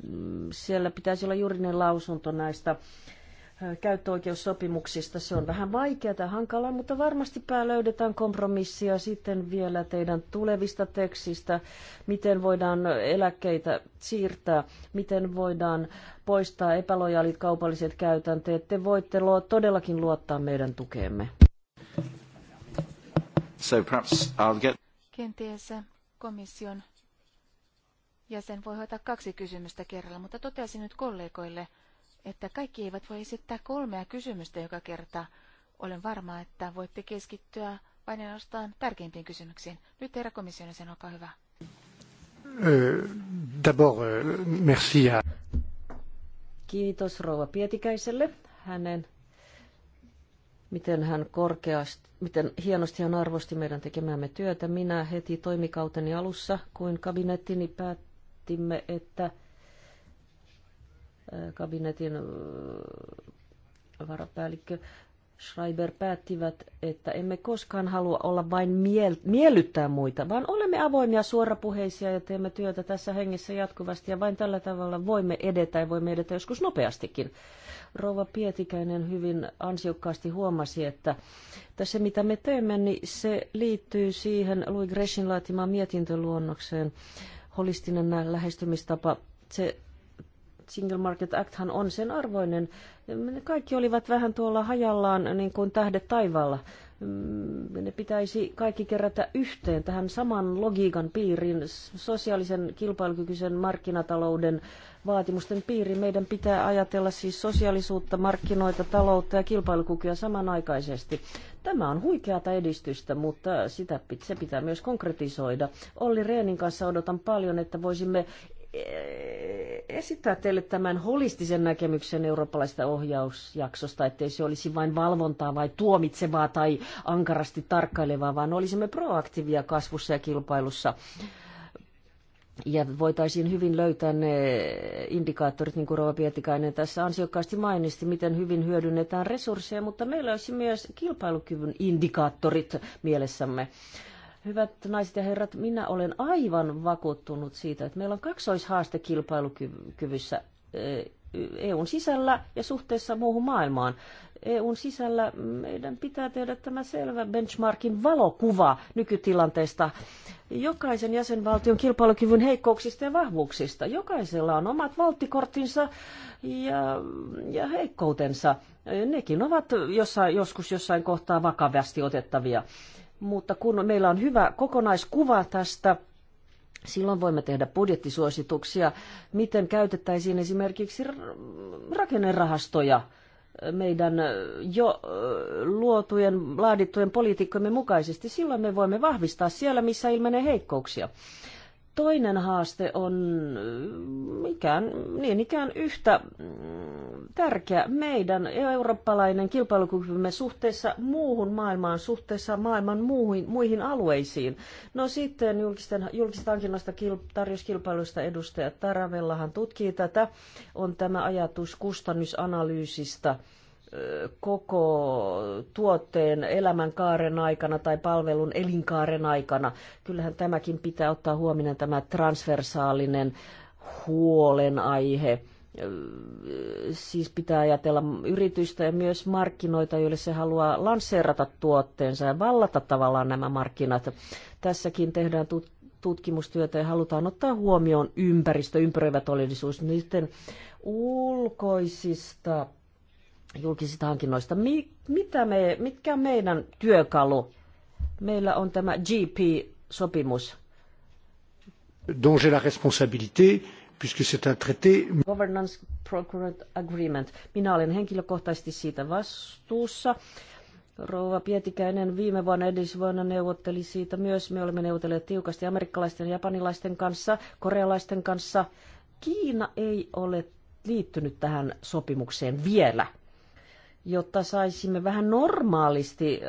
siellä pitäisi olla juuri ne lausunto näistä äh, käyttöoikeussopimuksista. Se on vähän vaikeaa tai hankalaa, mutta varmasti pää löydetään kompromissia sitten vielä teidän tulevista tekstistä, miten voidaan eläkkeitä siirtää, miten voidaan poistaa epälojaalit kaupalliset käytänteet. Te voitte luo, todellakin luottaa meidän tukeemme. So perhaps I'll get... Kenties komission jäsen voi hoitaa kaksi kysymystä kerralla, mutta toteaisin nyt kollegoille, että kaikki eivät voi esittää kolmea kysymystä joka kerta. Olen varma, että voitte keskittyä vain ainoastaan tärkeimpiin kysymyksiin. Nyt herra komission sen, olkaa hyvä. D'abord, merci. Kiitos rouva Pietikäiselle hänen miten hän korkeasti, miten hienosti hän arvosti meidän tekemäämme työtä. Minä heti toimikauteni alussa, kun kabinettini päättimme, että kabinetin äh, varapäällikkö Schreiber päättivät, että emme koskaan halua olla vain miel- miellyttää muita, vaan olemme avoimia, suorapuheisia ja teemme työtä tässä hengessä jatkuvasti ja vain tällä tavalla voimme edetä ja voimme edetä joskus nopeastikin. Rouva Pietikäinen hyvin ansiokkaasti huomasi, että, tässä mitä me teemme, niin se liittyy siihen Louis Greshin laatimaan mietintöluonnokseen holistinen lähestymistapa se Single Market Acthan on sen arvoinen. Ne kaikki olivat vähän tuolla hajallaan niin kuin tähdet taivaalla. Mm, ne pitäisi kaikki kerätä yhteen tähän saman logiikan piiriin, sosiaalisen kilpailukykyisen markkinatalouden vaatimusten piiriin. Meidän pitää ajatella siis sosiaalisuutta, markkinoita, taloutta ja kilpailukykyä samanaikaisesti. Tämä on huikeata edistystä, mutta sitä, se pitää myös konkretisoida. Olli Reenin kanssa odotan paljon, että voisimme E, esittää teille tämän holistisen näkemyksen eurooppalaista ohjausjaksosta, ettei se olisi vain valvontaa vai tuomitsevaa tai ankarasti tarkkailevaa, vaan olisimme proaktiivia kasvussa ja kilpailussa. Ja voitaisiin hyvin löytää ne indikaattorit, niin kuin Rova Pietikainen tässä ansiokkaasti mainitsi, miten hyvin hyödynnetään resursseja, mutta meillä olisi myös kilpailukyvyn indikaattorit mielessämme. Hyvät naiset ja herrat, minä olen aivan vakuuttunut siitä, että meillä on kaksoishaaste kilpailukyvyssä eh, EUn sisällä ja suhteessa muuhun maailmaan. EUn sisällä meidän pitää tehdä tämä selvä benchmarkin valokuva nykytilanteesta jokaisen jäsenvaltion kilpailukyvyn heikkouksista ja vahvuuksista. Jokaisella on omat valttikorttinsa ja, ja heikkoutensa. Nekin ovat jossain, joskus jossain kohtaa vakavasti otettavia. Mutta kun meillä on hyvä kokonaiskuva tästä, silloin voimme tehdä budjettisuosituksia, miten käytettäisiin esimerkiksi rakennerahastoja meidän jo luotujen, laadittujen poliitikkojemme mukaisesti. Silloin me voimme vahvistaa siellä, missä ilmenee heikkouksia. Toinen haaste on äh, ikään, niin ikään yhtä mm, tärkeä meidän eurooppalainen kilpailukykymme suhteessa muuhun maailmaan, suhteessa maailman muuhin, muihin alueisiin. No sitten julkisten, julkisista hankinnoista kil, tarjouskilpailuista edustaja Taravellahan tutkii tätä, on tämä ajatus kustannusanalyysistä koko tuotteen elämänkaaren aikana tai palvelun elinkaaren aikana. Kyllähän tämäkin pitää ottaa huomioon tämä transversaalinen huolenaihe. Siis pitää ajatella yritystä ja myös markkinoita, joille se haluaa lanseerata tuotteensa ja vallata tavallaan nämä markkinat. Tässäkin tehdään tut- tutkimustyötä ja halutaan ottaa huomioon ympäristö, ympäröivä todellisuus. Niiden ulkoisista julkisista hankinnoista. Mi, mitä me, mitkä on meidän työkalu? Meillä on tämä GP-sopimus. Dont j'ai la responsabilité, puisque c'est un traité... Governance Procurement Agreement. Minä olen henkilökohtaisesti siitä vastuussa. Rouva Pietikäinen viime vuonna edellisvuonna neuvotteli siitä myös. Me olemme neuvotelleet tiukasti amerikkalaisten, japanilaisten kanssa, korealaisten kanssa. Kiina ei ole liittynyt tähän sopimukseen vielä jotta saisimme vähän normaalisti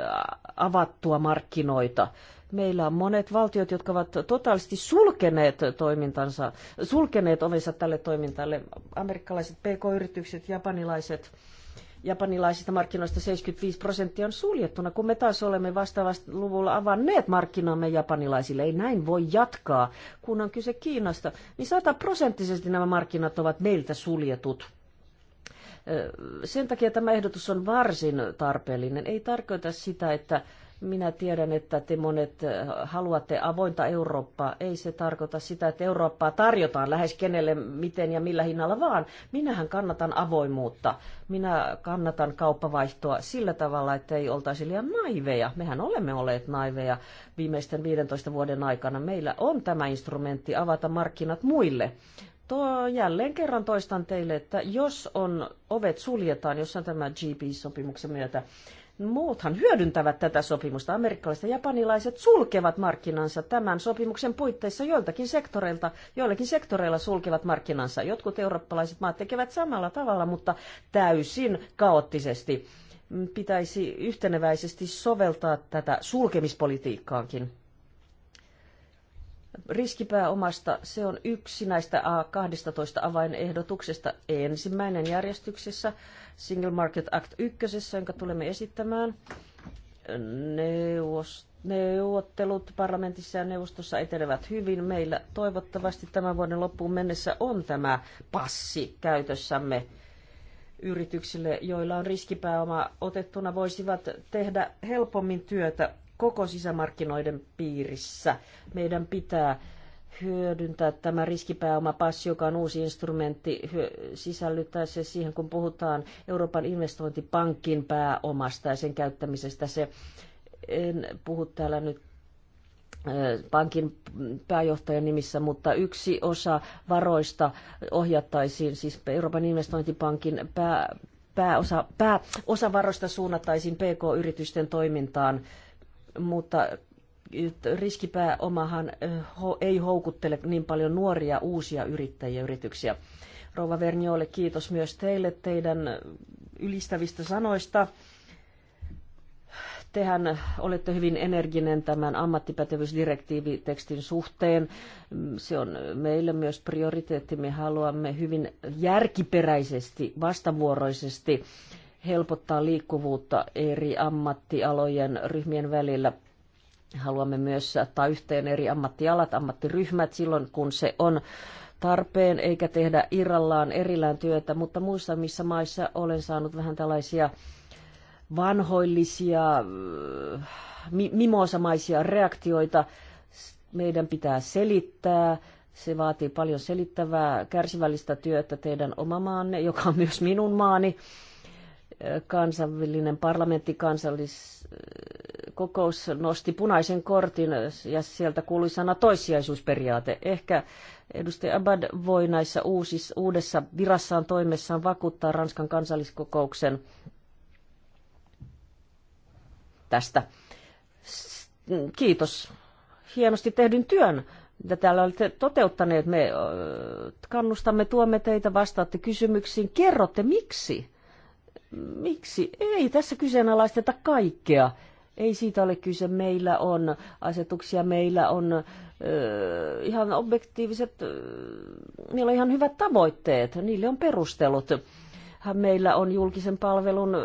avattua markkinoita. Meillä on monet valtiot, jotka ovat totaalisesti sulkeneet toimintansa, sulkeneet ovensa tälle toimintalle. Amerikkalaiset pk-yritykset, japanilaiset, japanilaisista markkinoista 75 prosenttia on suljettuna, kun me taas olemme vastaavasti luvulla avanneet markkinamme japanilaisille. Ei näin voi jatkaa, kun on kyse Kiinasta, niin sataprosenttisesti nämä markkinat ovat meiltä suljetut sen takia tämä ehdotus on varsin tarpeellinen. Ei tarkoita sitä, että minä tiedän, että te monet äh, haluatte avointa Eurooppaa. Ei se tarkoita sitä, että Eurooppaa tarjotaan lähes kenelle, miten ja millä hinnalla vaan. Minähän kannatan avoimuutta. Minä kannatan kauppavaihtoa sillä tavalla, että ei oltaisi liian naiveja. Mehän olemme olleet naiveja viimeisten 15 vuoden aikana. Meillä on tämä instrumentti avata markkinat muille to, jälleen kerran toistan teille, että jos on ovet suljetaan, jos on tämä GP-sopimuksen myötä, muuthan hyödyntävät tätä sopimusta. Amerikkalaiset ja japanilaiset sulkevat markkinansa tämän sopimuksen puitteissa joiltakin sektoreilta. Joillakin sektoreilla sulkevat markkinansa. Jotkut eurooppalaiset maat tekevät samalla tavalla, mutta täysin kaoottisesti. Pitäisi yhteneväisesti soveltaa tätä sulkemispolitiikkaankin. Riskipääomasta se on yksi näistä A12 avainehdotuksesta ensimmäinen järjestyksessä Single Market Act 1, jonka tulemme esittämään. Neuvost- neuvottelut parlamentissa ja neuvostossa etenevät hyvin. Meillä toivottavasti tämän vuoden loppuun mennessä on tämä passi käytössämme yrityksille, joilla on riskipääoma otettuna, voisivat tehdä helpommin työtä koko sisämarkkinoiden piirissä. Meidän pitää hyödyntää tämä riskipääomapassi, joka on uusi instrumentti, sisällyttää se siihen, kun puhutaan Euroopan investointipankin pääomasta ja sen käyttämisestä. Se, en puhu täällä nyt pankin pääjohtajan nimissä, mutta yksi osa varoista ohjattaisiin, siis Euroopan investointipankin pää, pääosa, pääosa varoista suunnattaisiin PK-yritysten toimintaan mutta riskipääomahan eh, ei houkuttele niin paljon nuoria uusia yrittäjiä yrityksiä. Rova Verniolle kiitos myös teille teidän ylistävistä sanoista. Tehän olette hyvin energinen tämän ammattipätevyysdirektiivitekstin suhteen. Se on meille myös prioriteetti. Me haluamme hyvin järkiperäisesti, vastavuoroisesti helpottaa liikkuvuutta eri ammattialojen ryhmien välillä. Haluamme myös saattaa yhteen eri ammattialat, ammattiryhmät silloin, kun se on tarpeen, eikä tehdä irrallaan erillään työtä, mutta muissa missä maissa olen saanut vähän tällaisia vanhoillisia, mimoosamaisia reaktioita. Meidän pitää selittää, se vaatii paljon selittävää, kärsivällistä työtä teidän oma maanne, joka on myös minun maani kansallinen parlamentti, kansalliskokous nosti punaisen kortin ja sieltä kuului sana toissijaisuusperiaate. Ehkä edustaja Abad voi näissä uusissa, uudessa virassaan toimessaan vakuuttaa Ranskan kansalliskokouksen tästä. Kiitos hienosti tehdyn työn mitä täällä olette toteuttaneet. Me kannustamme, tuomme teitä, vastaatte kysymyksiin, kerrotte miksi miksi ei tässä kyseenalaisteta kaikkea? Ei siitä ole kyse. Meillä on asetuksia, meillä on äh, ihan objektiiviset, äh, meillä on ihan hyvät tavoitteet, niille on perustelut. Meillä on julkisen palvelun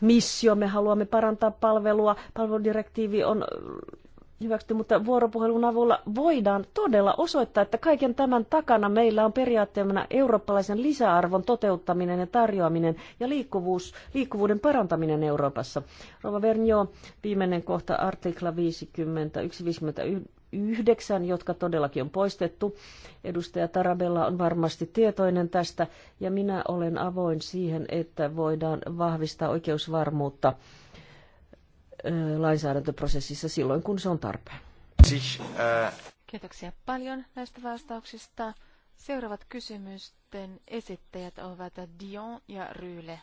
missio, me haluamme parantaa palvelua. Palveludirektiivi on hyväksytty, mutta vuoropuhelun avulla voidaan todella osoittaa, että kaiken tämän takana meillä on periaatteena eurooppalaisen lisäarvon toteuttaminen ja tarjoaminen ja liikkuvuus, liikkuvuuden parantaminen Euroopassa. Rova Vernio, viimeinen kohta artikla 50, 159, jotka todellakin on poistettu. Edustaja Tarabella on varmasti tietoinen tästä ja minä olen avoin siihen, että voidaan vahvistaa oikeusvarmuutta lainsäädäntöprosessissa silloin, kun se on tarpeen. Siis, Kiitoksia paljon näistä vastauksista. Seuraavat kysymysten esittäjät ovat Dion ja Ryle.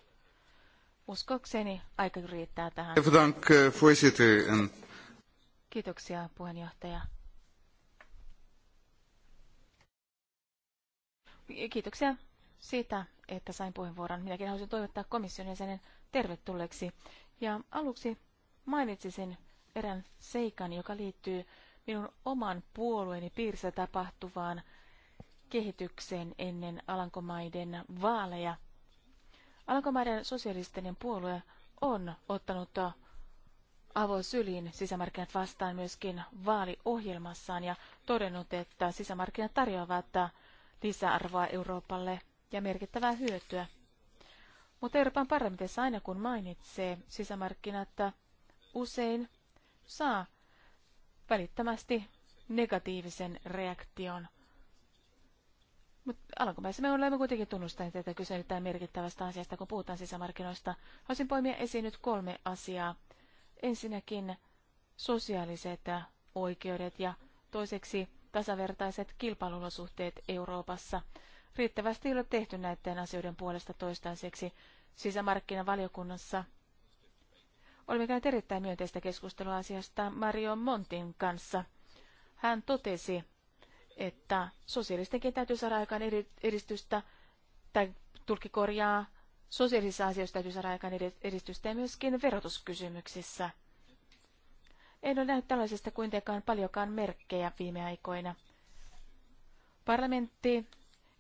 Uskokseni aika riittää tähän. Kiitoksia puheenjohtaja. Kiitoksia siitä, että sain puheenvuoron. Minäkin haluaisin toivottaa komission jäsenen tervetulleeksi. Ja aluksi mainitsisin erään seikan, joka liittyy minun oman puolueeni piirissä tapahtuvaan kehitykseen ennen Alankomaiden vaaleja. Alankomaiden sosialistinen puolue on ottanut avosylin sisämarkkinat vastaan myöskin vaaliohjelmassaan ja todennut, että sisämarkkinat tarjoavat lisäarvoa Euroopalle ja merkittävää hyötyä. Mutta Euroopan parlamentissa aina kun mainitsee sisämarkkinat, usein saa välittömästi negatiivisen reaktion. Mutta alkuperäisessä me olemme kuitenkin tunnustaneet, että kyse erittäin merkittävästä asiasta, kun puhutaan sisämarkkinoista. Haluaisin poimia esiin nyt kolme asiaa. Ensinnäkin sosiaaliset oikeudet ja toiseksi tasavertaiset kilpailulosuhteet Euroopassa. Riittävästi ei ole tehty näiden asioiden puolesta toistaiseksi sisämarkkinavaliokunnassa Olemme käyneet erittäin myönteistä keskustelua asiasta Mario Montin kanssa. Hän totesi, että sosiaalistenkin täytyy saada aikaan edistystä, tai tulkki korjaa, sosiaalisissa asioissa täytyy saada aikaan edistystä ja myöskin verotuskysymyksissä. En ole nähnyt tällaisesta kuitenkaan paljonkaan merkkejä viime aikoina. Parlamentti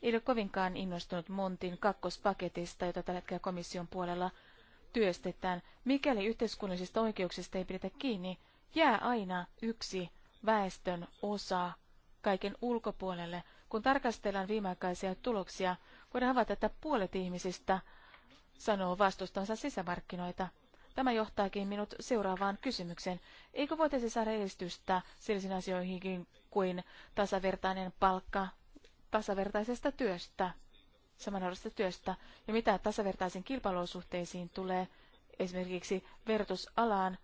ei ole kovinkaan innostunut Montin kakkospaketista, jota tällä hetkellä komission puolella työstetään. Mikäli yhteiskunnallisista oikeuksista ei pidetä kiinni, jää aina yksi väestön osa kaiken ulkopuolelle. Kun tarkastellaan viimeaikaisia tuloksia, voidaan havaita, että puolet ihmisistä sanoo vastustansa sisämarkkinoita. Tämä johtaakin minut seuraavaan kysymykseen. Eikö voitaisi saada edistystä sellaisiin asioihin kuin tasavertainen palkka tasavertaisesta työstä? samanarvoisesta työstä. Ja mitä tasavertaisiin kilpailuosuhteisiin tulee, esimerkiksi verotusalaan,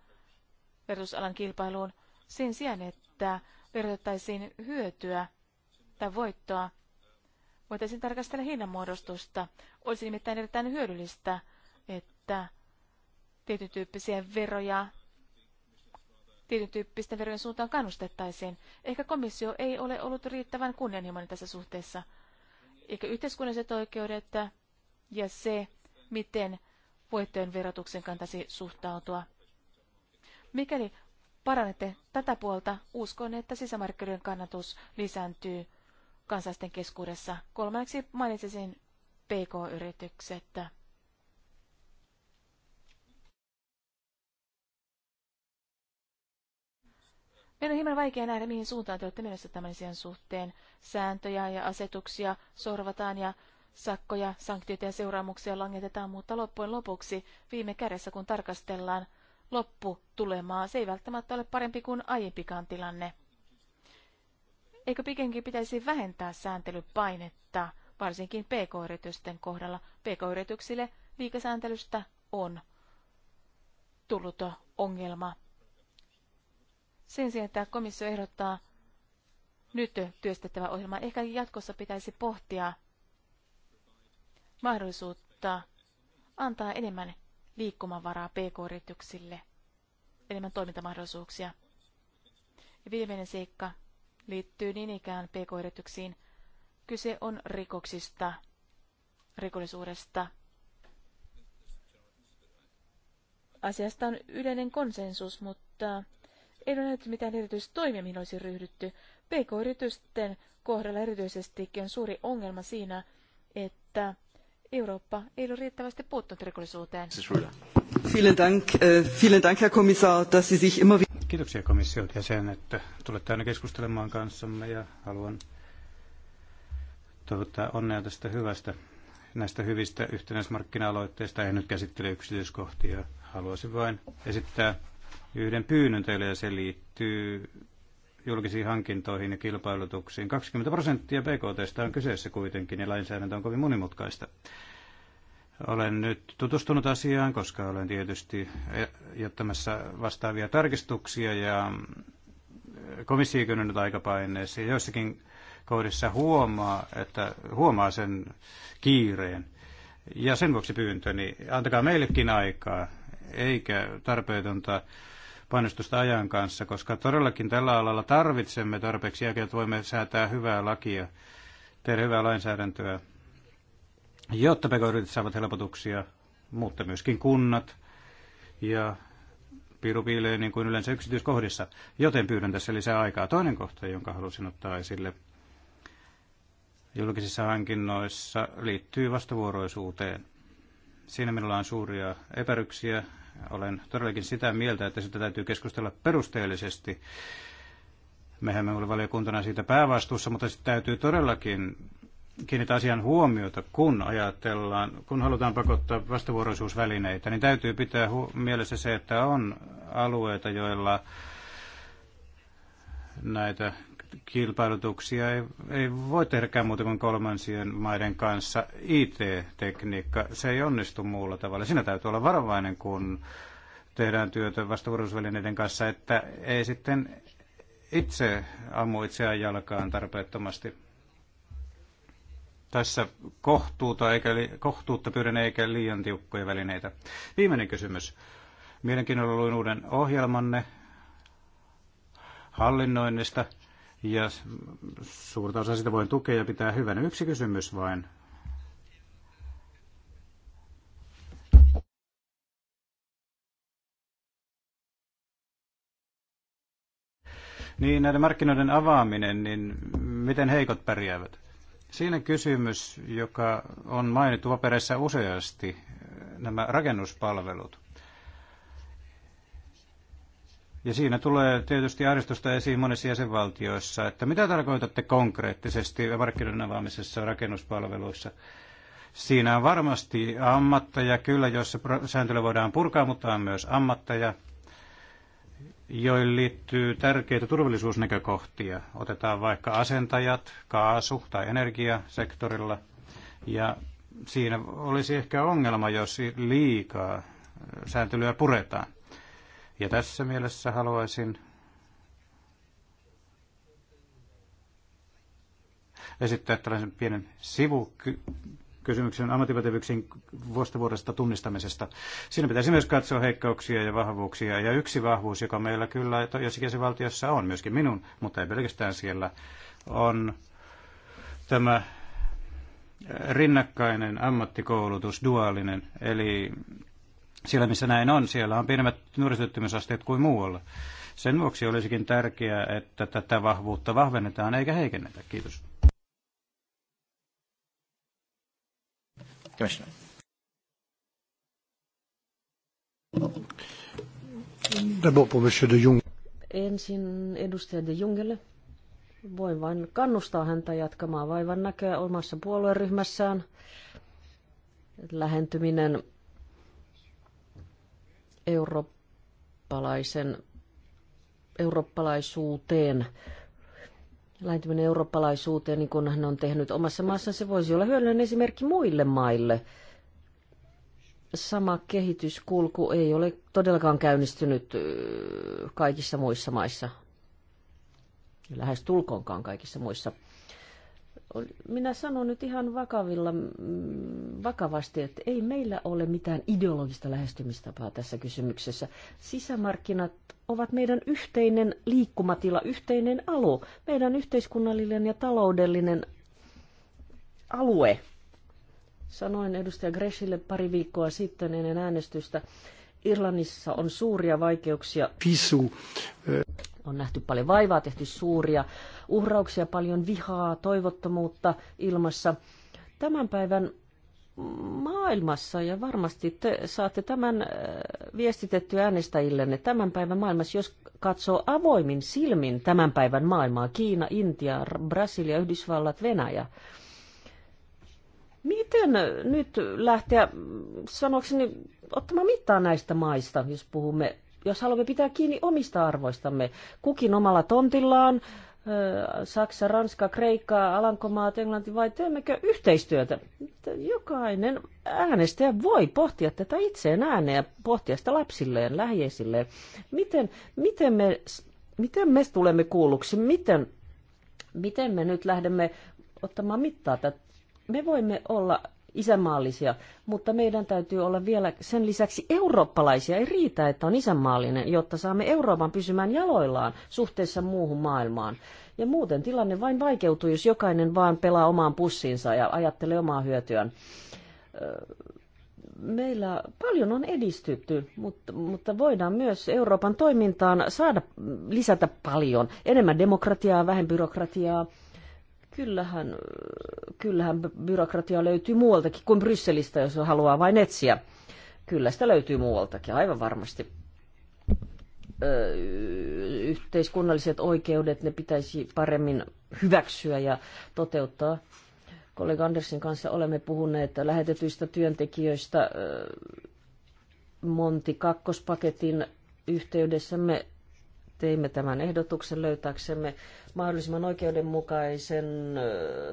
verotusalan kilpailuun, sen sijaan, että verotettaisiin hyötyä tai voittoa, voitaisiin tarkastella hinnanmuodostusta. Olisi nimittäin erittäin hyödyllistä, että tietyn tyyppisiä veroja tietyn tyyppisten verojen suuntaan kannustettaisiin. Ehkä komissio ei ole ollut riittävän kunnianhimoinen tässä suhteessa eikä yhteiskunnalliset oikeudet ja se, miten voittojen verotuksen kantasi suhtautua. Mikäli parannette tätä puolta, uskon, että sisämarkkinoiden kannatus lisääntyy kansalaisten keskuudessa. Kolmanneksi mainitsisin PK-yritykset. Meidän on hieman vaikea nähdä, mihin suuntaan te olette menossa tämän asian suhteen. Sääntöjä ja asetuksia sorvataan ja sakkoja, sanktioita ja seuraamuksia langetetaan, mutta loppujen lopuksi viime kädessä, kun tarkastellaan lopputulemaa, se ei välttämättä ole parempi kuin aiempikaan tilanne. Eikö pikemminkin pitäisi vähentää sääntelypainetta, varsinkin pk-yritysten kohdalla? Pk-yrityksille liikasääntelystä on tullut ongelma. Sen sijaan, että komissio ehdottaa nyt työstettävä ohjelma, ehkä jatkossa pitäisi pohtia mahdollisuutta antaa enemmän liikkumavaraa pk-yrityksille, enemmän toimintamahdollisuuksia. Ja viimeinen seikka liittyy niin ikään pk-yrityksiin. Kyse on rikoksista, rikollisuudesta. Asiasta on yleinen konsensus, mutta ei ole näytetty mitään toimia, mihin olisi ryhdytty. PK-yritysten kohdalla erityisestikin on suuri ongelma siinä, että Eurooppa ei ole riittävästi puuttunut rikollisuuteen. Vielen äh, vielen Kiitoksia komissiot ja sen, että tulette aina keskustelemaan kanssamme ja haluan toivottaa onnea tästä hyvästä, näistä hyvistä yhtenäismarkkina-aloitteista. En nyt käsittele yksityiskohtia. Haluaisin vain esittää yhden pyynnön teille ja se liittyy julkisiin hankintoihin ja kilpailutuksiin. 20 prosenttia BKT on kyseessä kuitenkin ja lainsäädäntö on kovin monimutkaista. Olen nyt tutustunut asiaan, koska olen tietysti jättämässä vastaavia tarkistuksia ja mm, komissio on nyt aikapaineessa. Joissakin kohdissa huomaa, että huomaa sen kiireen. Ja sen vuoksi pyyntöni, antakaa meillekin aikaa, eikä tarpeetonta painostusta ajan kanssa, koska todellakin tällä alalla tarvitsemme tarpeeksi jälkeen, että voimme säätää hyvää lakia, tehdä hyvää lainsäädäntöä, jotta pk saavat helpotuksia, mutta myöskin kunnat ja piiru piilee niin kuin yleensä yksityiskohdissa, joten pyydän tässä lisää aikaa. Toinen kohta, jonka halusin ottaa esille julkisissa hankinnoissa, liittyy vastavuoroisuuteen. Siinä minulla on suuria epäryksiä olen todellakin sitä mieltä, että sitä täytyy keskustella perusteellisesti. Mehän me olemme valiokuntana siitä päävastuussa, mutta sitä täytyy todellakin kiinnittää asian huomiota, kun ajatellaan, kun halutaan pakottaa vastavuoroisuusvälineitä, niin täytyy pitää mielessä se, että on alueita, joilla näitä kilpailutuksia ei, ei voi tehdäkään muuta kuin kolmansien maiden kanssa. IT-tekniikka, se ei onnistu muulla tavalla. Siinä täytyy olla varovainen, kun tehdään työtä vastavuoroisuusvälineiden kanssa, että ei sitten itse ammu itseään jalkaan tarpeettomasti. Tässä kohtuuta, eikä, kohtuutta pyydän eikä liian tiukkoja välineitä. Viimeinen kysymys. Mielenkiinnolla luin uuden ohjelmanne hallinnoinnista ja suurta osaa sitä voin tukea ja pitää hyvänä. Yksi kysymys vain. Niin näiden markkinoiden avaaminen, niin miten heikot pärjäävät? Siinä kysymys, joka on mainittu papereissa useasti, nämä rakennuspalvelut. Ja siinä tulee tietysti aristosta esiin monissa jäsenvaltioissa, että mitä tarkoitatte konkreettisesti markkinoiden avaamisessa rakennuspalveluissa. Siinä on varmasti ammattaja, kyllä, joissa sääntely voidaan purkaa, mutta on myös ammattaja, joihin liittyy tärkeitä turvallisuusnäkökohtia. Otetaan vaikka asentajat, kaasu- tai energiasektorilla. Ja siinä olisi ehkä ongelma, jos liikaa sääntelyä puretaan. Ja tässä mielessä haluaisin esittää tällaisen pienen sivukysymyksen ammattipätevyyksien vuostavuodesta tunnistamisesta. Siinä pitäisi myös katsoa heikkauksia ja vahvuuksia. Ja yksi vahvuus, joka meillä kyllä jossakin valtiossa on, myöskin minun, mutta ei pelkästään siellä, on tämä rinnakkainen ammattikoulutus, duaalinen, eli siellä missä näin on, siellä on pienemmät nuorisotyöttömyysasteet kuin muualla. Sen vuoksi olisikin tärkeää, että tätä vahvuutta vahvennetaan eikä heikennetä. Kiitos. Commissioner. pour de Ensin edustaja de Jungelle. Voin vain kannustaa häntä jatkamaan vaivan näköä omassa puolueryhmässään. Lähentyminen eurooppalaisen, eurooppalaisuuteen Laituminen eurooppalaisuuteen, niin kuin hän on tehnyt omassa maassaan, se voisi olla hyödyllinen esimerkki muille maille. Sama kehityskulku ei ole todellakaan käynnistynyt kaikissa muissa maissa lähes tulkoonkaan kaikissa muissa minä sanon nyt ihan vakavilla, mm, vakavasti, että ei meillä ole mitään ideologista lähestymistapaa tässä kysymyksessä. Sisämarkkinat ovat meidän yhteinen liikkumatila, yhteinen alue, meidän yhteiskunnallinen ja taloudellinen alue. Sanoin edustaja Greshille pari viikkoa sitten ennen äänestystä, Irlannissa on suuria vaikeuksia. Pisu. On nähty paljon vaivaa, tehty suuria uhrauksia, paljon vihaa, toivottomuutta ilmassa. Tämän päivän maailmassa, ja varmasti te saatte tämän äh, viestitettyä äänestäjillenne tämän päivän maailmassa, jos katsoo avoimin silmin tämän päivän maailmaa, Kiina, Intia, Brasilia, Yhdysvallat, Venäjä, Miten nyt lähteä, sanokseni, ottamaan mittaa näistä maista, jos puhumme jos haluamme pitää kiinni omista arvoistamme, kukin omalla tontillaan, Saksa, Ranska, Kreikka, Alankomaat, Englanti, vai teemmekö yhteistyötä? Jokainen äänestäjä voi pohtia tätä itseen ääneen ja pohtia sitä lapsilleen, lähiesilleen. Miten, miten, me, miten me tulemme kuulluksi? Miten, miten me nyt lähdemme ottamaan mittaa tätä? Me voimme olla isänmaallisia, mutta meidän täytyy olla vielä sen lisäksi eurooppalaisia. Ei riitä, että on isänmaallinen, jotta saamme Euroopan pysymään jaloillaan suhteessa muuhun maailmaan. Ja muuten tilanne vain vaikeutuu, jos jokainen vaan pelaa omaan pussiinsa ja ajattelee omaa hyötyään meillä paljon on edistytty, mutta, mutta voidaan myös Euroopan toimintaan saada lisätä paljon. Enemmän demokratiaa, vähän byrokratiaa, Kyllähän, kyllähän byrokratia löytyy muualtakin kuin Brysselistä, jos haluaa vain etsiä. Kyllä sitä löytyy muualtakin, aivan varmasti yhteiskunnalliset oikeudet, ne pitäisi paremmin hyväksyä ja toteuttaa. Kollega Andersin kanssa olemme puhuneet lähetetyistä työntekijöistä Monti kakkospaketin yhteydessä. Me teimme tämän ehdotuksen löytääksemme mahdollisimman oikeudenmukaisen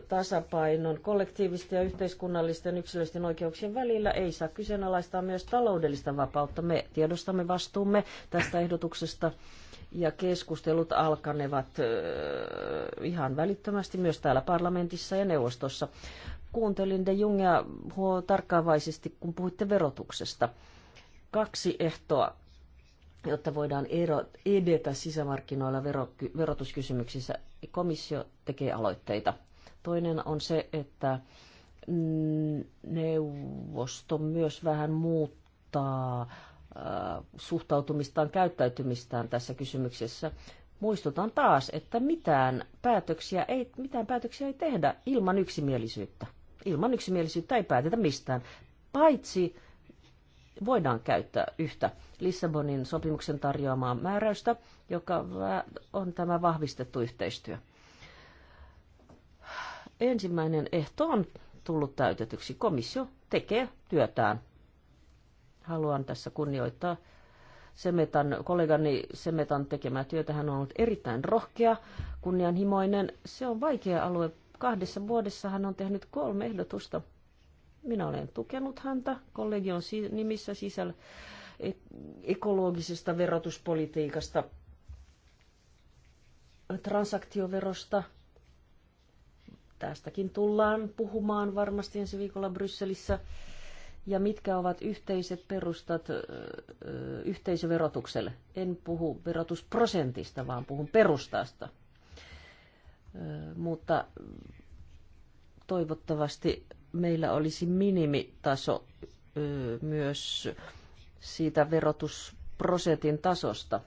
tasapainon kollektiivisten ja yhteiskunnallisten yksilöllisten oikeuksien välillä. Ei saa kyseenalaistaa myös taloudellista vapautta. Me tiedostamme vastuumme tästä ehdotuksesta ja keskustelut alkanevat ihan välittömästi myös täällä parlamentissa ja neuvostossa. Kuuntelin De Jungia tarkkaavaisesti, kun puhuitte verotuksesta. Kaksi ehtoa jotta voidaan edetä sisämarkkinoilla verotuskysymyksissä. Komissio tekee aloitteita. Toinen on se, että mm, neuvosto myös vähän muuttaa äh, suhtautumistaan, käyttäytymistään tässä kysymyksessä. Muistutan taas, että mitään päätöksiä ei, mitään päätöksiä ei tehdä ilman yksimielisyyttä. Ilman yksimielisyyttä ei päätetä mistään, paitsi voidaan käyttää yhtä Lissabonin sopimuksen tarjoamaa määräystä, joka on tämä vahvistettu yhteistyö. Ensimmäinen ehto on tullut täytetyksi. Komissio tekee työtään. Haluan tässä kunnioittaa Semetan, kollegani Semetan tekemää työtä. Hän on ollut erittäin rohkea, kunnianhimoinen. Se on vaikea alue. Kahdessa vuodessa hän on tehnyt kolme ehdotusta – minä olen tukenut häntä kollegion nimissä sisällä e-, ekologisesta verotuspolitiikasta, transaktioverosta. Tästäkin tullaan puhumaan varmasti ensi viikolla Brysselissä. Ja mitkä ovat yhteiset perustat yhteisöverotukselle? En puhu verotusprosentista, vaan puhun perustasta. Mutta toivottavasti meillä olisi minimitaso myös siitä verotusprosentin tasosta,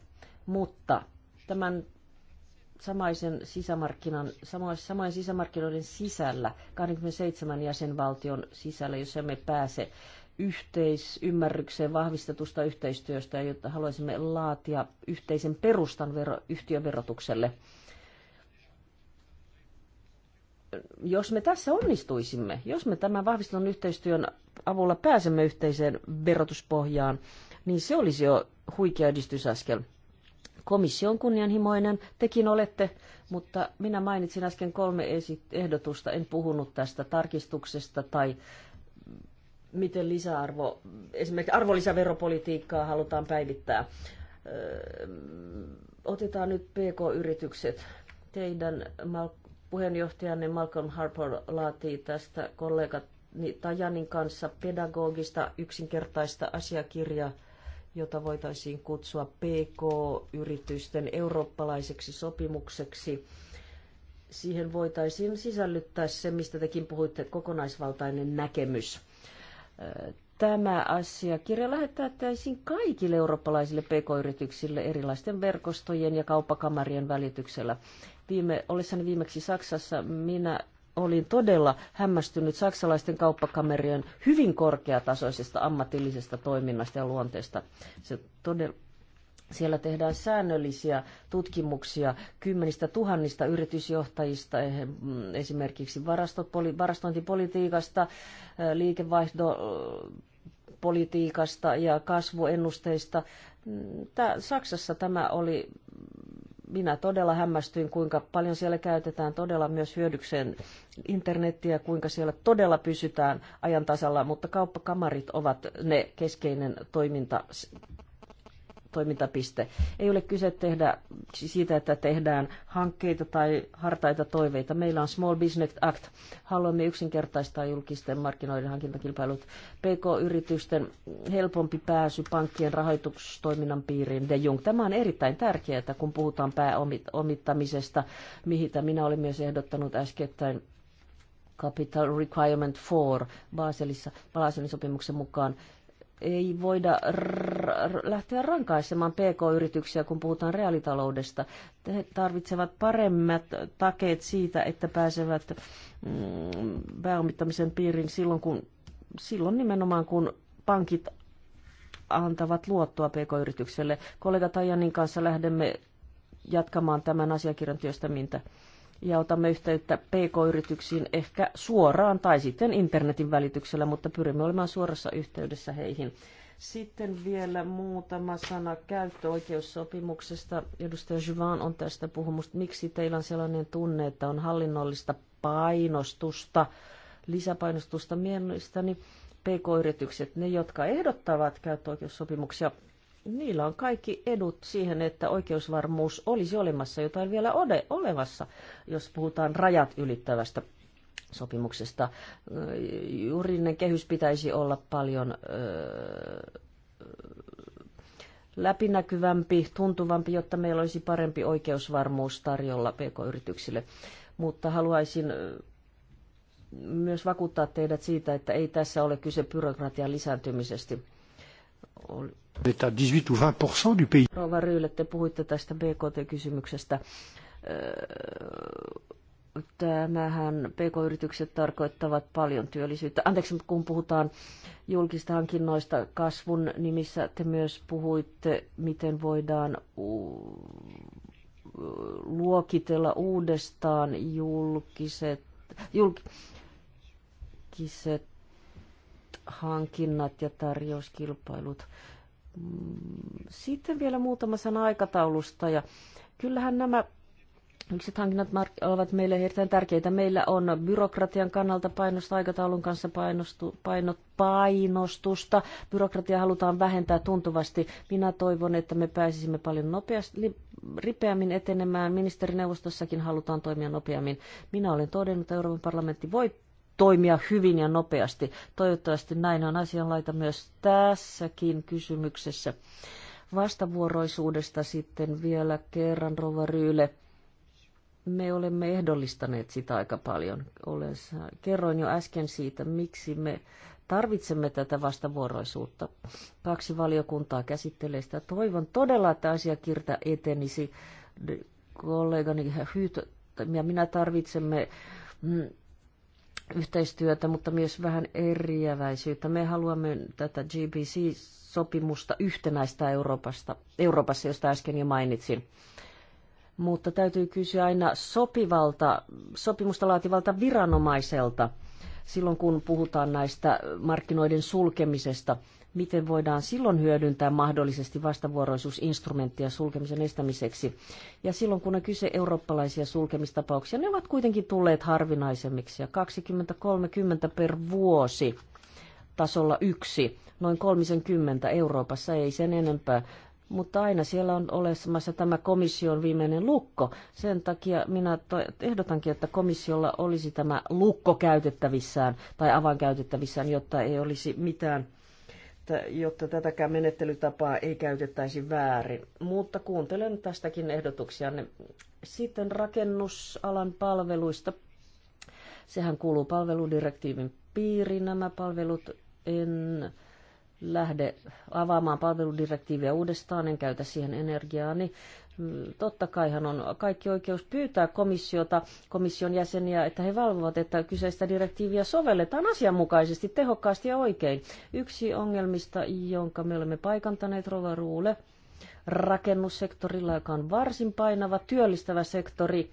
mutta tämän samaisen sisämarkkinan, samoin sisämarkkinoiden sisällä, 27 jäsenvaltion sisällä, jos emme pääse yhteisymmärrykseen vahvistetusta yhteistyöstä, jotta haluaisimme laatia yhteisen perustan vero, yhtiöverotukselle jos me tässä onnistuisimme, jos me tämän vahvistun yhteistyön avulla pääsemme yhteiseen verotuspohjaan, niin se olisi jo huikea edistysaskel. Komissio on kunnianhimoinen, tekin olette, mutta minä mainitsin äsken kolme ehdotusta, en puhunut tästä tarkistuksesta tai miten lisäarvo, esimerkiksi arvonlisäveropolitiikkaa halutaan päivittää. Öö, otetaan nyt PK-yritykset. Teidän puheenjohtajanne niin Malcolm Harper laatii tästä kollega Tajanin kanssa pedagogista yksinkertaista asiakirjaa, jota voitaisiin kutsua PK-yritysten eurooppalaiseksi sopimukseksi. Siihen voitaisiin sisällyttää se, mistä tekin puhuitte, kokonaisvaltainen näkemys tämä asia lähettää täysin kaikille eurooppalaisille pk-yrityksille erilaisten verkostojen ja kauppakamarien välityksellä. Viime, ollessani viimeksi Saksassa minä olin todella hämmästynyt saksalaisten kauppakamerien hyvin korkeatasoisesta ammatillisesta toiminnasta ja luonteesta. Se todella, siellä tehdään säännöllisiä tutkimuksia kymmenistä tuhannista yritysjohtajista, eh, esimerkiksi varastointipolitiikasta, eh, liikevaihdon politiikasta ja kasvuennusteista. Tää, Saksassa tämä oli, minä todella hämmästyin, kuinka paljon siellä käytetään todella myös hyödykseen internettiä, kuinka siellä todella pysytään ajan tasalla, mutta kauppakamarit ovat ne keskeinen toiminta toimintapiste. Ei ole kyse tehdä siitä, että tehdään hankkeita tai hartaita toiveita. Meillä on Small Business Act. Haluamme yksinkertaistaa julkisten markkinoiden hankintakilpailut. PK-yritysten helpompi pääsy pankkien rahoitustoiminnan piiriin. De Jung. Tämä on erittäin tärkeää, kun puhutaan pääomittamisesta, mihin minä olin myös ehdottanut äskettäin Capital Requirement 4 Baselissa, Baselin sopimuksen mukaan ei voida lähteä rankaisemaan pk-yrityksiä, kun puhutaan reaalitaloudesta. He tarvitsevat paremmat takeet siitä, että pääsevät mm, pääomittamisen piiriin silloin, kun, silloin nimenomaan, kun pankit antavat luottoa pk-yritykselle. Kollega Tajanin kanssa lähdemme jatkamaan tämän asiakirjan työstämintä ja otamme yhteyttä PK-yrityksiin ehkä suoraan tai sitten internetin välityksellä, mutta pyrimme olemaan suorassa yhteydessä heihin. Sitten vielä muutama sana käyttöoikeussopimuksesta. Edustaja Juvan on tästä puhunut. Miksi teillä on sellainen tunne, että on hallinnollista painostusta, lisäpainostusta mielestäni? PK-yritykset, ne jotka ehdottavat käyttöoikeussopimuksia, niillä on kaikki edut siihen, että oikeusvarmuus olisi olemassa, jotain vielä ole olemassa, jos puhutaan rajat ylittävästä sopimuksesta. Juridinen kehys pitäisi olla paljon öö, läpinäkyvämpi, tuntuvampi, jotta meillä olisi parempi oikeusvarmuus tarjolla pk-yrityksille. Mutta haluaisin myös vakuuttaa teidät siitä, että ei tässä ole kyse byrokratian lisääntymisestä Rouva 18 te puhuitte tästä BKT-kysymyksestä. Öö, tämähän PK-yritykset tarkoittavat paljon työllisyyttä. Anteeksi, kun puhutaan julkista hankinnoista kasvun nimissä, te myös puhuitte, miten voidaan luokitella uudestaan julkiset, julkiset hankinnat ja tarjouskilpailut. Mm, Sitten vielä muutama sana aikataulusta. Ja kyllähän nämä Yksit hankinnat ovat meille erittäin tärkeitä. Meillä on byrokratian kannalta painosta, aikataulun kanssa painostu, painot, painostusta. Byrokratia halutaan vähentää tuntuvasti. Minä toivon, että me pääsisimme paljon nopeasti, ripeämmin etenemään. Ministerineuvostossakin halutaan toimia nopeammin. Minä olen todennut, että Euroopan parlamentti voi toimia hyvin ja nopeasti. Toivottavasti näin on asianlaita myös tässäkin kysymyksessä. Vastavuoroisuudesta sitten vielä kerran, Rova Ryyle. Me olemme ehdollistaneet sitä aika paljon. Olen, kerroin jo äsken siitä, miksi me tarvitsemme tätä vastavuoroisuutta. Kaksi valiokuntaa käsittelee sitä. Toivon todella, että asiakirta etenisi. Kollegani Hyyt ja minä tarvitsemme mm, yhteistyötä, mutta myös vähän eriäväisyyttä. Me haluamme tätä GBC-sopimusta yhtenäistä Euroopasta, Euroopassa, josta äsken jo mainitsin. Mutta täytyy kysyä aina sopivalta, sopimusta laativalta viranomaiselta silloin, kun puhutaan näistä markkinoiden sulkemisesta – miten voidaan silloin hyödyntää mahdollisesti vastavuoroisuusinstrumenttia sulkemisen estämiseksi. Ja silloin kun on kyse eurooppalaisia sulkemistapauksia, ne ovat kuitenkin tulleet harvinaisemmiksi ja 20-30 per vuosi tasolla yksi, noin 30 Euroopassa, ei sen enempää mutta aina siellä on olemassa tämä komission viimeinen lukko. Sen takia minä ehdotankin, että komissiolla olisi tämä lukko käytettävissään tai avain käytettävissään, jotta ei olisi mitään että jotta tätäkään menettelytapaa ei käytettäisi väärin. Mutta kuuntelen tästäkin ehdotuksia. Sitten rakennusalan palveluista. Sehän kuuluu palveludirektiivin piiriin nämä palvelut. En lähde avaamaan palveludirektiiviä uudestaan, en käytä siihen energiaani. Totta kaihan on kaikki oikeus pyytää komissiota, komission jäseniä, että he valvovat, että kyseistä direktiiviä sovelletaan asianmukaisesti, tehokkaasti ja oikein. Yksi ongelmista, jonka me olemme paikantaneet, Rova Ruule, rakennussektorilla, joka on varsin painava työllistävä sektori.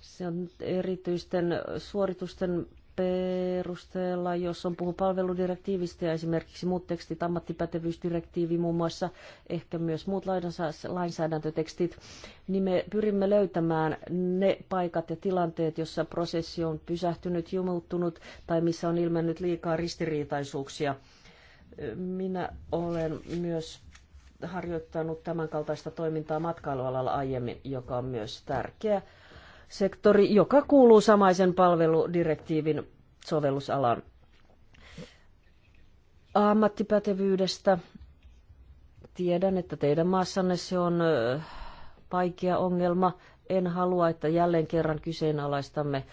Se on erityisten suoritusten perusteella, jos on puhu palveludirektiivistä ja esimerkiksi muut tekstit, ammattipätevyysdirektiivi muun muassa, ehkä myös muut lainsäädäntötekstit, niin me pyrimme löytämään ne paikat ja tilanteet, jossa prosessi on pysähtynyt, jumuttunut tai missä on ilmennyt liikaa ristiriitaisuuksia. Minä olen myös harjoittanut tämänkaltaista toimintaa matkailualalla aiemmin, joka on myös tärkeä sektori, joka kuuluu samaisen palveludirektiivin sovellusalaan. Ammattipätevyydestä tiedän, että teidän maassanne se on vaikea ongelma. En halua, että jälleen kerran kyseenalaistamme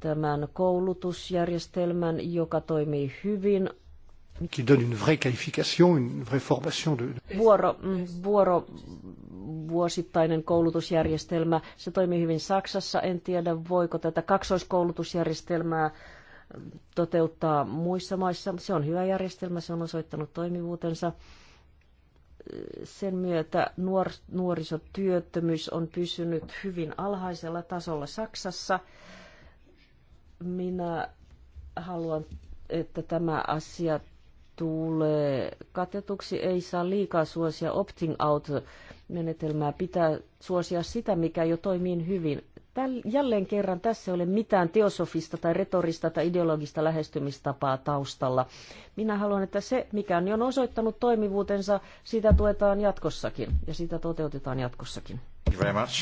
tämän koulutusjärjestelmän, joka toimii hyvin, qui donne une vraie qualification, une vraie formation de... Vuoro, mm, vuoro vuosittainen koulutusjärjestelmä, se toimii hyvin Saksassa. En tiedä, voiko tätä kaksoiskoulutusjärjestelmää mm, toteuttaa muissa maissa. Se on hyvä järjestelmä, se on osoittanut toimivuutensa. Sen myötä nuor- nuorisotyöttömyys on pysynyt hyvin alhaisella tasolla Saksassa. Minä haluan että tämä asia tulee katetuksi, ei saa liikaa suosia opting out menetelmää, pitää suosia sitä, mikä jo toimii hyvin. Täl, jälleen kerran tässä ei ole mitään teosofista tai retorista tai ideologista lähestymistapaa taustalla. Minä haluan, että se, mikä on jo osoittanut toimivuutensa, sitä tuetaan jatkossakin ja sitä toteutetaan jatkossakin. Uh,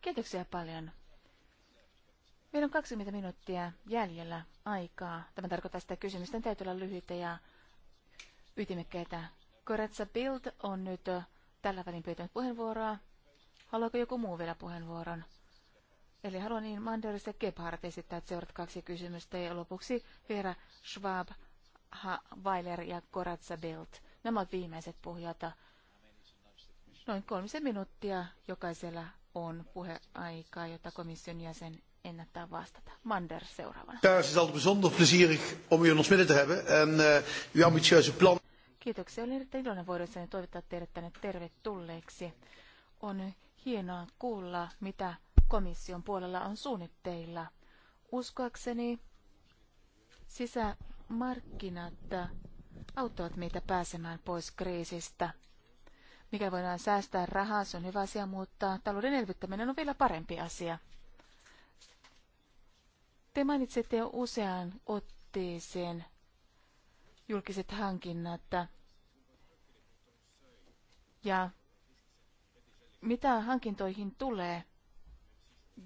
Kiitoksia paljon. Meillä on 20 minuuttia jäljellä aikaa. Tämä tarkoittaa sitä kysymysten täytyy olla lyhyitä ja ytimekkäitä. Koretsa Bild on nyt tällä välin pyytänyt puheenvuoroa. Haluaako joku muu vielä puheenvuoron? Eli haluan niin Manders ja Gebhardt esittää seuraavat kaksi kysymystä ja lopuksi vielä Schwab, ha, Weiler ja Koratsa Bild. Nämä ovat viimeiset puhujat. Noin kolmisen minuuttia jokaisella on puheaikaa, jota komission jäsen ennättää vastata. Mander seuraavana. Commissaris, het is altijd bijzonder plezierig om u in ons midden te hebben. En uh, uw ambitieuze plan... Kiitoksia. Olen erittäin iloinen voidessani toivottaa teidät tänne tervetulleeksi. On hienoa kuulla, mitä komission puolella on suunnitteilla. Uskoakseni sisämarkkinat auttavat meitä pääsemään pois kriisistä. Mikä voidaan säästää rahaa, se on hyvä asia, mutta talouden elvyttäminen on vielä parempi asia. Te mainitsette jo useaan otteeseen julkiset hankinnat. Ja mitä hankintoihin tulee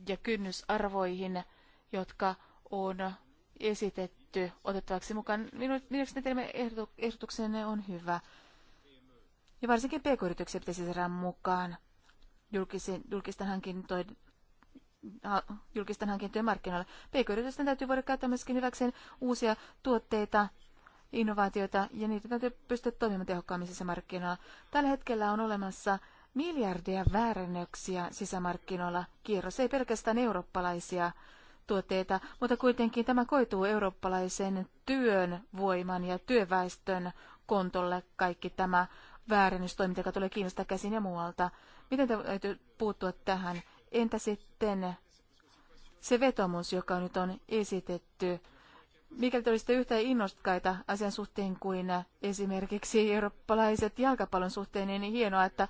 ja kynnysarvoihin, jotka on esitetty otettavaksi mukaan. Minun mielestäni teemme ehdotuksenne on hyvä. Ja varsinkin pk-yrityksiä pitäisi saada mukaan julkisten hankintojen julkisten hankintojen markkinoilla. PK-yritysten täytyy voida käyttää myöskin hyväkseen uusia tuotteita, innovaatioita ja niitä täytyy pystyä toimimaan tehokkaammin sisämarkkinoilla. Tällä hetkellä on olemassa miljardia väärännöksiä sisämarkkinoilla. Kierros ei pelkästään eurooppalaisia tuotteita, mutta kuitenkin tämä koituu eurooppalaisen työnvoiman ja työväestön kontolle kaikki tämä väärennystoiminta, joka tulee Kiinasta käsin ja muualta. Miten te täytyy puuttua tähän? Entä sitten se vetomus, joka nyt on esitetty? Mikäli te olisitte yhtä innostkaita asian suhteen kuin esimerkiksi eurooppalaiset jalkapallon suhteen, niin hienoa, että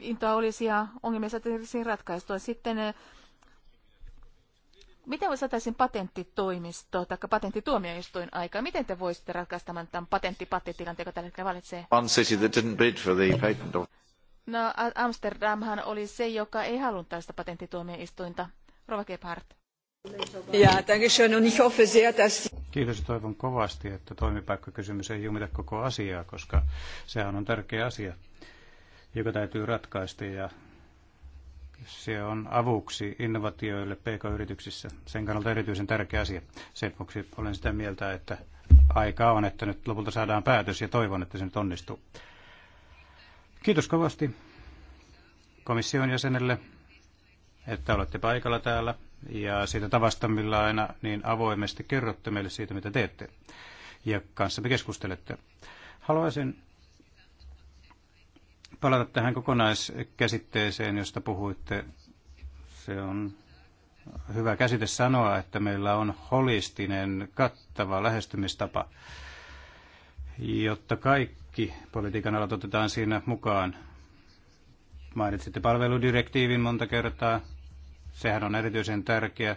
intoa olisi ja ongelmia saataisiin ratkaistua. Sitten miten voi saataisiin patenttitoimisto tai patenttituomioistuin aikaa? Miten te voisitte ratkaista tämän, tämän patenttipattitilanteen, joka tällä hetkellä valitsee? No, Amsterdamhan oli se, joka ei halunnut tällaista patenttituomioistuinta. Rova Gebhardt. Kiitos ja toivon kovasti, että toimipaikkakysymys ei jumita koko asiaa, koska sehän on tärkeä asia, joka täytyy ratkaista ja se on avuksi innovatioille PK-yrityksissä. Sen kannalta erityisen tärkeä asia. Sen vuoksi olen sitä mieltä, että aika on, että nyt lopulta saadaan päätös ja toivon, että se nyt onnistuu. Kiitos kovasti komission jäsenelle, että olette paikalla täällä ja siitä tavasta, millä aina niin avoimesti kerrotte meille siitä, mitä teette ja kanssamme keskustelette. Haluaisin palata tähän kokonaiskäsitteeseen, josta puhuitte. Se on hyvä käsite sanoa, että meillä on holistinen, kattava lähestymistapa, jotta kaikki kaikki politiikan alat otetaan siinä mukaan. Mainitsitte palveludirektiivin monta kertaa. Sehän on erityisen tärkeä,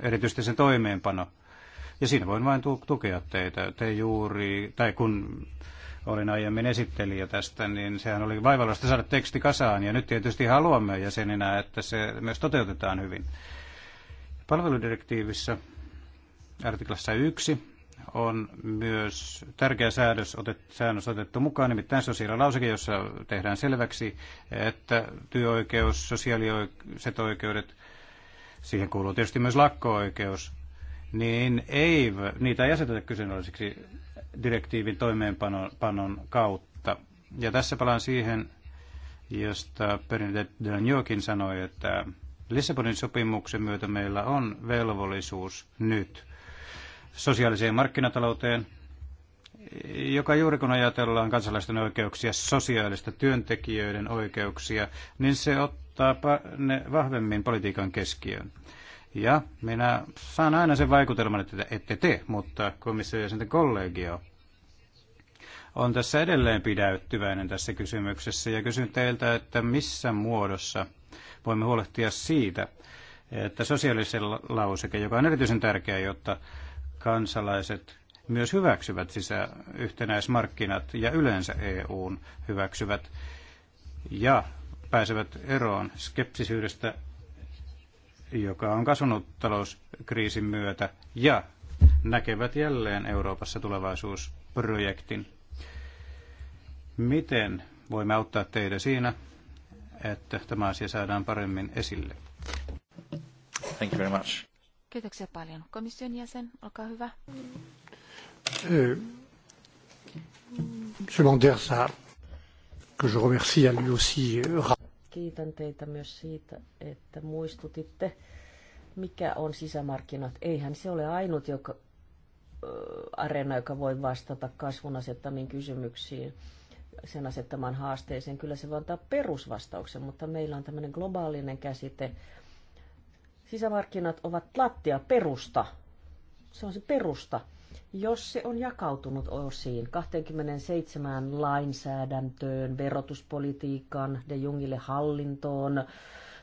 erityisesti sen toimeenpano. Ja siinä voin vain tukea teitä. Te juuri, tai kun olin aiemmin esittelijä tästä, niin sehän oli vaivallista saada teksti kasaan. Ja nyt tietysti haluamme jäseninä, että se myös toteutetaan hyvin. Palveludirektiivissä artiklassa 1 on myös tärkeä säädös, otet, säännös otettu mukaan, nimittäin sosiaalilauseke, jossa tehdään selväksi, että työoikeus, sosiaaliset oikeudet, siihen kuuluu tietysti myös lakko-oikeus, niin ei, niitä ei aseteta kyseenalaiseksi direktiivin toimeenpanon kautta. Ja tässä palaan siihen, josta Bernadette jokin sanoi, että Lissabonin sopimuksen myötä meillä on velvollisuus nyt sosiaaliseen markkinatalouteen, joka juuri kun ajatellaan kansalaisten oikeuksia, sosiaalista työntekijöiden oikeuksia, niin se ottaa ne vahvemmin politiikan keskiöön. Ja minä saan aina sen vaikutelman, että ette te, mutta komission jäsenten kollegio on tässä edelleen pidäyttyväinen tässä kysymyksessä. Ja kysyn teiltä, että missä muodossa voimme huolehtia siitä, että sosiaalisen lauseke, joka on erityisen tärkeä, jotta kansalaiset myös hyväksyvät sisä yhtenäismarkkinat ja yleensä EUn hyväksyvät ja pääsevät eroon skeptisyydestä, joka on kasvanut talouskriisin myötä ja näkevät jälleen Euroopassa tulevaisuusprojektin. Miten voimme auttaa teitä siinä, että tämä asia saadaan paremmin esille? Thank you very much. Kiitoksia paljon. Komission jäsen, olkaa hyvä. Euh, euh, Kiitän teitä myös siitä, että muistutitte, mikä on sisämarkkinat. Eihän se ole ainut joka, areena, joka voi vastata kasvun asettamiin kysymyksiin sen asettamaan haasteeseen. Kyllä se voi antaa perusvastauksen, mutta meillä on tämmöinen globaalinen käsite, Sisämarkkinat ovat lattia perusta. Se on se perusta. Jos se on jakautunut osiin 27 lainsäädäntöön, verotuspolitiikkaan, de Jungille hallintoon,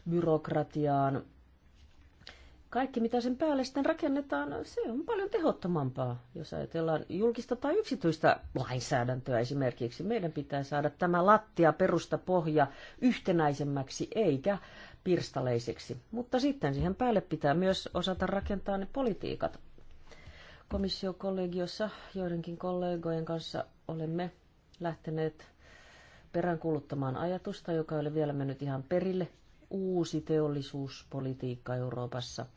byrokratiaan, kaikki mitä sen päälle sitten rakennetaan, se on paljon tehottomampaa. Jos ajatellaan julkista tai yksityistä lainsäädäntöä esimerkiksi, meidän pitää saada tämä lattia, perusta, pohja yhtenäisemmäksi, eikä pirstaleisiksi. Mutta sitten siihen päälle pitää myös osata rakentaa ne politiikat. Komissiokollegiossa joidenkin kollegojen kanssa olemme lähteneet peräänkuuluttamaan ajatusta, joka oli vielä mennyt ihan perille, uusi teollisuuspolitiikka Euroopassa –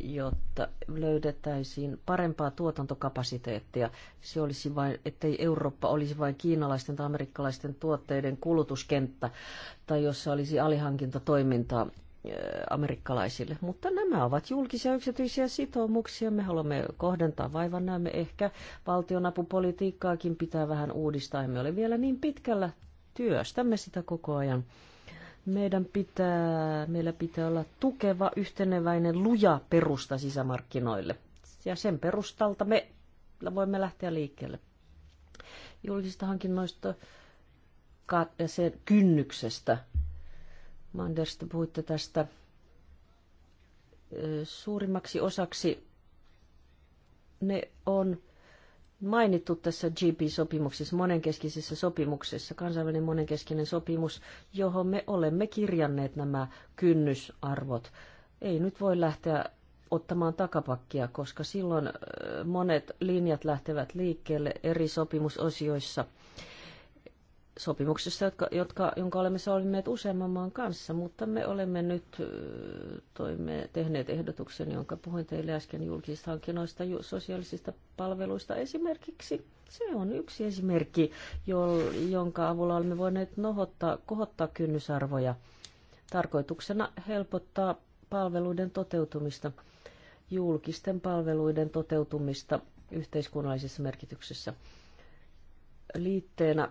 jotta löydettäisiin parempaa tuotantokapasiteettia. Se olisi vain, ettei Eurooppa olisi vain kiinalaisten tai amerikkalaisten tuotteiden kulutuskenttä tai jossa olisi alihankintatoimintaa äh, amerikkalaisille. Mutta nämä ovat julkisia yksityisiä sitoumuksia. Me haluamme kohdentaa vaivan näemme ehkä valtionapupolitiikkaakin pitää vähän uudistaa. Emme ole vielä niin pitkällä. Työstämme sitä koko ajan. Meidän pitää, meillä pitää olla tukeva, yhteneväinen, luja perusta sisämarkkinoille. Ja sen perustalta me voimme lähteä liikkeelle. Julkisista hankinnoista ja sen kynnyksestä. Manders, te puhuitte tästä suurimmaksi osaksi ne on mainittu tässä GP-sopimuksessa, monenkeskisessä sopimuksessa, kansainvälinen monenkeskinen sopimus, johon me olemme kirjanneet nämä kynnysarvot. Ei nyt voi lähteä ottamaan takapakkia, koska silloin äh, monet linjat lähtevät liikkeelle eri sopimusosioissa – sopimuksessa, jotka, jotka, jonka olemme solmineet useamman maan kanssa, mutta me olemme nyt toimme, tehneet ehdotuksen, jonka puhuin teille äsken julkisista hankinnoista, sosiaalisista palveluista esimerkiksi. Se on yksi esimerkki, jo, jonka avulla olemme voineet nohottaa, kohottaa kynnysarvoja tarkoituksena helpottaa palveluiden toteutumista, julkisten palveluiden toteutumista yhteiskunnallisessa merkityksessä. Liitteenä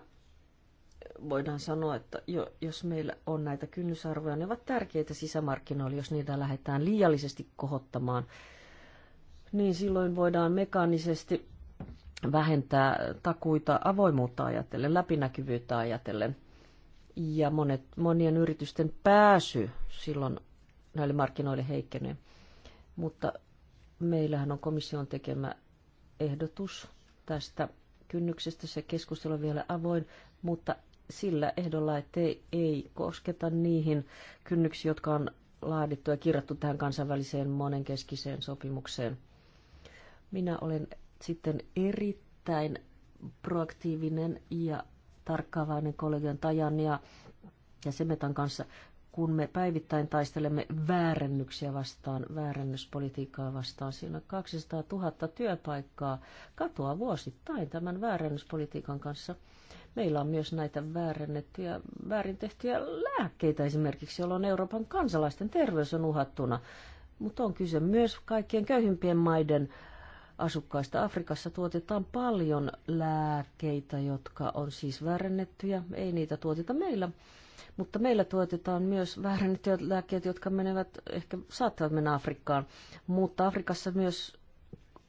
voidaan sanoa, että jo, jos meillä on näitä kynnysarvoja, ne ovat tärkeitä sisämarkkinoille, jos niitä lähdetään liiallisesti kohottamaan, niin silloin voidaan mekaanisesti vähentää takuita avoimuutta ajatellen, läpinäkyvyyttä ajatellen. Ja monet, monien yritysten pääsy silloin näille markkinoille heikkenee. Mutta meillähän on komission tekemä ehdotus tästä kynnyksestä. Se keskustelu on vielä avoin, mutta sillä ehdolla, että ei, ei kosketa niihin kynnyksiin, jotka on laadittu ja kirjattu tähän kansainväliseen monenkeskiseen sopimukseen. Minä olen sitten erittäin proaktiivinen ja tarkkaavainen kollegan Tajan ja, ja Semetan kanssa, kun me päivittäin taistelemme väärennyksiä vastaan, väärennyspolitiikkaa vastaan. Siinä on 200 000 työpaikkaa katoaa vuosittain tämän väärennyspolitiikan kanssa. Meillä on myös näitä väärennettyjä, väärin tehtyjä lääkkeitä esimerkiksi, jolloin Euroopan kansalaisten terveys on uhattuna. Mutta on kyse myös kaikkien köyhimpien maiden asukkaista. Afrikassa tuotetaan paljon lääkkeitä, jotka on siis väärennettyjä. Ei niitä tuoteta meillä. Mutta meillä tuotetaan myös väärennettyjä lääkkeitä, jotka menevät, ehkä saattavat mennä Afrikkaan. Mutta Afrikassa myös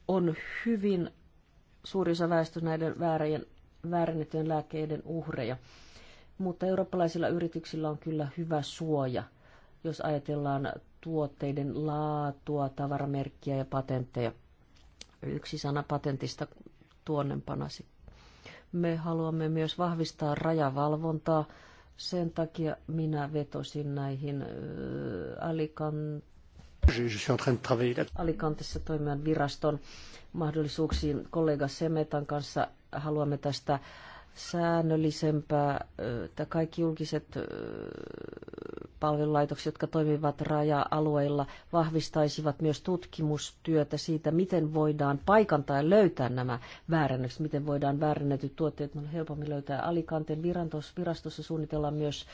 on hyvin suuri osa väestö näiden väärien väärennettyjen lääkkeiden uhreja. Mutta eurooppalaisilla yrityksillä on kyllä hyvä suoja, jos ajatellaan tuotteiden laatua, tavaramerkkiä ja patentteja. Yksi sana patentista tuonnenpanasi. Me haluamme myös vahvistaa rajavalvontaa. Sen takia minä vetosin näihin alikantissa toimivan viraston mahdollisuuksiin kollega Semetan kanssa haluamme tästä säännöllisempää, että kaikki julkiset palvelulaitokset, jotka toimivat raja-alueilla, vahvistaisivat myös tutkimustyötä siitä, miten voidaan paikantaa ja löytää nämä väärännökset, miten voidaan väärännetyt tuotteet helpommin löytää. Alikanteen virastossa suunnitellaan myös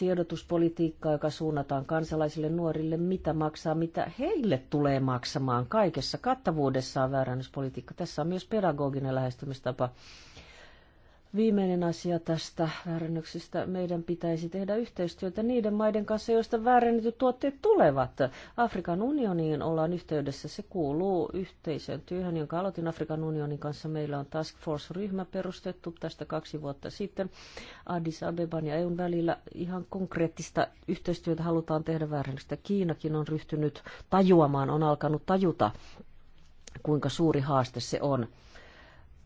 tiedotuspolitiikkaa, joka suunnataan kansalaisille nuorille, mitä maksaa, mitä heille tulee maksamaan kaikessa kattavuudessaan väärännyspolitiikka. Tässä on myös pedagoginen lähestymistapa. Viimeinen asia tästä väärennöksestä. Meidän pitäisi tehdä yhteistyötä niiden maiden kanssa, joista väärennetyt tuotteet tulevat. Afrikan unioniin ollaan yhteydessä. Se kuuluu yhteisön työhön, jonka aloitin Afrikan unionin kanssa. Meillä on Task Force-ryhmä perustettu tästä kaksi vuotta sitten Addis Abeban ja EUn välillä. Ihan konkreettista yhteistyötä halutaan tehdä väärennöksestä. Kiinakin on ryhtynyt tajuamaan, on alkanut tajuta, kuinka suuri haaste se on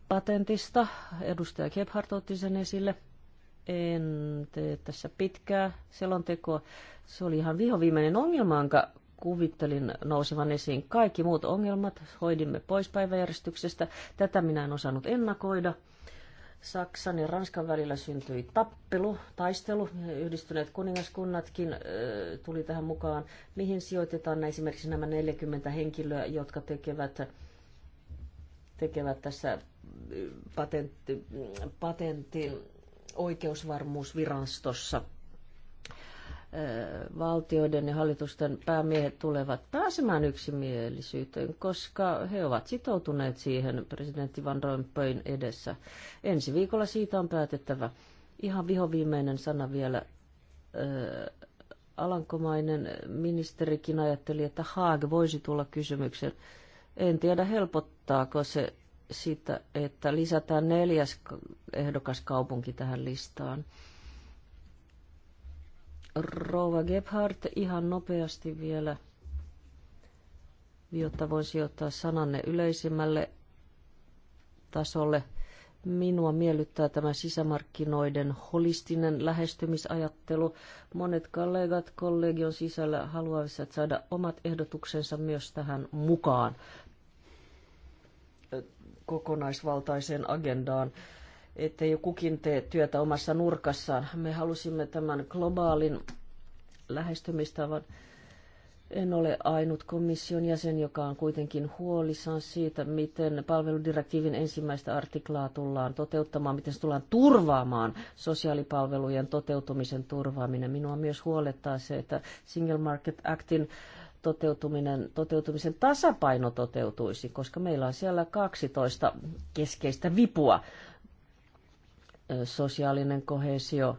patentista. Edustaja Gebhardt otti sen esille. En tee tässä pitkää selontekoa. Se oli ihan vihoviimeinen ongelma, jonka kuvittelin nousevan esiin. Kaikki muut ongelmat hoidimme pois päiväjärjestyksestä. Tätä minä en osannut ennakoida. Saksan ja Ranskan välillä syntyi tappelu, taistelu. Yhdistyneet kuningaskunnatkin tuli tähän mukaan. Mihin sijoitetaan esimerkiksi nämä 40 henkilöä, jotka tekevät tekevät tässä mm, patentti, patentin oikeusvarmuusvirastossa valtioiden ja hallitusten päämiehet tulevat pääsemään yksimielisyyteen, koska he ovat sitoutuneet siihen presidentti Van Rompuyn edessä. Ensi viikolla siitä on päätettävä. Ihan vihoviimeinen sana vielä. Alankomainen ministerikin ajatteli, että Haag voisi tulla kysymyksen en tiedä, helpottaako se sitä, että lisätään neljäs ehdokas kaupunki tähän listaan. Rova Gebhardt, ihan nopeasti vielä, jotta voin sijoittaa sananne yleisimmälle tasolle – Minua miellyttää tämä sisämarkkinoiden holistinen lähestymisajattelu. Monet kollegat kollegion sisällä haluaisivat saada omat ehdotuksensa myös tähän mukaan kokonaisvaltaiseen agendaan, ettei jo kukin tee työtä omassa nurkassaan. Me halusimme tämän globaalin lähestymistavan en ole ainut komission jäsen, joka on kuitenkin huolissaan siitä, miten palveludirektiivin ensimmäistä artiklaa tullaan toteuttamaan, miten se tullaan turvaamaan sosiaalipalvelujen toteutumisen turvaaminen. Minua myös huolettaa se, että Single Market Actin toteutuminen, toteutumisen tasapaino toteutuisi, koska meillä on siellä 12 keskeistä vipua. Sosiaalinen kohesio,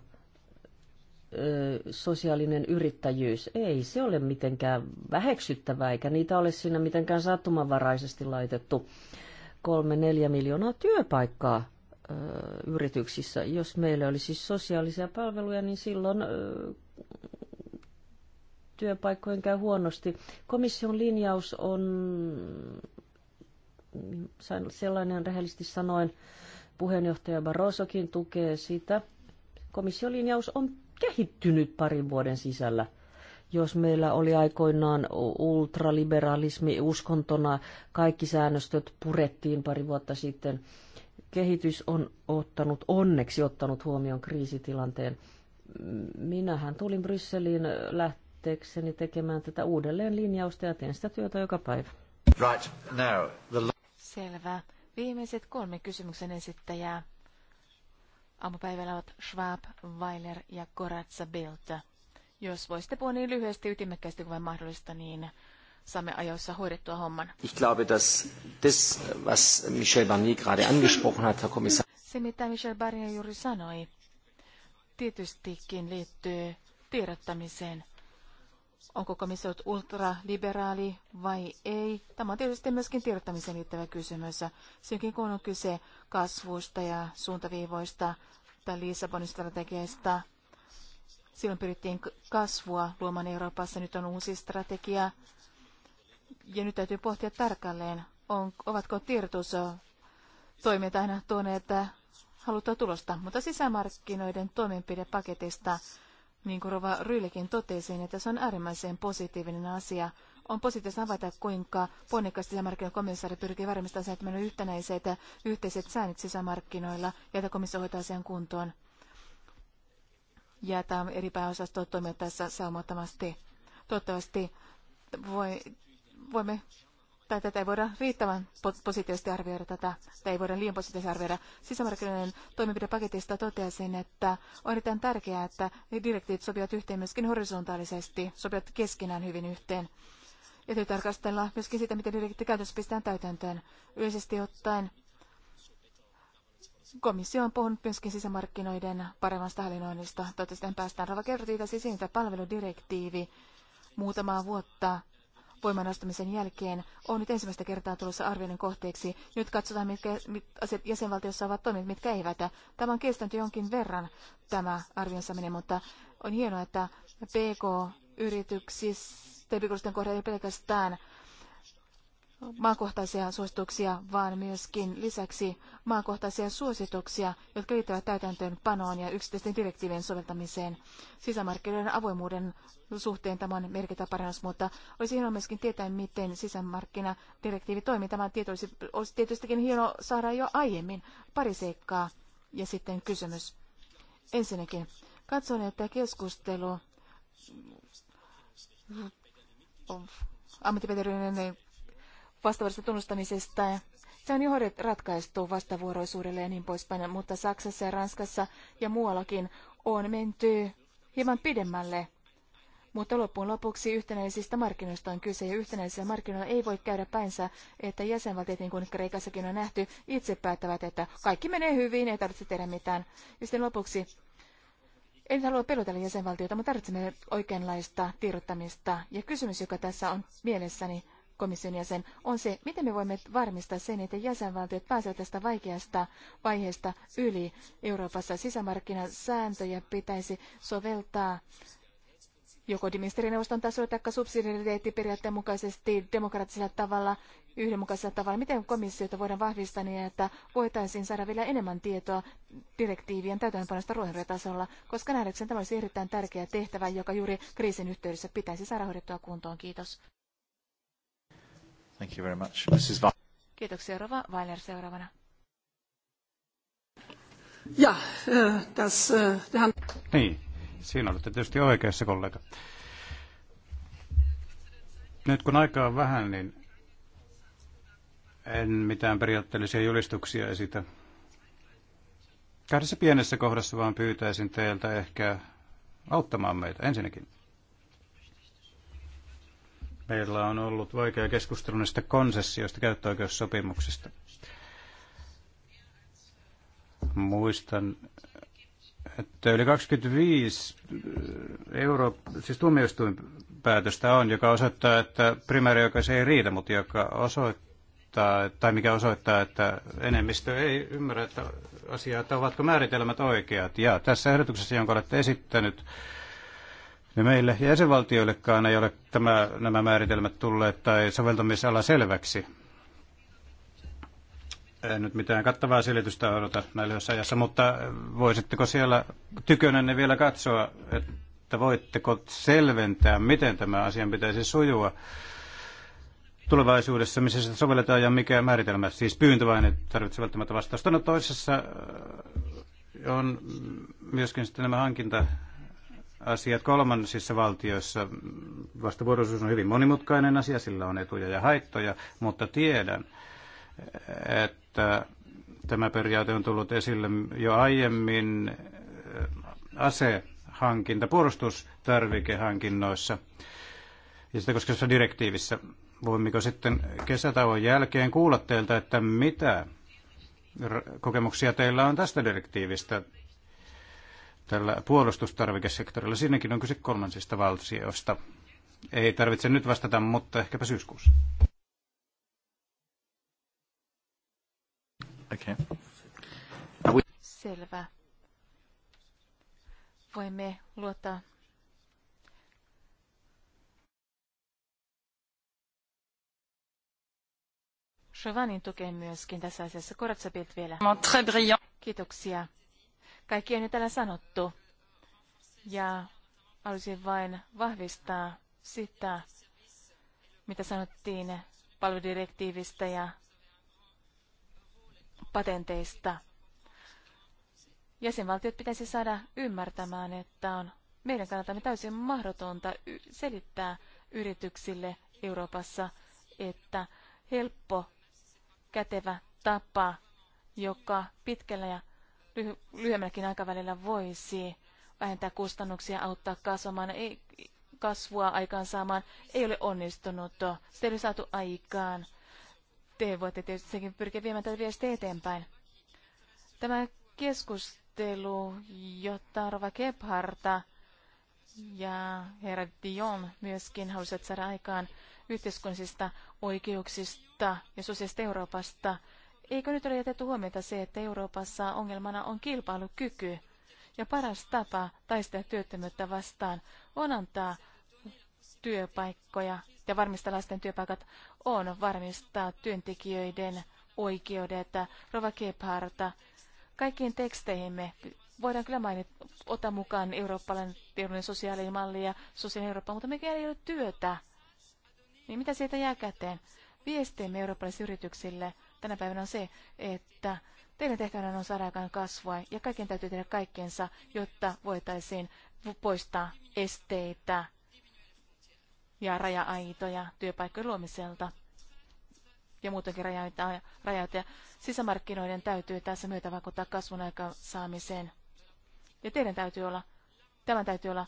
sosiaalinen yrittäjyys. Ei se ole mitenkään väheksyttävää, eikä niitä ole siinä mitenkään sattumanvaraisesti laitettu. Kolme, neljä miljoonaa työpaikkaa ö, yrityksissä. Jos meillä olisi siis sosiaalisia palveluja, niin silloin ö, työpaikkojen käy huonosti. Komission linjaus on sellainen rehellisesti sanoen, puheenjohtaja Barrosokin tukee sitä. Komission linjaus on kehittynyt parin vuoden sisällä. Jos meillä oli aikoinaan ultraliberalismi uskontona, kaikki säännöstöt purettiin pari vuotta sitten. Kehitys on ottanut, onneksi ottanut huomioon kriisitilanteen. Minähän tulin Brysseliin lähteekseni tekemään tätä uudelleen linjausta ja teen sitä työtä joka päivä. Right, now, the... Selvä. Viimeiset kolme kysymyksen esittäjää. Aamupäivällä ovat Schwab, Weiler ja Koratsa Bilt. Jos voisitte puhua niin lyhyesti ytimekkäästi kuin mahdollista, niin saamme ajoissa hoidettua homman. Ich glaube, dass das, was Michel Barnier gerade angesprochen hat, Herr Kommissar. Se, mitä Michel Barnier juuri sanoi, tietystikin liittyy tiedottamiseen onko komissio ultraliberaali vai ei. Tämä on tietysti myöskin tiedottamiseen liittyvä kysymys. synkin kun on kyse kasvusta ja suuntaviivoista tai Lissabonin strategiasta. Silloin pyrittiin kasvua luomaan Euroopassa. Nyt on uusi strategia. Ja nyt täytyy pohtia tarkalleen, on, ovatko tiedotustoimet aina tuoneet äh, haluttua tulosta. Mutta sisämarkkinoiden toimenpidepaketista niin kuin Rova Ryylikin totesi, että niin se on äärimmäisen positiivinen asia. On positiivista havaita, kuinka ponnekkaasti sisämarkkinakomissaari pyrkii varmistamaan sen, että meillä on yhtenäiset yhteiset säännöt sisämarkkinoilla ja että komissio hoitaa sen kuntoon. Ja tämä eri pääosastot toimivat tässä saumattomasti. Toivottavasti voi, voimme tai tätä ei voida riittävän positiivisesti arvioida tätä, tai ei voida liian positiivisesti arvioida. Sisämarkkinoiden toimenpidepaketista toteaisin, että on erittäin tärkeää, että direktiivit sopivat yhteen myöskin horisontaalisesti, sopivat keskenään hyvin yhteen. Ja täytyy tarkastella myöskin sitä, miten direktiivi käytössä pistetään täytäntöön. Yleisesti ottaen komissio on puhunut myöskin sisämarkkinoiden paremmasta hallinnoinnista. Toivottavasti päästään. Rava kertoi siitä, että palveludirektiivi muutamaa vuotta voimanastamisen jälkeen on nyt ensimmäistä kertaa tulossa arvioinnin kohteeksi. Nyt katsotaan, mitkä asiat jäsenvaltiossa ovat toimineet, mitkä eivät. Tämä on kestänyt jonkin verran tämä arvion mutta on hienoa, että PK-yrityksistä, kohdalla ei pelkästään maakohtaisia suosituksia, vaan myöskin lisäksi maakohtaisia suosituksia, jotka liittyvät täytäntöönpanoon ja yksityisten direktiivien soveltamiseen. Sisämarkkinoiden avoimuuden suhteen tämä on merkittävä parannus, mutta olisi hienoa myöskin tietää, miten sisämarkkinadirektiivi toimii. Tämä tieto olisi tietystikin hienoa saada jo aiemmin pari seikkaa ja sitten kysymys. Ensinnäkin, katson, että keskustelu ammattipätevyyden vastavuorosta tunnustamisesta. Se on juuri ratkaistu vastavuoroisuudelle ja niin poispäin, mutta Saksassa ja Ranskassa ja muuallakin on menty hieman pidemmälle. Mutta loppuun lopuksi yhtenäisistä markkinoista on kyse, ja yhtenäisillä markkinoilla ei voi käydä päinsä, että jäsenvaltiot, niin kuin Kreikassakin on nähty, itse päättävät, että kaikki menee hyvin, ei tarvitse tehdä mitään. Ja sitten lopuksi en halua pelotella jäsenvaltiota, mutta tarvitsemme oikeanlaista tiedottamista. Ja kysymys, joka tässä on mielessäni, komission jäsen, on se, miten me voimme varmistaa sen, että jäsenvaltiot pääsevät tästä vaikeasta vaiheesta yli. Euroopassa sisämarkkinasääntöjä pitäisi soveltaa joko ministerineuvoston tasolla tai subsidiariteettiperiaatteen mukaisesti demokraattisella tavalla, yhdenmukaisella tavalla. Miten komissiota voidaan vahvistaa niin, että voitaisiin saada vielä enemmän tietoa direktiivien täytäntöönpanosta ruohonjuuritasolla, koska nähdäkseni tämä olisi erittäin tärkeä tehtävä, joka juuri kriisin yhteydessä pitäisi saada hoidettua kuntoon. Kiitos. Thank you very much. Mrs. Kiitoksia, Rova Weiler seuraavana. Ja, äh, tässä, äh, tähän... Niin, siinä olette tietysti oikeassa, kollega. Nyt kun aikaa on vähän, niin en mitään periaatteellisia julistuksia esitä. Kahdessa pienessä kohdassa vaan pyytäisin teiltä ehkä auttamaan meitä ensinnäkin. Meillä on ollut vaikea keskustelu näistä konsessioista, käyttöoikeussopimuksista. Muistan, että yli 25 eh, euro, siis tuomioistuinpäätöstä on, joka osoittaa, että primäärioikeus ei riitä, mutta joka osoittaa, tai mikä osoittaa, että enemmistö ei ymmärrä että asiaa, että ovatko määritelmät oikeat. Ja tässä ehdotuksessa, jonka olette esittänyt, ja niin meille jäsenvaltioillekaan ei ole tämä, nämä määritelmät tulleet tai soveltamisala selväksi. En nyt mitään kattavaa selitystä odota näillä jossain ajassa, mutta voisitteko siellä tykönenne vielä katsoa, että voitteko selventää, miten tämä asian pitäisi sujua tulevaisuudessa, missä sitä sovelletaan ja mikä määritelmä. Siis pyyntö vai ne tarvitse välttämättä vastausta. No toisessa äh, on myöskin sitten nämä hankinta asiat kolmansissa valtioissa. Vastavuoroisuus on hyvin monimutkainen asia, sillä on etuja ja haittoja, mutta tiedän, että tämä periaate on tullut esille jo aiemmin äh, asehankinta, puolustustarvikehankinnoissa ja sitä koskevassa direktiivissä. Voimmeko sitten kesätauon jälkeen kuulla teiltä, että mitä kokemuksia teillä on tästä direktiivistä tällä puolustustarvikesektorilla. Siinäkin on kyse kolmansista valtioista. Ei tarvitse nyt vastata, mutta ehkäpä syyskuussa. Okay. Selvä. Voimme luottaa Giovannin tukee myöskin tässä asiassa. Koratsabilt vielä. Kiitoksia. Kaikki on jo täällä sanottu. Ja haluaisin vain vahvistaa sitä, mitä sanottiin palvelidirektiivistä ja patenteista. Jäsenvaltiot pitäisi saada ymmärtämään, että on meidän kannaltamme täysin mahdotonta selittää yrityksille Euroopassa, että helppo, kätevä tapa, joka pitkällä ja lyhy- lyhyemmälläkin aikavälillä voisi vähentää kustannuksia, auttaa kasvamaan, ei, kasvua aikaansaamaan, ei ole onnistunut. Se ei ole saatu aikaan. Te voitte tietysti pyrkiä viemään tätä viestiä eteenpäin. Tämä keskustelu, jotta Rova kepharta ja herra Dion myöskin halusivat saada aikaan yhteiskunnallisista oikeuksista ja sosiaalista Euroopasta, Eikö nyt ole jätetty huomiota se, että Euroopassa ongelmana on kilpailukyky ja paras tapa taistella työttömyyttä vastaan on antaa työpaikkoja ja varmistaa lasten työpaikat on varmistaa työntekijöiden oikeudet. Rova Gebharta, kaikkiin teksteihimme voidaan kyllä mainita, ottaa mukaan eurooppalainen sosiaalimalli ja sosiaalinen Eurooppa, mutta mikä ei ole työtä, niin mitä siitä jää käteen? Viestimme eurooppalaisille yrityksille – tänä päivänä on se, että teidän tehtävänä on saada aikaan kasvua ja kaikkien täytyy tehdä kaikkensa, jotta voitaisiin poistaa esteitä ja raja-aitoja työpaikkojen luomiselta ja muutenkin rajoita, rajoita. Sisämarkkinoiden täytyy tässä myötä vaikuttaa kasvun saamiseen. Ja teidän täytyy olla, tämän täytyy olla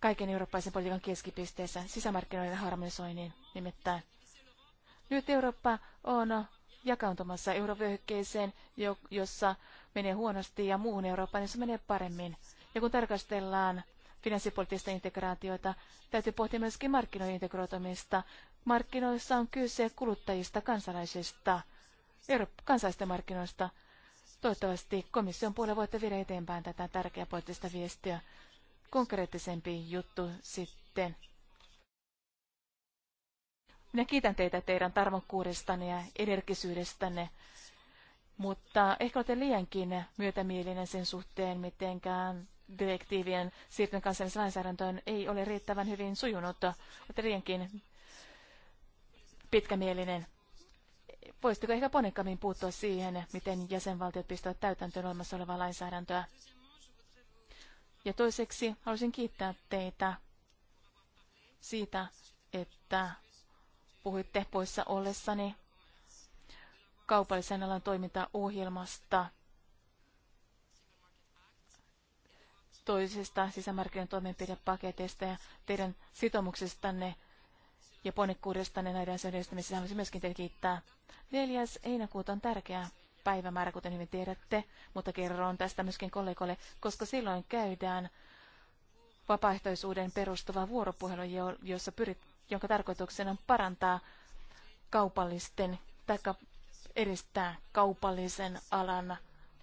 kaiken eurooppaisen politiikan keskipisteessä sisämarkkinoiden harmonisoinnin nimittäin. Nyt Eurooppa on jakautumassa eurovyöhykkeeseen, jossa menee huonosti, ja muuhun Eurooppaan, jossa menee paremmin. Ja kun tarkastellaan finanssipoliittista integraatiota, täytyy pohtia myöskin markkinoiden integroitumista. Markkinoissa on kyse kuluttajista, kansalaisista, kansalaisten markkinoista. Toivottavasti komission puolella voitte viedä eteenpäin tätä tärkeää poliittista viestiä. Konkreettisempi juttu sitten. Minä kiitän teitä teidän tarmokkuudestanne ja energisyydestänne, mutta ehkä olette liiankin myötämielinen sen suhteen, mitenkään direktiivien siirtyminen kansalliseen lainsäädäntöön ei ole riittävän hyvin sujunut. Olette liiankin pitkämielinen. Voisitteko ehkä ponnekkaammin puuttua siihen, miten jäsenvaltiot pistävät täytäntöön olemassa olevaa lainsäädäntöä? Ja toiseksi haluaisin kiittää teitä siitä, että puhuitte poissa ollessani kaupallisen alan toimintaohjelmasta, toisesta sisämarkkinoiden toimenpidepaketeista ja teidän sitoumuksestanne ja ponnekkuudestanne näiden asioiden edistämisessä haluaisin myöskin teitä kiittää. 4. heinäkuuta on tärkeä päivämäärä, kuten hyvin tiedätte, mutta kerron tästä myöskin kollegoille, koska silloin käydään vapaaehtoisuuden perustuva vuoropuhelu, jossa pyrit, jonka tarkoituksena on parantaa kaupallisten tai edistää kaupallisen alan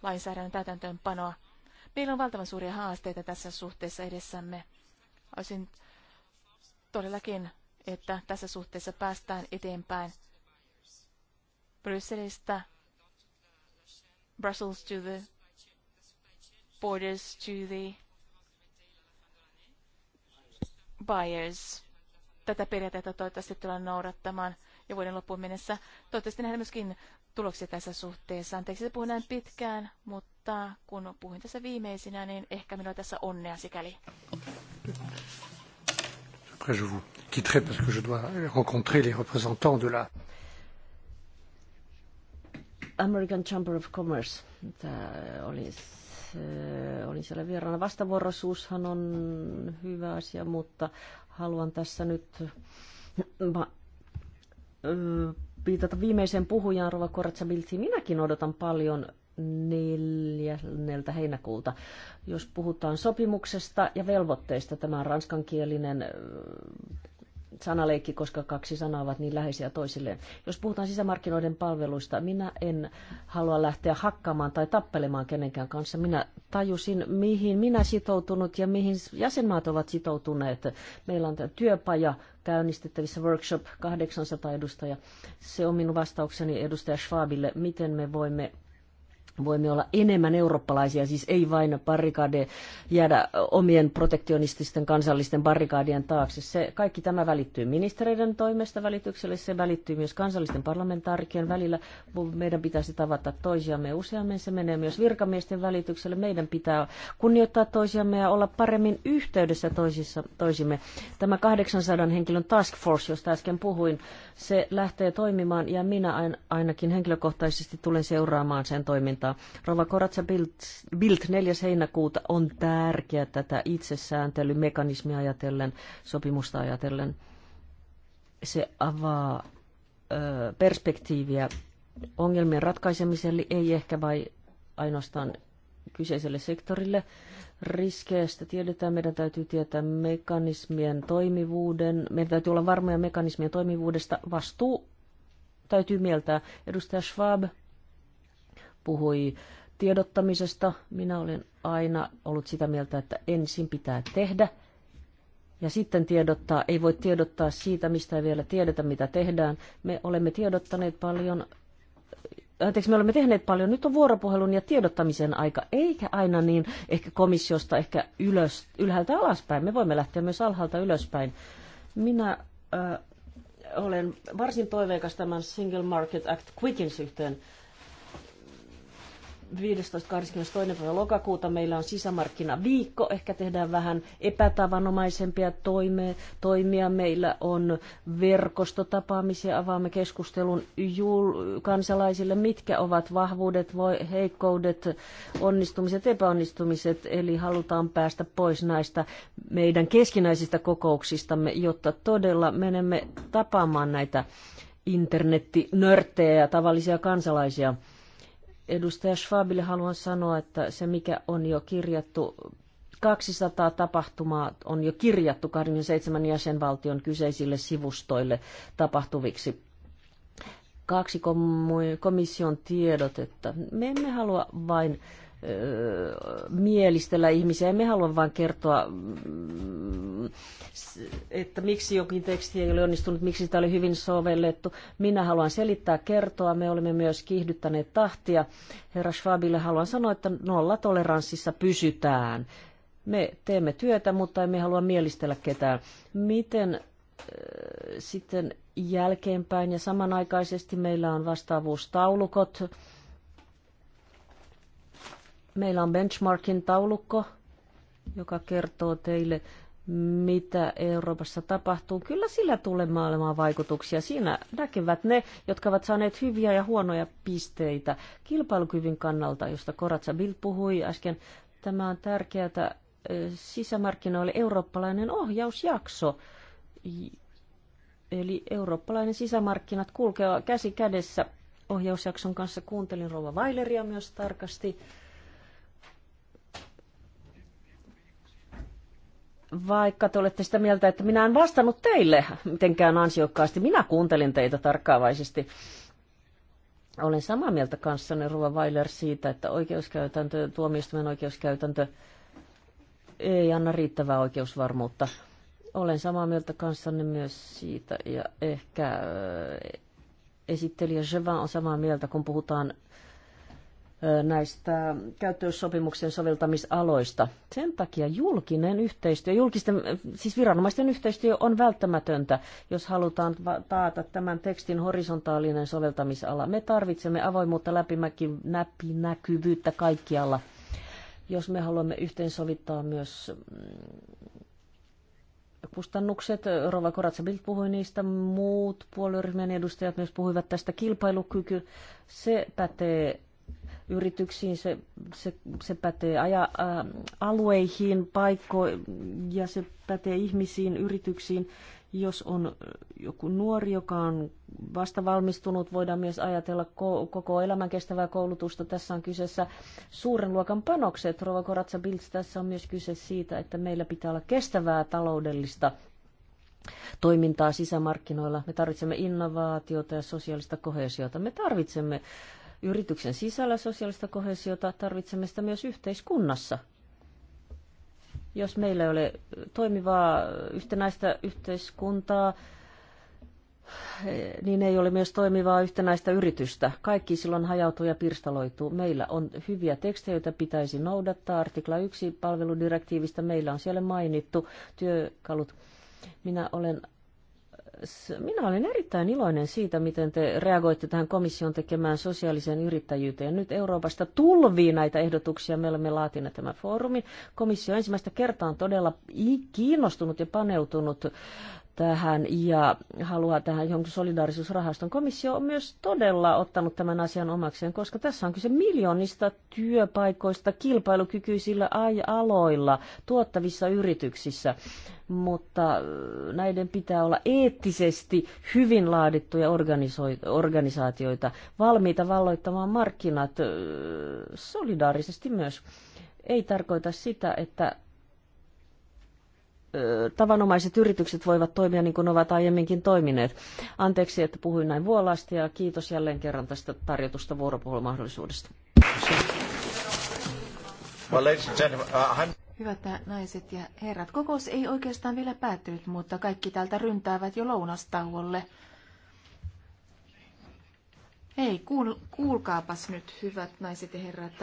lainsäädännön täytäntöönpanoa. Meillä on valtavan suuria haasteita tässä suhteessa edessämme. Olisin todellakin, että tässä suhteessa päästään eteenpäin Brysselistä, Brussels to the borders to the buyers tätä periaatetta toivottavasti tullaan noudattamaan jo vuoden loppuun mennessä. Toivottavasti nähdään myöskin tuloksia tässä suhteessa. Anteeksi, että puhun näin pitkään, mutta kun puhuin tässä viimeisinä, niin ehkä minulla tässä onnea sikäli. Après, je vous quitterai parce que je dois rencontrer les représentants de la American Chamber of Commerce. Tämä oli, oli siellä vieraana. Vastavuoroisuushan on hyvä asia, mutta Haluan tässä nyt viitata viimeisen puhujaan, Rova Koratsabilti. Minäkin odotan paljon 4. heinäkuulta. Jos puhutaan sopimuksesta ja velvoitteista, tämä on ranskankielinen sanaleikki, koska kaksi sanaa ovat niin läheisiä toisilleen. Jos puhutaan sisämarkkinoiden palveluista, minä en halua lähteä hakkaamaan tai tappelemaan kenenkään kanssa. Minä tajusin, mihin minä sitoutunut ja mihin jäsenmaat ovat sitoutuneet. Meillä on tämä työpaja käynnistettävissä workshop 800 edustaja. Se on minun vastaukseni edustaja Schwabille, miten me voimme voimme olla enemmän eurooppalaisia, siis ei vain barrikade jäädä omien protektionististen kansallisten barrikaadien taakse. Se, kaikki tämä välittyy ministeriöiden toimesta välitykselle, se välittyy myös kansallisten parlamentaarikien välillä. Meidän pitäisi tavata toisiamme useammin, se menee myös virkamiesten välitykselle. Meidän pitää kunnioittaa toisiamme ja olla paremmin yhteydessä toisissa, toisimme. Tämä 800 henkilön task force, josta äsken puhuin, se lähtee toimimaan ja minä ainakin henkilökohtaisesti tulen seuraamaan sen toimintaa asiaa. Rova Koratsa Bild 4. heinäkuuta on tärkeä tätä itsesääntelymekanismia ajatellen, sopimusta ajatellen. Se avaa ö, perspektiiviä ongelmien ratkaisemiselle, ei ehkä vai ainoastaan kyseiselle sektorille. Riskeistä tiedetään, meidän täytyy tietää mekanismien toimivuuden, meidän täytyy olla varmoja mekanismien toimivuudesta. Vastuu täytyy mieltää. Edustaja Schwab puhui tiedottamisesta. Minä olen aina ollut sitä mieltä, että ensin pitää tehdä ja sitten tiedottaa. Ei voi tiedottaa siitä, mistä ei vielä tiedetä, mitä tehdään. Me olemme tiedottaneet paljon anteeksi, me olemme tehneet paljon. Nyt on vuoropuhelun ja tiedottamisen aika, eikä aina niin ehkä komissiosta ehkä ylös, ylhäältä alaspäin. Me voimme lähteä myös alhaalta ylöspäin. Minä äh, olen varsin toiveikas tämän Single Market Act Quickin suhteen. Äh, 15.22. päivä lokakuuta meillä on sisämarkkinaviikko. Ehkä tehdään vähän epätavanomaisempia toimia. Meillä on verkostotapaamisia. Avaamme keskustelun kansalaisille, mitkä ovat vahvuudet, heikkoudet, onnistumiset, epäonnistumiset. Eli halutaan päästä pois näistä meidän keskinäisistä kokouksistamme, jotta todella menemme tapaamaan näitä internetinörttejä ja tavallisia kansalaisia – Edustaja Schwabille haluan sanoa, että se mikä on jo kirjattu 200 tapahtumaa on jo kirjattu 27 jäsenvaltion kyseisille sivustoille tapahtuviksi. Kaksi komission tiedotetta. Me emme halua vain mielistellä ihmisiä. Emme halua vain kertoa, että miksi jokin teksti ei ole onnistunut, miksi sitä oli hyvin sovellettu. Minä haluan selittää, kertoa. Me olemme myös kiihdyttäneet tahtia. Herra Schwabille haluan sanoa, että nollatoleranssissa pysytään. Me teemme työtä, mutta emme halua mielistellä ketään. Miten sitten jälkeenpäin ja samanaikaisesti meillä on vastaavuustaulukot, Meillä on benchmarkin taulukko, joka kertoo teille, mitä Euroopassa tapahtuu. Kyllä sillä tulee maailmaan vaikutuksia. Siinä näkevät ne, jotka ovat saaneet hyviä ja huonoja pisteitä kilpailukyvyn kannalta, josta Koratsa Bill puhui äsken. Tämä on tärkeää eh, sisämarkkinoille eurooppalainen ohjausjakso. Eli eurooppalainen sisämarkkinat kulkee käsi kädessä ohjausjakson kanssa. Kuuntelin Rova Weileria myös tarkasti. vaikka te olette sitä mieltä, että minä en vastannut teille mitenkään ansiokkaasti, minä kuuntelin teitä tarkkaavaisesti. Olen samaa mieltä kanssanne Ruva Weiler siitä, että oikeuskäytäntö, tuomioistuimen oikeuskäytäntö ei anna riittävää oikeusvarmuutta. Olen samaa mieltä kanssanne myös siitä ja ehkä äh, esittelijä Jevan on samaa mieltä, kun puhutaan näistä käyttöyssopimuksen soveltamisaloista. Sen takia julkinen yhteistyö, julkisten, siis viranomaisten yhteistyö on välttämätöntä, jos halutaan taata tämän tekstin horisontaalinen soveltamisala. Me tarvitsemme avoimuutta, läpinäkyvyyttä kaikkialla, jos me haluamme yhteensovittaa myös mm, kustannukset. Rova Koratsabilt puhui niistä, muut puolueryhmien edustajat myös puhuivat tästä kilpailukyky. Se pätee yrityksiin, se, se, se pätee aja, ä, ähm, alueihin, paikkoihin ja se pätee ihmisiin, yrityksiin. Jos on joku nuori, joka on vasta valmistunut, voidaan myös ajatella ko- koko elämän kestävää koulutusta. Tässä on kyseessä suuren luokan panokset. Rova Koratsa Bilts, tässä on myös kyse siitä, että meillä pitää olla kestävää taloudellista toimintaa sisämarkkinoilla. Me tarvitsemme innovaatiota ja sosiaalista kohesiota. Me tarvitsemme yrityksen sisällä sosiaalista kohesiota, tarvitsemme sitä myös yhteiskunnassa. Jos meillä ei ole toimivaa yhtenäistä yhteiskuntaa, niin ei ole myös toimivaa yhtenäistä yritystä. Kaikki silloin hajautuu ja pirstaloituu. Meillä on hyviä tekstejä, joita pitäisi noudattaa. Artikla 1 palveludirektiivistä meillä on siellä mainittu työkalut. Minä olen minä olen erittäin iloinen siitä, miten te reagoitte tähän komission tekemään sosiaaliseen yrittäjyyteen. Nyt Euroopasta tulvii näitä ehdotuksia. Me olemme laatineet tämän foorumin. Komissio ensimmäistä kertaa on todella kiinnostunut ja paneutunut tähän ja haluaa tähän jonkun solidaarisuusrahaston. Komissio on myös todella ottanut tämän asian omakseen, koska tässä on kyse miljoonista työpaikoista kilpailukykyisillä aloilla, tuottavissa yrityksissä, mutta äh, näiden pitää olla eettisesti hyvin laadittuja organisaatioita, valmiita valloittamaan markkinat äh, solidaarisesti myös. Ei tarkoita sitä, että tavanomaiset yritykset voivat toimia niin kuin ovat aiemminkin toimineet. Anteeksi, että puhuin näin vuolaasti ja kiitos jälleen kerran tästä tarjotusta vuoropuhelumahdollisuudesta. Uh, hyvät naiset ja herrat, kokous ei oikeastaan vielä päättynyt, mutta kaikki täältä ryntäävät jo lounastauolle. Hei, kuul, kuulkaapas nyt, hyvät naiset ja herrat,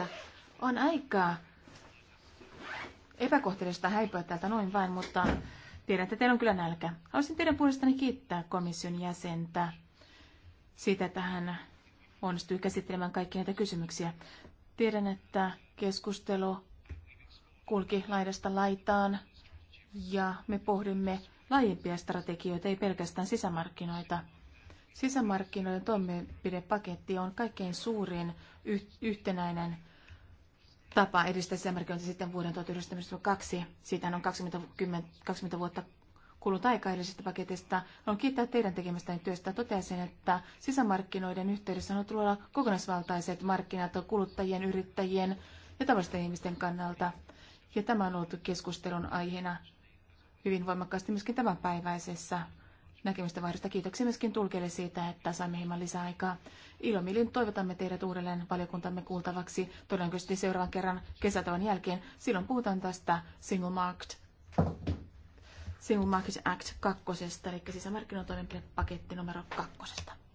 on aikaa epäkohtelusta häipyä täältä noin vain, mutta tiedän, että teillä on kyllä nälkä. Haluaisin teidän puolestani kiittää komission jäsentä siitä, että hän onnistui käsittelemään kaikki näitä kysymyksiä. Tiedän, että keskustelu kulki laidasta laitaan ja me pohdimme laajempia strategioita, ei pelkästään sisämarkkinoita. Sisämarkkinoiden toimenpidepaketti on kaikkein suurin yhtenäinen tapa edistää sisämarkkinoita sitten vuoden 1992. Siitä on 20, 10, 20 vuotta kulunut aikaa edellisestä paketista. Haluan kiittää teidän tekemästäni työstä. Toteaisin, että sisämarkkinoiden yhteydessä on tulla kokonaisvaltaiset markkinat kuluttajien, yrittäjien ja tavallisten ihmisten kannalta. Ja tämä on ollut keskustelun aiheena hyvin voimakkaasti myöskin tämänpäiväisessä näkemystä vaihdosta. Kiitoksia myöskin tulkille siitä, että saimme hieman lisäaikaa. Ilomielin toivotamme teidät uudelleen valiokuntamme kuultavaksi todennäköisesti seuraavan kerran kesätavan jälkeen. Silloin puhutaan tästä Single Market, Single Market Act kakkosesta, eli sisämarkkinoitoimenpidepaketti numero kakkosesta.